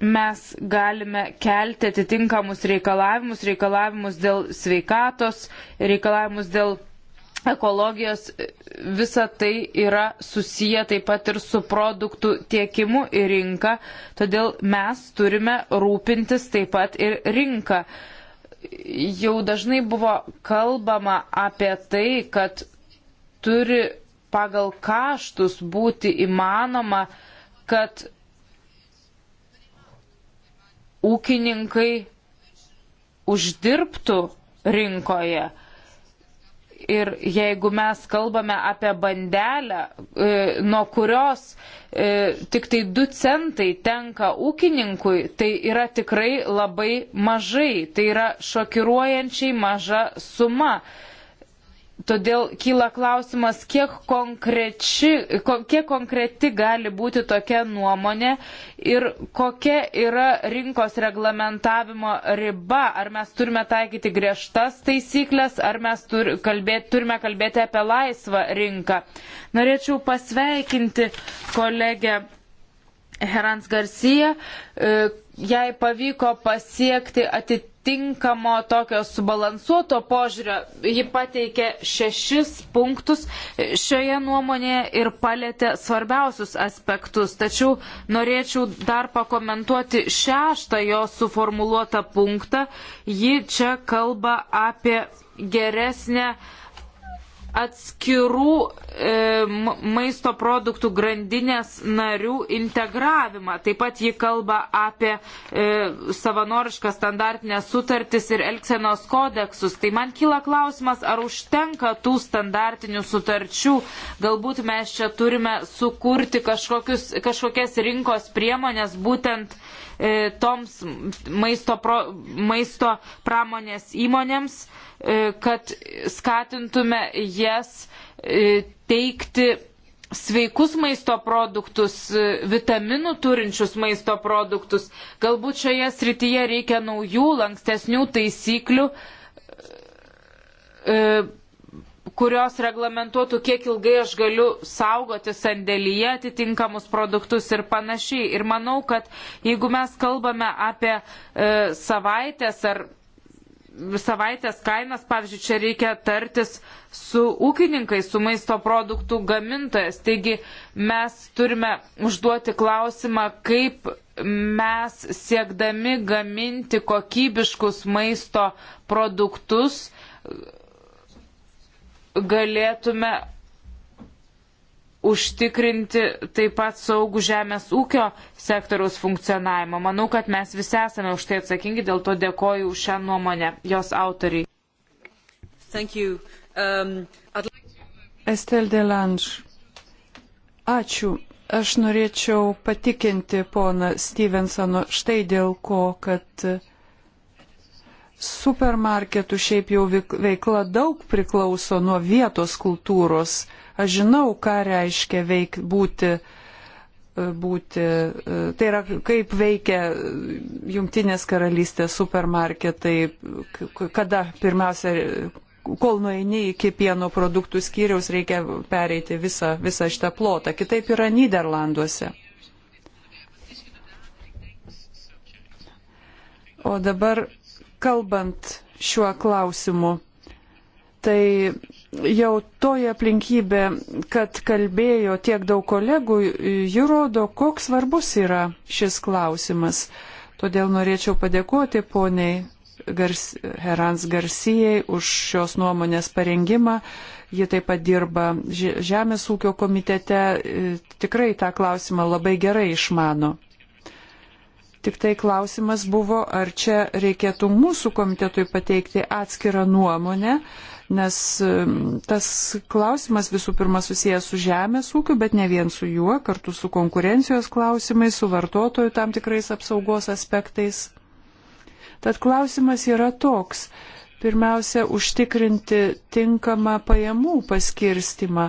mes galime kelti atitinkamus reikalavimus, reikalavimus dėl sveikatos, reikalavimus dėl ekologijos visa tai yra susiję taip pat ir su produktų tiekimu į rinką, todėl mes turime rūpintis taip pat ir rinką. Jau dažnai buvo kalbama apie tai, kad turi pagal kaštus būti įmanoma, kad ūkininkai uždirbtų rinkoje Ir jeigu mes kalbame apie bandelę, e, nuo kurios e, tik tai 2 centai tenka ūkininkui, tai yra tikrai labai mažai, tai yra šokiruojančiai maža suma. Todėl kyla klausimas, kiek, konkreči, kiek konkreti gali būti tokia nuomonė ir kokia yra rinkos reglamentavimo riba. Ar mes turime taikyti griežtas taisyklės, ar mes tur, kalbėt, turime kalbėti apie laisvą rinką. Norėčiau pasveikinti kolegę Herans Garcia. E, jai pavyko pasiekti atitikimą tinkamo tokio subalansuoto požiūrio. Ji pateikė šešis punktus šioje nuomonėje ir palėtė svarbiausius aspektus. Tačiau norėčiau dar pakomentuoti šeštą jo suformuluotą punktą. Ji čia kalba apie geresnę uh, atskirų e, maisto produktų grandinės narių integravimą. Taip pat ji kalba apie e, savanoriškas standartinės sutartis ir Elksenos kodeksus. Tai man kyla klausimas, ar užtenka tų standartinių sutarčių. Galbūt mes čia turime sukurti kažkokius, kažkokias rinkos priemonės būtent E, toms maisto, pro, maisto pramonės įmonėms, e, kad skatintume jas e, teikti sveikus maisto produktus, vitaminų turinčius maisto produktus. Galbūt šioje srityje reikia naujų, lankstesnių taisyklių kurios reglamentuotų, kiek ilgai aš galiu saugoti sandėlyje atitinkamus produktus ir panašiai. Ir manau, kad jeigu mes kalbame apie e, savaitės ar savaitės kainas, pavyzdžiui, čia reikia tartis su ūkininkais, su maisto produktų gamintojas. Taigi mes turime užduoti klausimą, kaip mes siekdami gaminti kokybiškus maisto produktus, galėtume užtikrinti taip pat saugų žemės ūkio sektoriaus funkcionavimą. Manau, kad mes visi esame už tai atsakingi, dėl to dėkoju už šią nuomonę jos autoriai. Um, like to... Estel Delange. Ačiū. Aš norėčiau patikinti poną Stevensoną štai dėl ko, kad uh, supermarketų šiaip jau veikla daug priklauso nuo vietos kultūros. Aš žinau, ką reiškia veik, būti, e, būti. E, tai yra, kaip veikia Junktinės karalystės supermarketai, kada pirmiausia, kol nueini iki pieno produktų skyriaus, reikia pereiti visą, visą šitą plotą. Kitaip yra Niderlanduose. O dabar kalbant šiuo klausimu. Tai jau toje aplinkybė, kad kalbėjo tiek daug kolegų, ji rodo, koks svarbus yra šis klausimas. Todėl norėčiau padėkoti poniai Gars, Herans Garsijai už šios nuomonės parengimą. Ji taip pat dirba Žemės ūkio komitete, tikrai tą klausimą labai gerai išmano. Tik tai klausimas buvo, ar čia reikėtų mūsų komitetui pateikti atskirą nuomonę, nes tas klausimas visų pirma susijęs su žemės ūkiu, bet ne vien su juo, kartu su konkurencijos klausimais, su vartotojų tam tikrais apsaugos aspektais. Tad klausimas yra toks, pirmiausia užtikrinti tinkamą pajamų paskirstimą.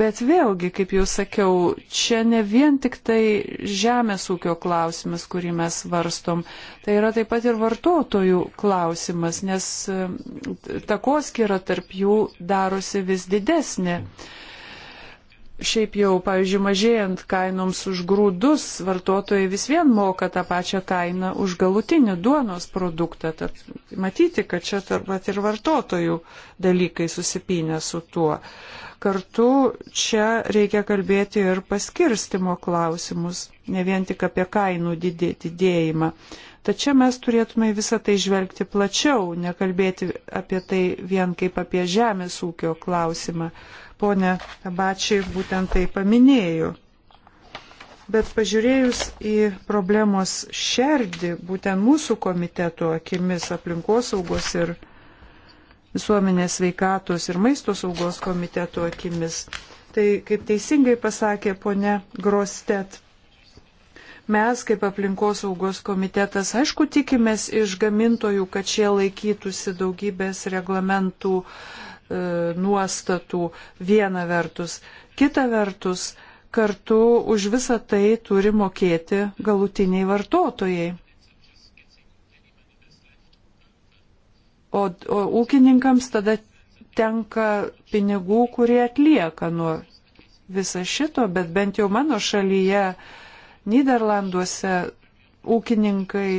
Bet vėlgi, kaip jau sakiau, čia ne vien tik tai žemės ūkio klausimas, kurį mes varstom, tai yra taip pat ir vartotojų klausimas, nes e, takoskira tarp jų darosi vis didesnė. Mm šiaip jau, pavyzdžiui, mažėjant kainoms už grūdus, vartotojai vis vien moka tą pačią kainą už galutinį duonos produktą. Tad matyti, kad čia tarp pat ir vartotojų dalykai susipinę su tuo. Kartu čia reikia kalbėti ir paskirstimo klausimus, ne vien tik apie kainų didė, didėjimą. Tačiau mes turėtume visą tai žvelgti plačiau, nekalbėti apie tai vien kaip apie žemės ūkio klausimą, ponė Tabačiai būtent tai paminėjo. Bet pažiūrėjus į problemos šerdį, būtent mūsų komiteto akimis aplinkosaugos ir visuomenės veikatos ir maisto saugos komiteto akimis, tai kaip teisingai pasakė ponia Grostet, mes kaip aplinkosaugos komitetas, aišku, tikimės iš gamintojų, kad šie laikytųsi daugybės reglamentų uh, E, nuostatų viena vertus, kita vertus kartu už visą tai turi mokėti galutiniai vartotojai. O, o ūkininkams tada tenka pinigų, kurie atlieka nuo viso šito, bet bent jau mano šalyje, Niderlanduose, ūkininkai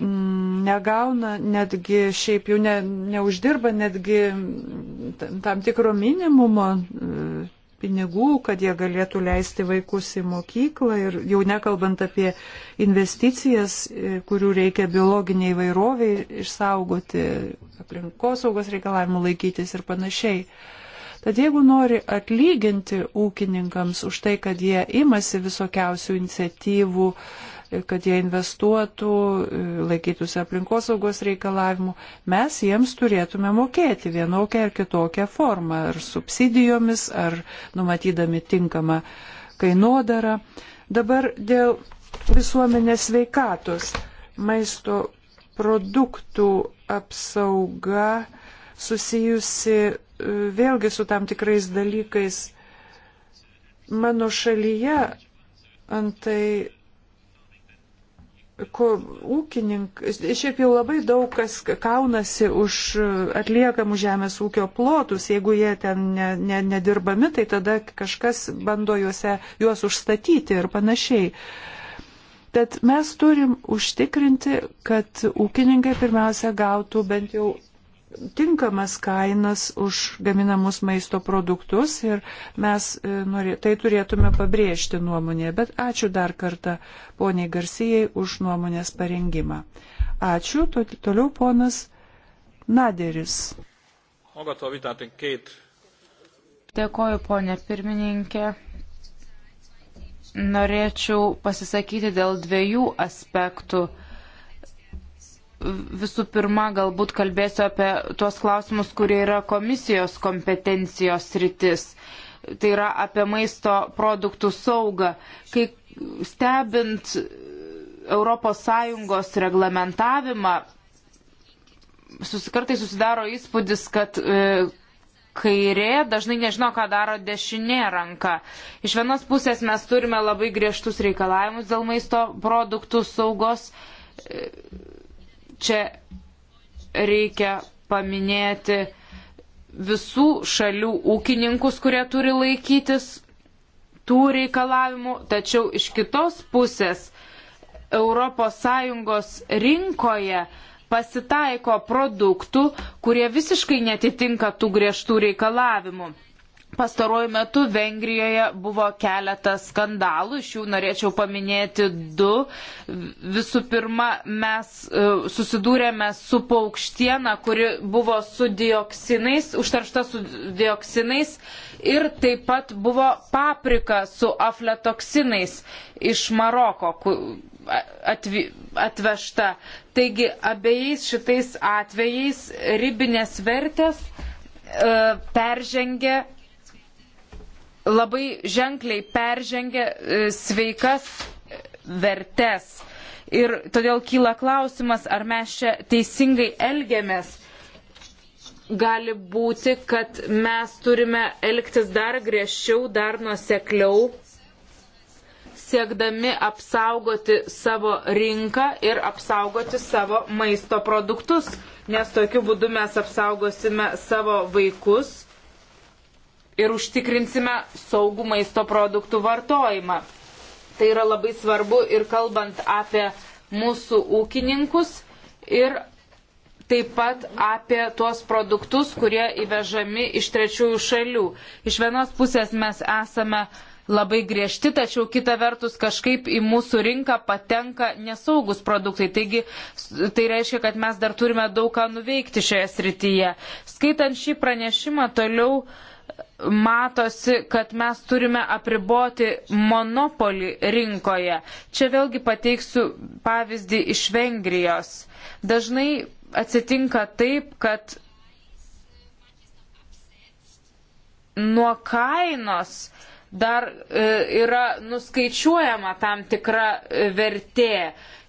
Mm, negauna netgi šiaip jau ne, neuždirba netgi tam tikro minimumo e, pinigų, kad jie galėtų leisti vaikus į mokyklą ir jau nekalbant apie investicijas, e, kurių reikia biologiniai vairoviai išsaugoti, aplinkosaugos reikalavimų laikytis ir panašiai. Tad jeigu nori atlyginti ūkininkams už tai, kad jie imasi visokiausių iniciatyvų, uh, kad jie investuotų, laikytųsi aplinkosaugos reikalavimų, mes jiems turėtume mokėti vienokią ar kitokią formą, ar subsidijomis, ar numatydami tinkamą kainodarą. Dabar dėl visuomenės veikatos maisto produktų apsauga susijusi e, vėlgi su tam tikrais dalykais. Mano šalyje antai ūkininkai, šiaip jau labai daug kas kaunasi už atliekamų žemės ūkio plotus, jeigu jie ten ne, ne, nedirbami, tai tada kažkas bando juose, juos užstatyti ir panašiai. Tad mes turim užtikrinti, kad ūkininkai pirmiausia gautų bent jau tinkamas kainas už gaminamus maisto produktus ir mes e, norė, tai turėtume pabrėžti nuomonėje. Bet ačiū dar kartą poniai Garsijai už nuomonės parengimą. Ačiū. Toliau ponas Naderis. Dėkoju, ponė pirmininkė. Norėčiau pasisakyti dėl dviejų aspektų visų pirma galbūt kalbėsiu apie tuos klausimus, kurie yra komisijos kompetencijos rytis. Tai yra apie maisto produktų saugą. Kai stebint ES reglamentavimą, susikartai susidaro įspūdis, kad e, kairė dažnai nežino, ką daro dešinė ranka. Iš vienos pusės mes turime labai griežtus reikalavimus dėl maisto produktų saugos. E, čia reikia paminėti visų šalių ūkininkus, kurie turi laikytis tų reikalavimų, tačiau iš kitos pusės ES rinkoje pasitaiko produktų, kurie visiškai netitinka tų griežtų reikalavimų pastaruoju metu Vengrijoje buvo keletas skandalų, iš jų norėčiau paminėti du. Visų pirma, mes e, susidūrėme su paukštiena, kuri buvo su dioksinais, užtaršta su dioksinais ir taip pat buvo paprika su afletoksinais iš Maroko atvi, atvežta. Taigi abiejais šitais atvejais ribinės vertės e, peržengia labai ženkliai peržengia e, sveikas vertes. Ir todėl kyla klausimas, ar mes čia teisingai elgiamės. Gali būti, kad mes turime elgtis dar griežčiau, dar nusekliau, siekdami apsaugoti savo rinką ir apsaugoti savo maisto produktus, nes tokiu būdu mes apsaugosime savo vaikus ir užtikrinsime saugų maisto produktų vartojimą. Tai yra labai svarbu ir kalbant apie mūsų ūkininkus ir taip pat apie tuos produktus, kurie įvežami iš trečiųjų šalių. Iš vienos pusės mes esame labai griežti, tačiau kita vertus kažkaip į mūsų rinką patenka nesaugus produktai. Taigi tai reiškia, kad mes dar turime daug ką nuveikti šioje srityje. Skaitant šį pranešimą toliau. Uh, matosi, kad mes turime apriboti monopolį rinkoje. Čia vėlgi pateiksiu pavyzdį iš Vengrijos. Dažnai atsitinka taip, kad nuo kainos dar e, yra nuskaičiuojama tam tikra e, vertė.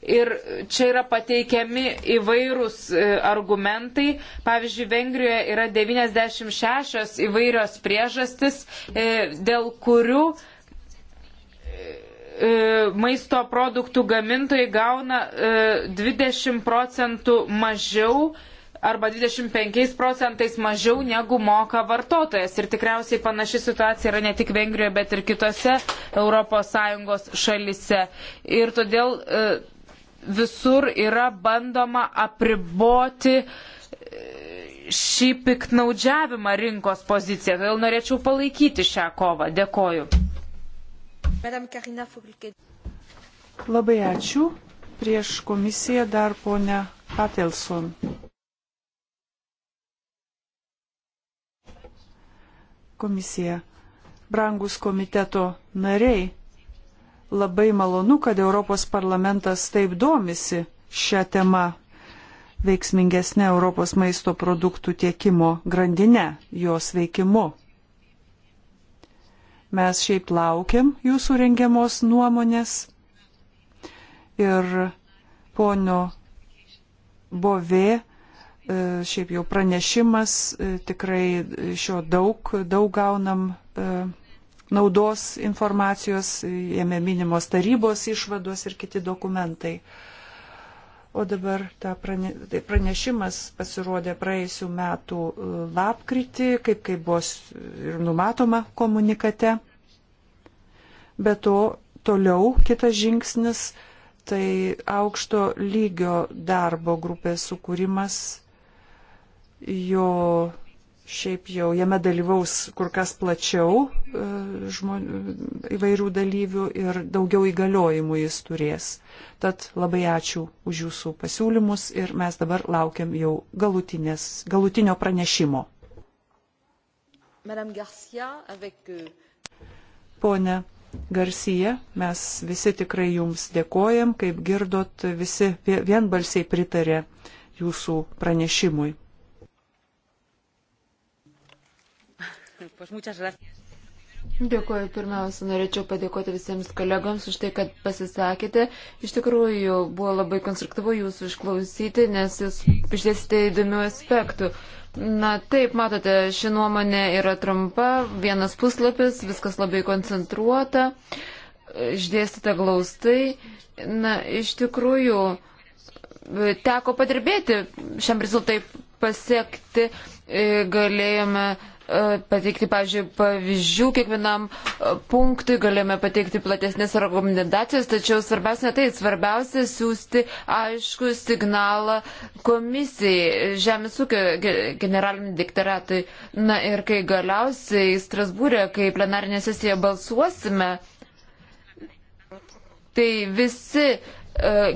Ir čia yra pateikiami įvairūs e, argumentai. Pavyzdžiui, Vengrijoje yra 96 įvairios priežastis, e, dėl kurių e, maisto produktų gamintojai gauna 20 procentų mažiau arba 25 procentais mažiau negu moka vartotojas. Ir tikriausiai panaši situacija yra ne tik Vengrijoje, bet ir kitose ES šalise. Ir todėl visur yra bandoma apriboti e, šį piknaudžiavimą rinkos poziciją. Todėl norėčiau palaikyti šią kovą. Dėkoju. Labai ačiū. Prieš komisiją dar ponia Patelson. Komisija. Brangus komiteto nariai Labai malonu, kad Europos parlamentas taip domisi šią temą veiksmingesnė Europos maisto produktų tiekimo grandinę, jos veikimu. Mes šiaip laukiam jūsų rengiamos nuomonės ir pono Bovė e, šiaip jau pranešimas, e, tikrai šio daug, daug gaunam e, naudos informacijos, jame minimos tarybos išvados ir kiti dokumentai. O dabar ta tai pranešimas pasirodė praėjusių metų e, lapkritį, kaip, kaip buvo ir numatoma komunikate. Be to, toliau kitas žingsnis - tai aukšto lygio darbo grupės sukūrimas, jo Šiaip jau jame dalyvaus kur kas plačiau e, žmonių, įvairių dalyvių ir daugiau įgaliojimų jis turės. Tad labai ačiū už jūsų pasiūlymus ir mes dabar laukiam jau galutinio pranešimo. Euh, Pone Garcija, mes visi tikrai jums dėkojam, kaip girdot, visi vienbalsiai pritarė jūsų pranešimui. Dėkuoju, pirmiausia, norėčiau padėkoti visiems kolegams už tai, kad pasisakėte. Iš tikrųjų, buvo labai konstruktyvu jūsų išklausyti, nes jūs išdėsite įdomių aspektų. Na taip, matote, ši nuomonė yra trumpa, vienas puslapis, viskas labai koncentruota, išdėstite glaustai. Na, iš tikrųjų, teko padirbėti šiam rezultatui pasiekti, e, galėjome pateikti, pavyzdžiui, pavyzdžių kiekvienam e, punktui, galėjome pateikti platesnės rekomendacijas, tačiau svarbiausia ne tai, svarbiausia siūsti aišku signalą komisijai, Žemės ūkio generaliniam diktoratui. Na ir kai galiausiai Strasbūrė, kai plenarinė sesija balsuosime, tai visi e,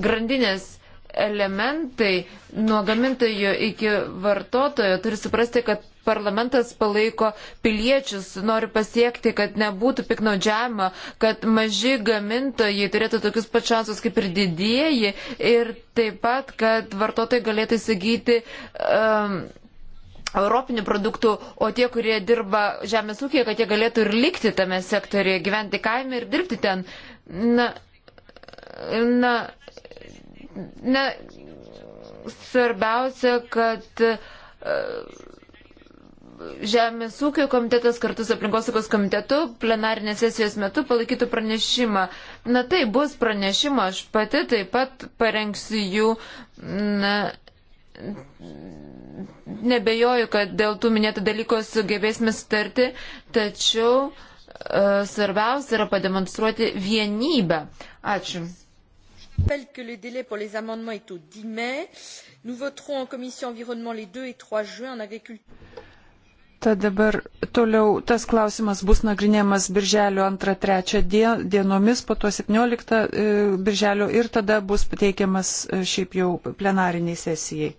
grandinės elementai nuo gamintojo iki vartotojo turi suprasti, kad parlamentas palaiko piliečius, nori pasiekti, kad nebūtų piknaudžiama, kad maži gamintojai turėtų tokius pačiansus kaip ir didieji ir taip pat, kad vartotojai galėtų įsigyti. Um, Europinių produktų, o tie, kurie dirba žemės ūkėje, kad jie galėtų ir likti tame sektorėje, gyventi kaime ir dirbti ten. Na, na, Na, svarbiausia, kad e, Žemės ūkio komitetas kartu su aplinkosaugos komitetu plenarinės sesijos metu palaikytų pranešimą. Na tai bus pranešimą, aš pati taip pat parengsiu jų. Na, nebejoju, kad dėl tų minėtų dalykų sugebėsime sutarti, tačiau e, svarbiausia yra pademonstruoti vienybę. Ačiū rappelle que le délai pour les amendements est au 10 mai. Nous voterons en commission environnement les 2 et 3 juin en agriculture. Tad dabar toliau tas klausimas bus nagrinėjamas birželio 2-3 dien, dienomis, po to 17 e, birželio ir tada bus pateikiamas e, šiaip jau plenariniai sesijai.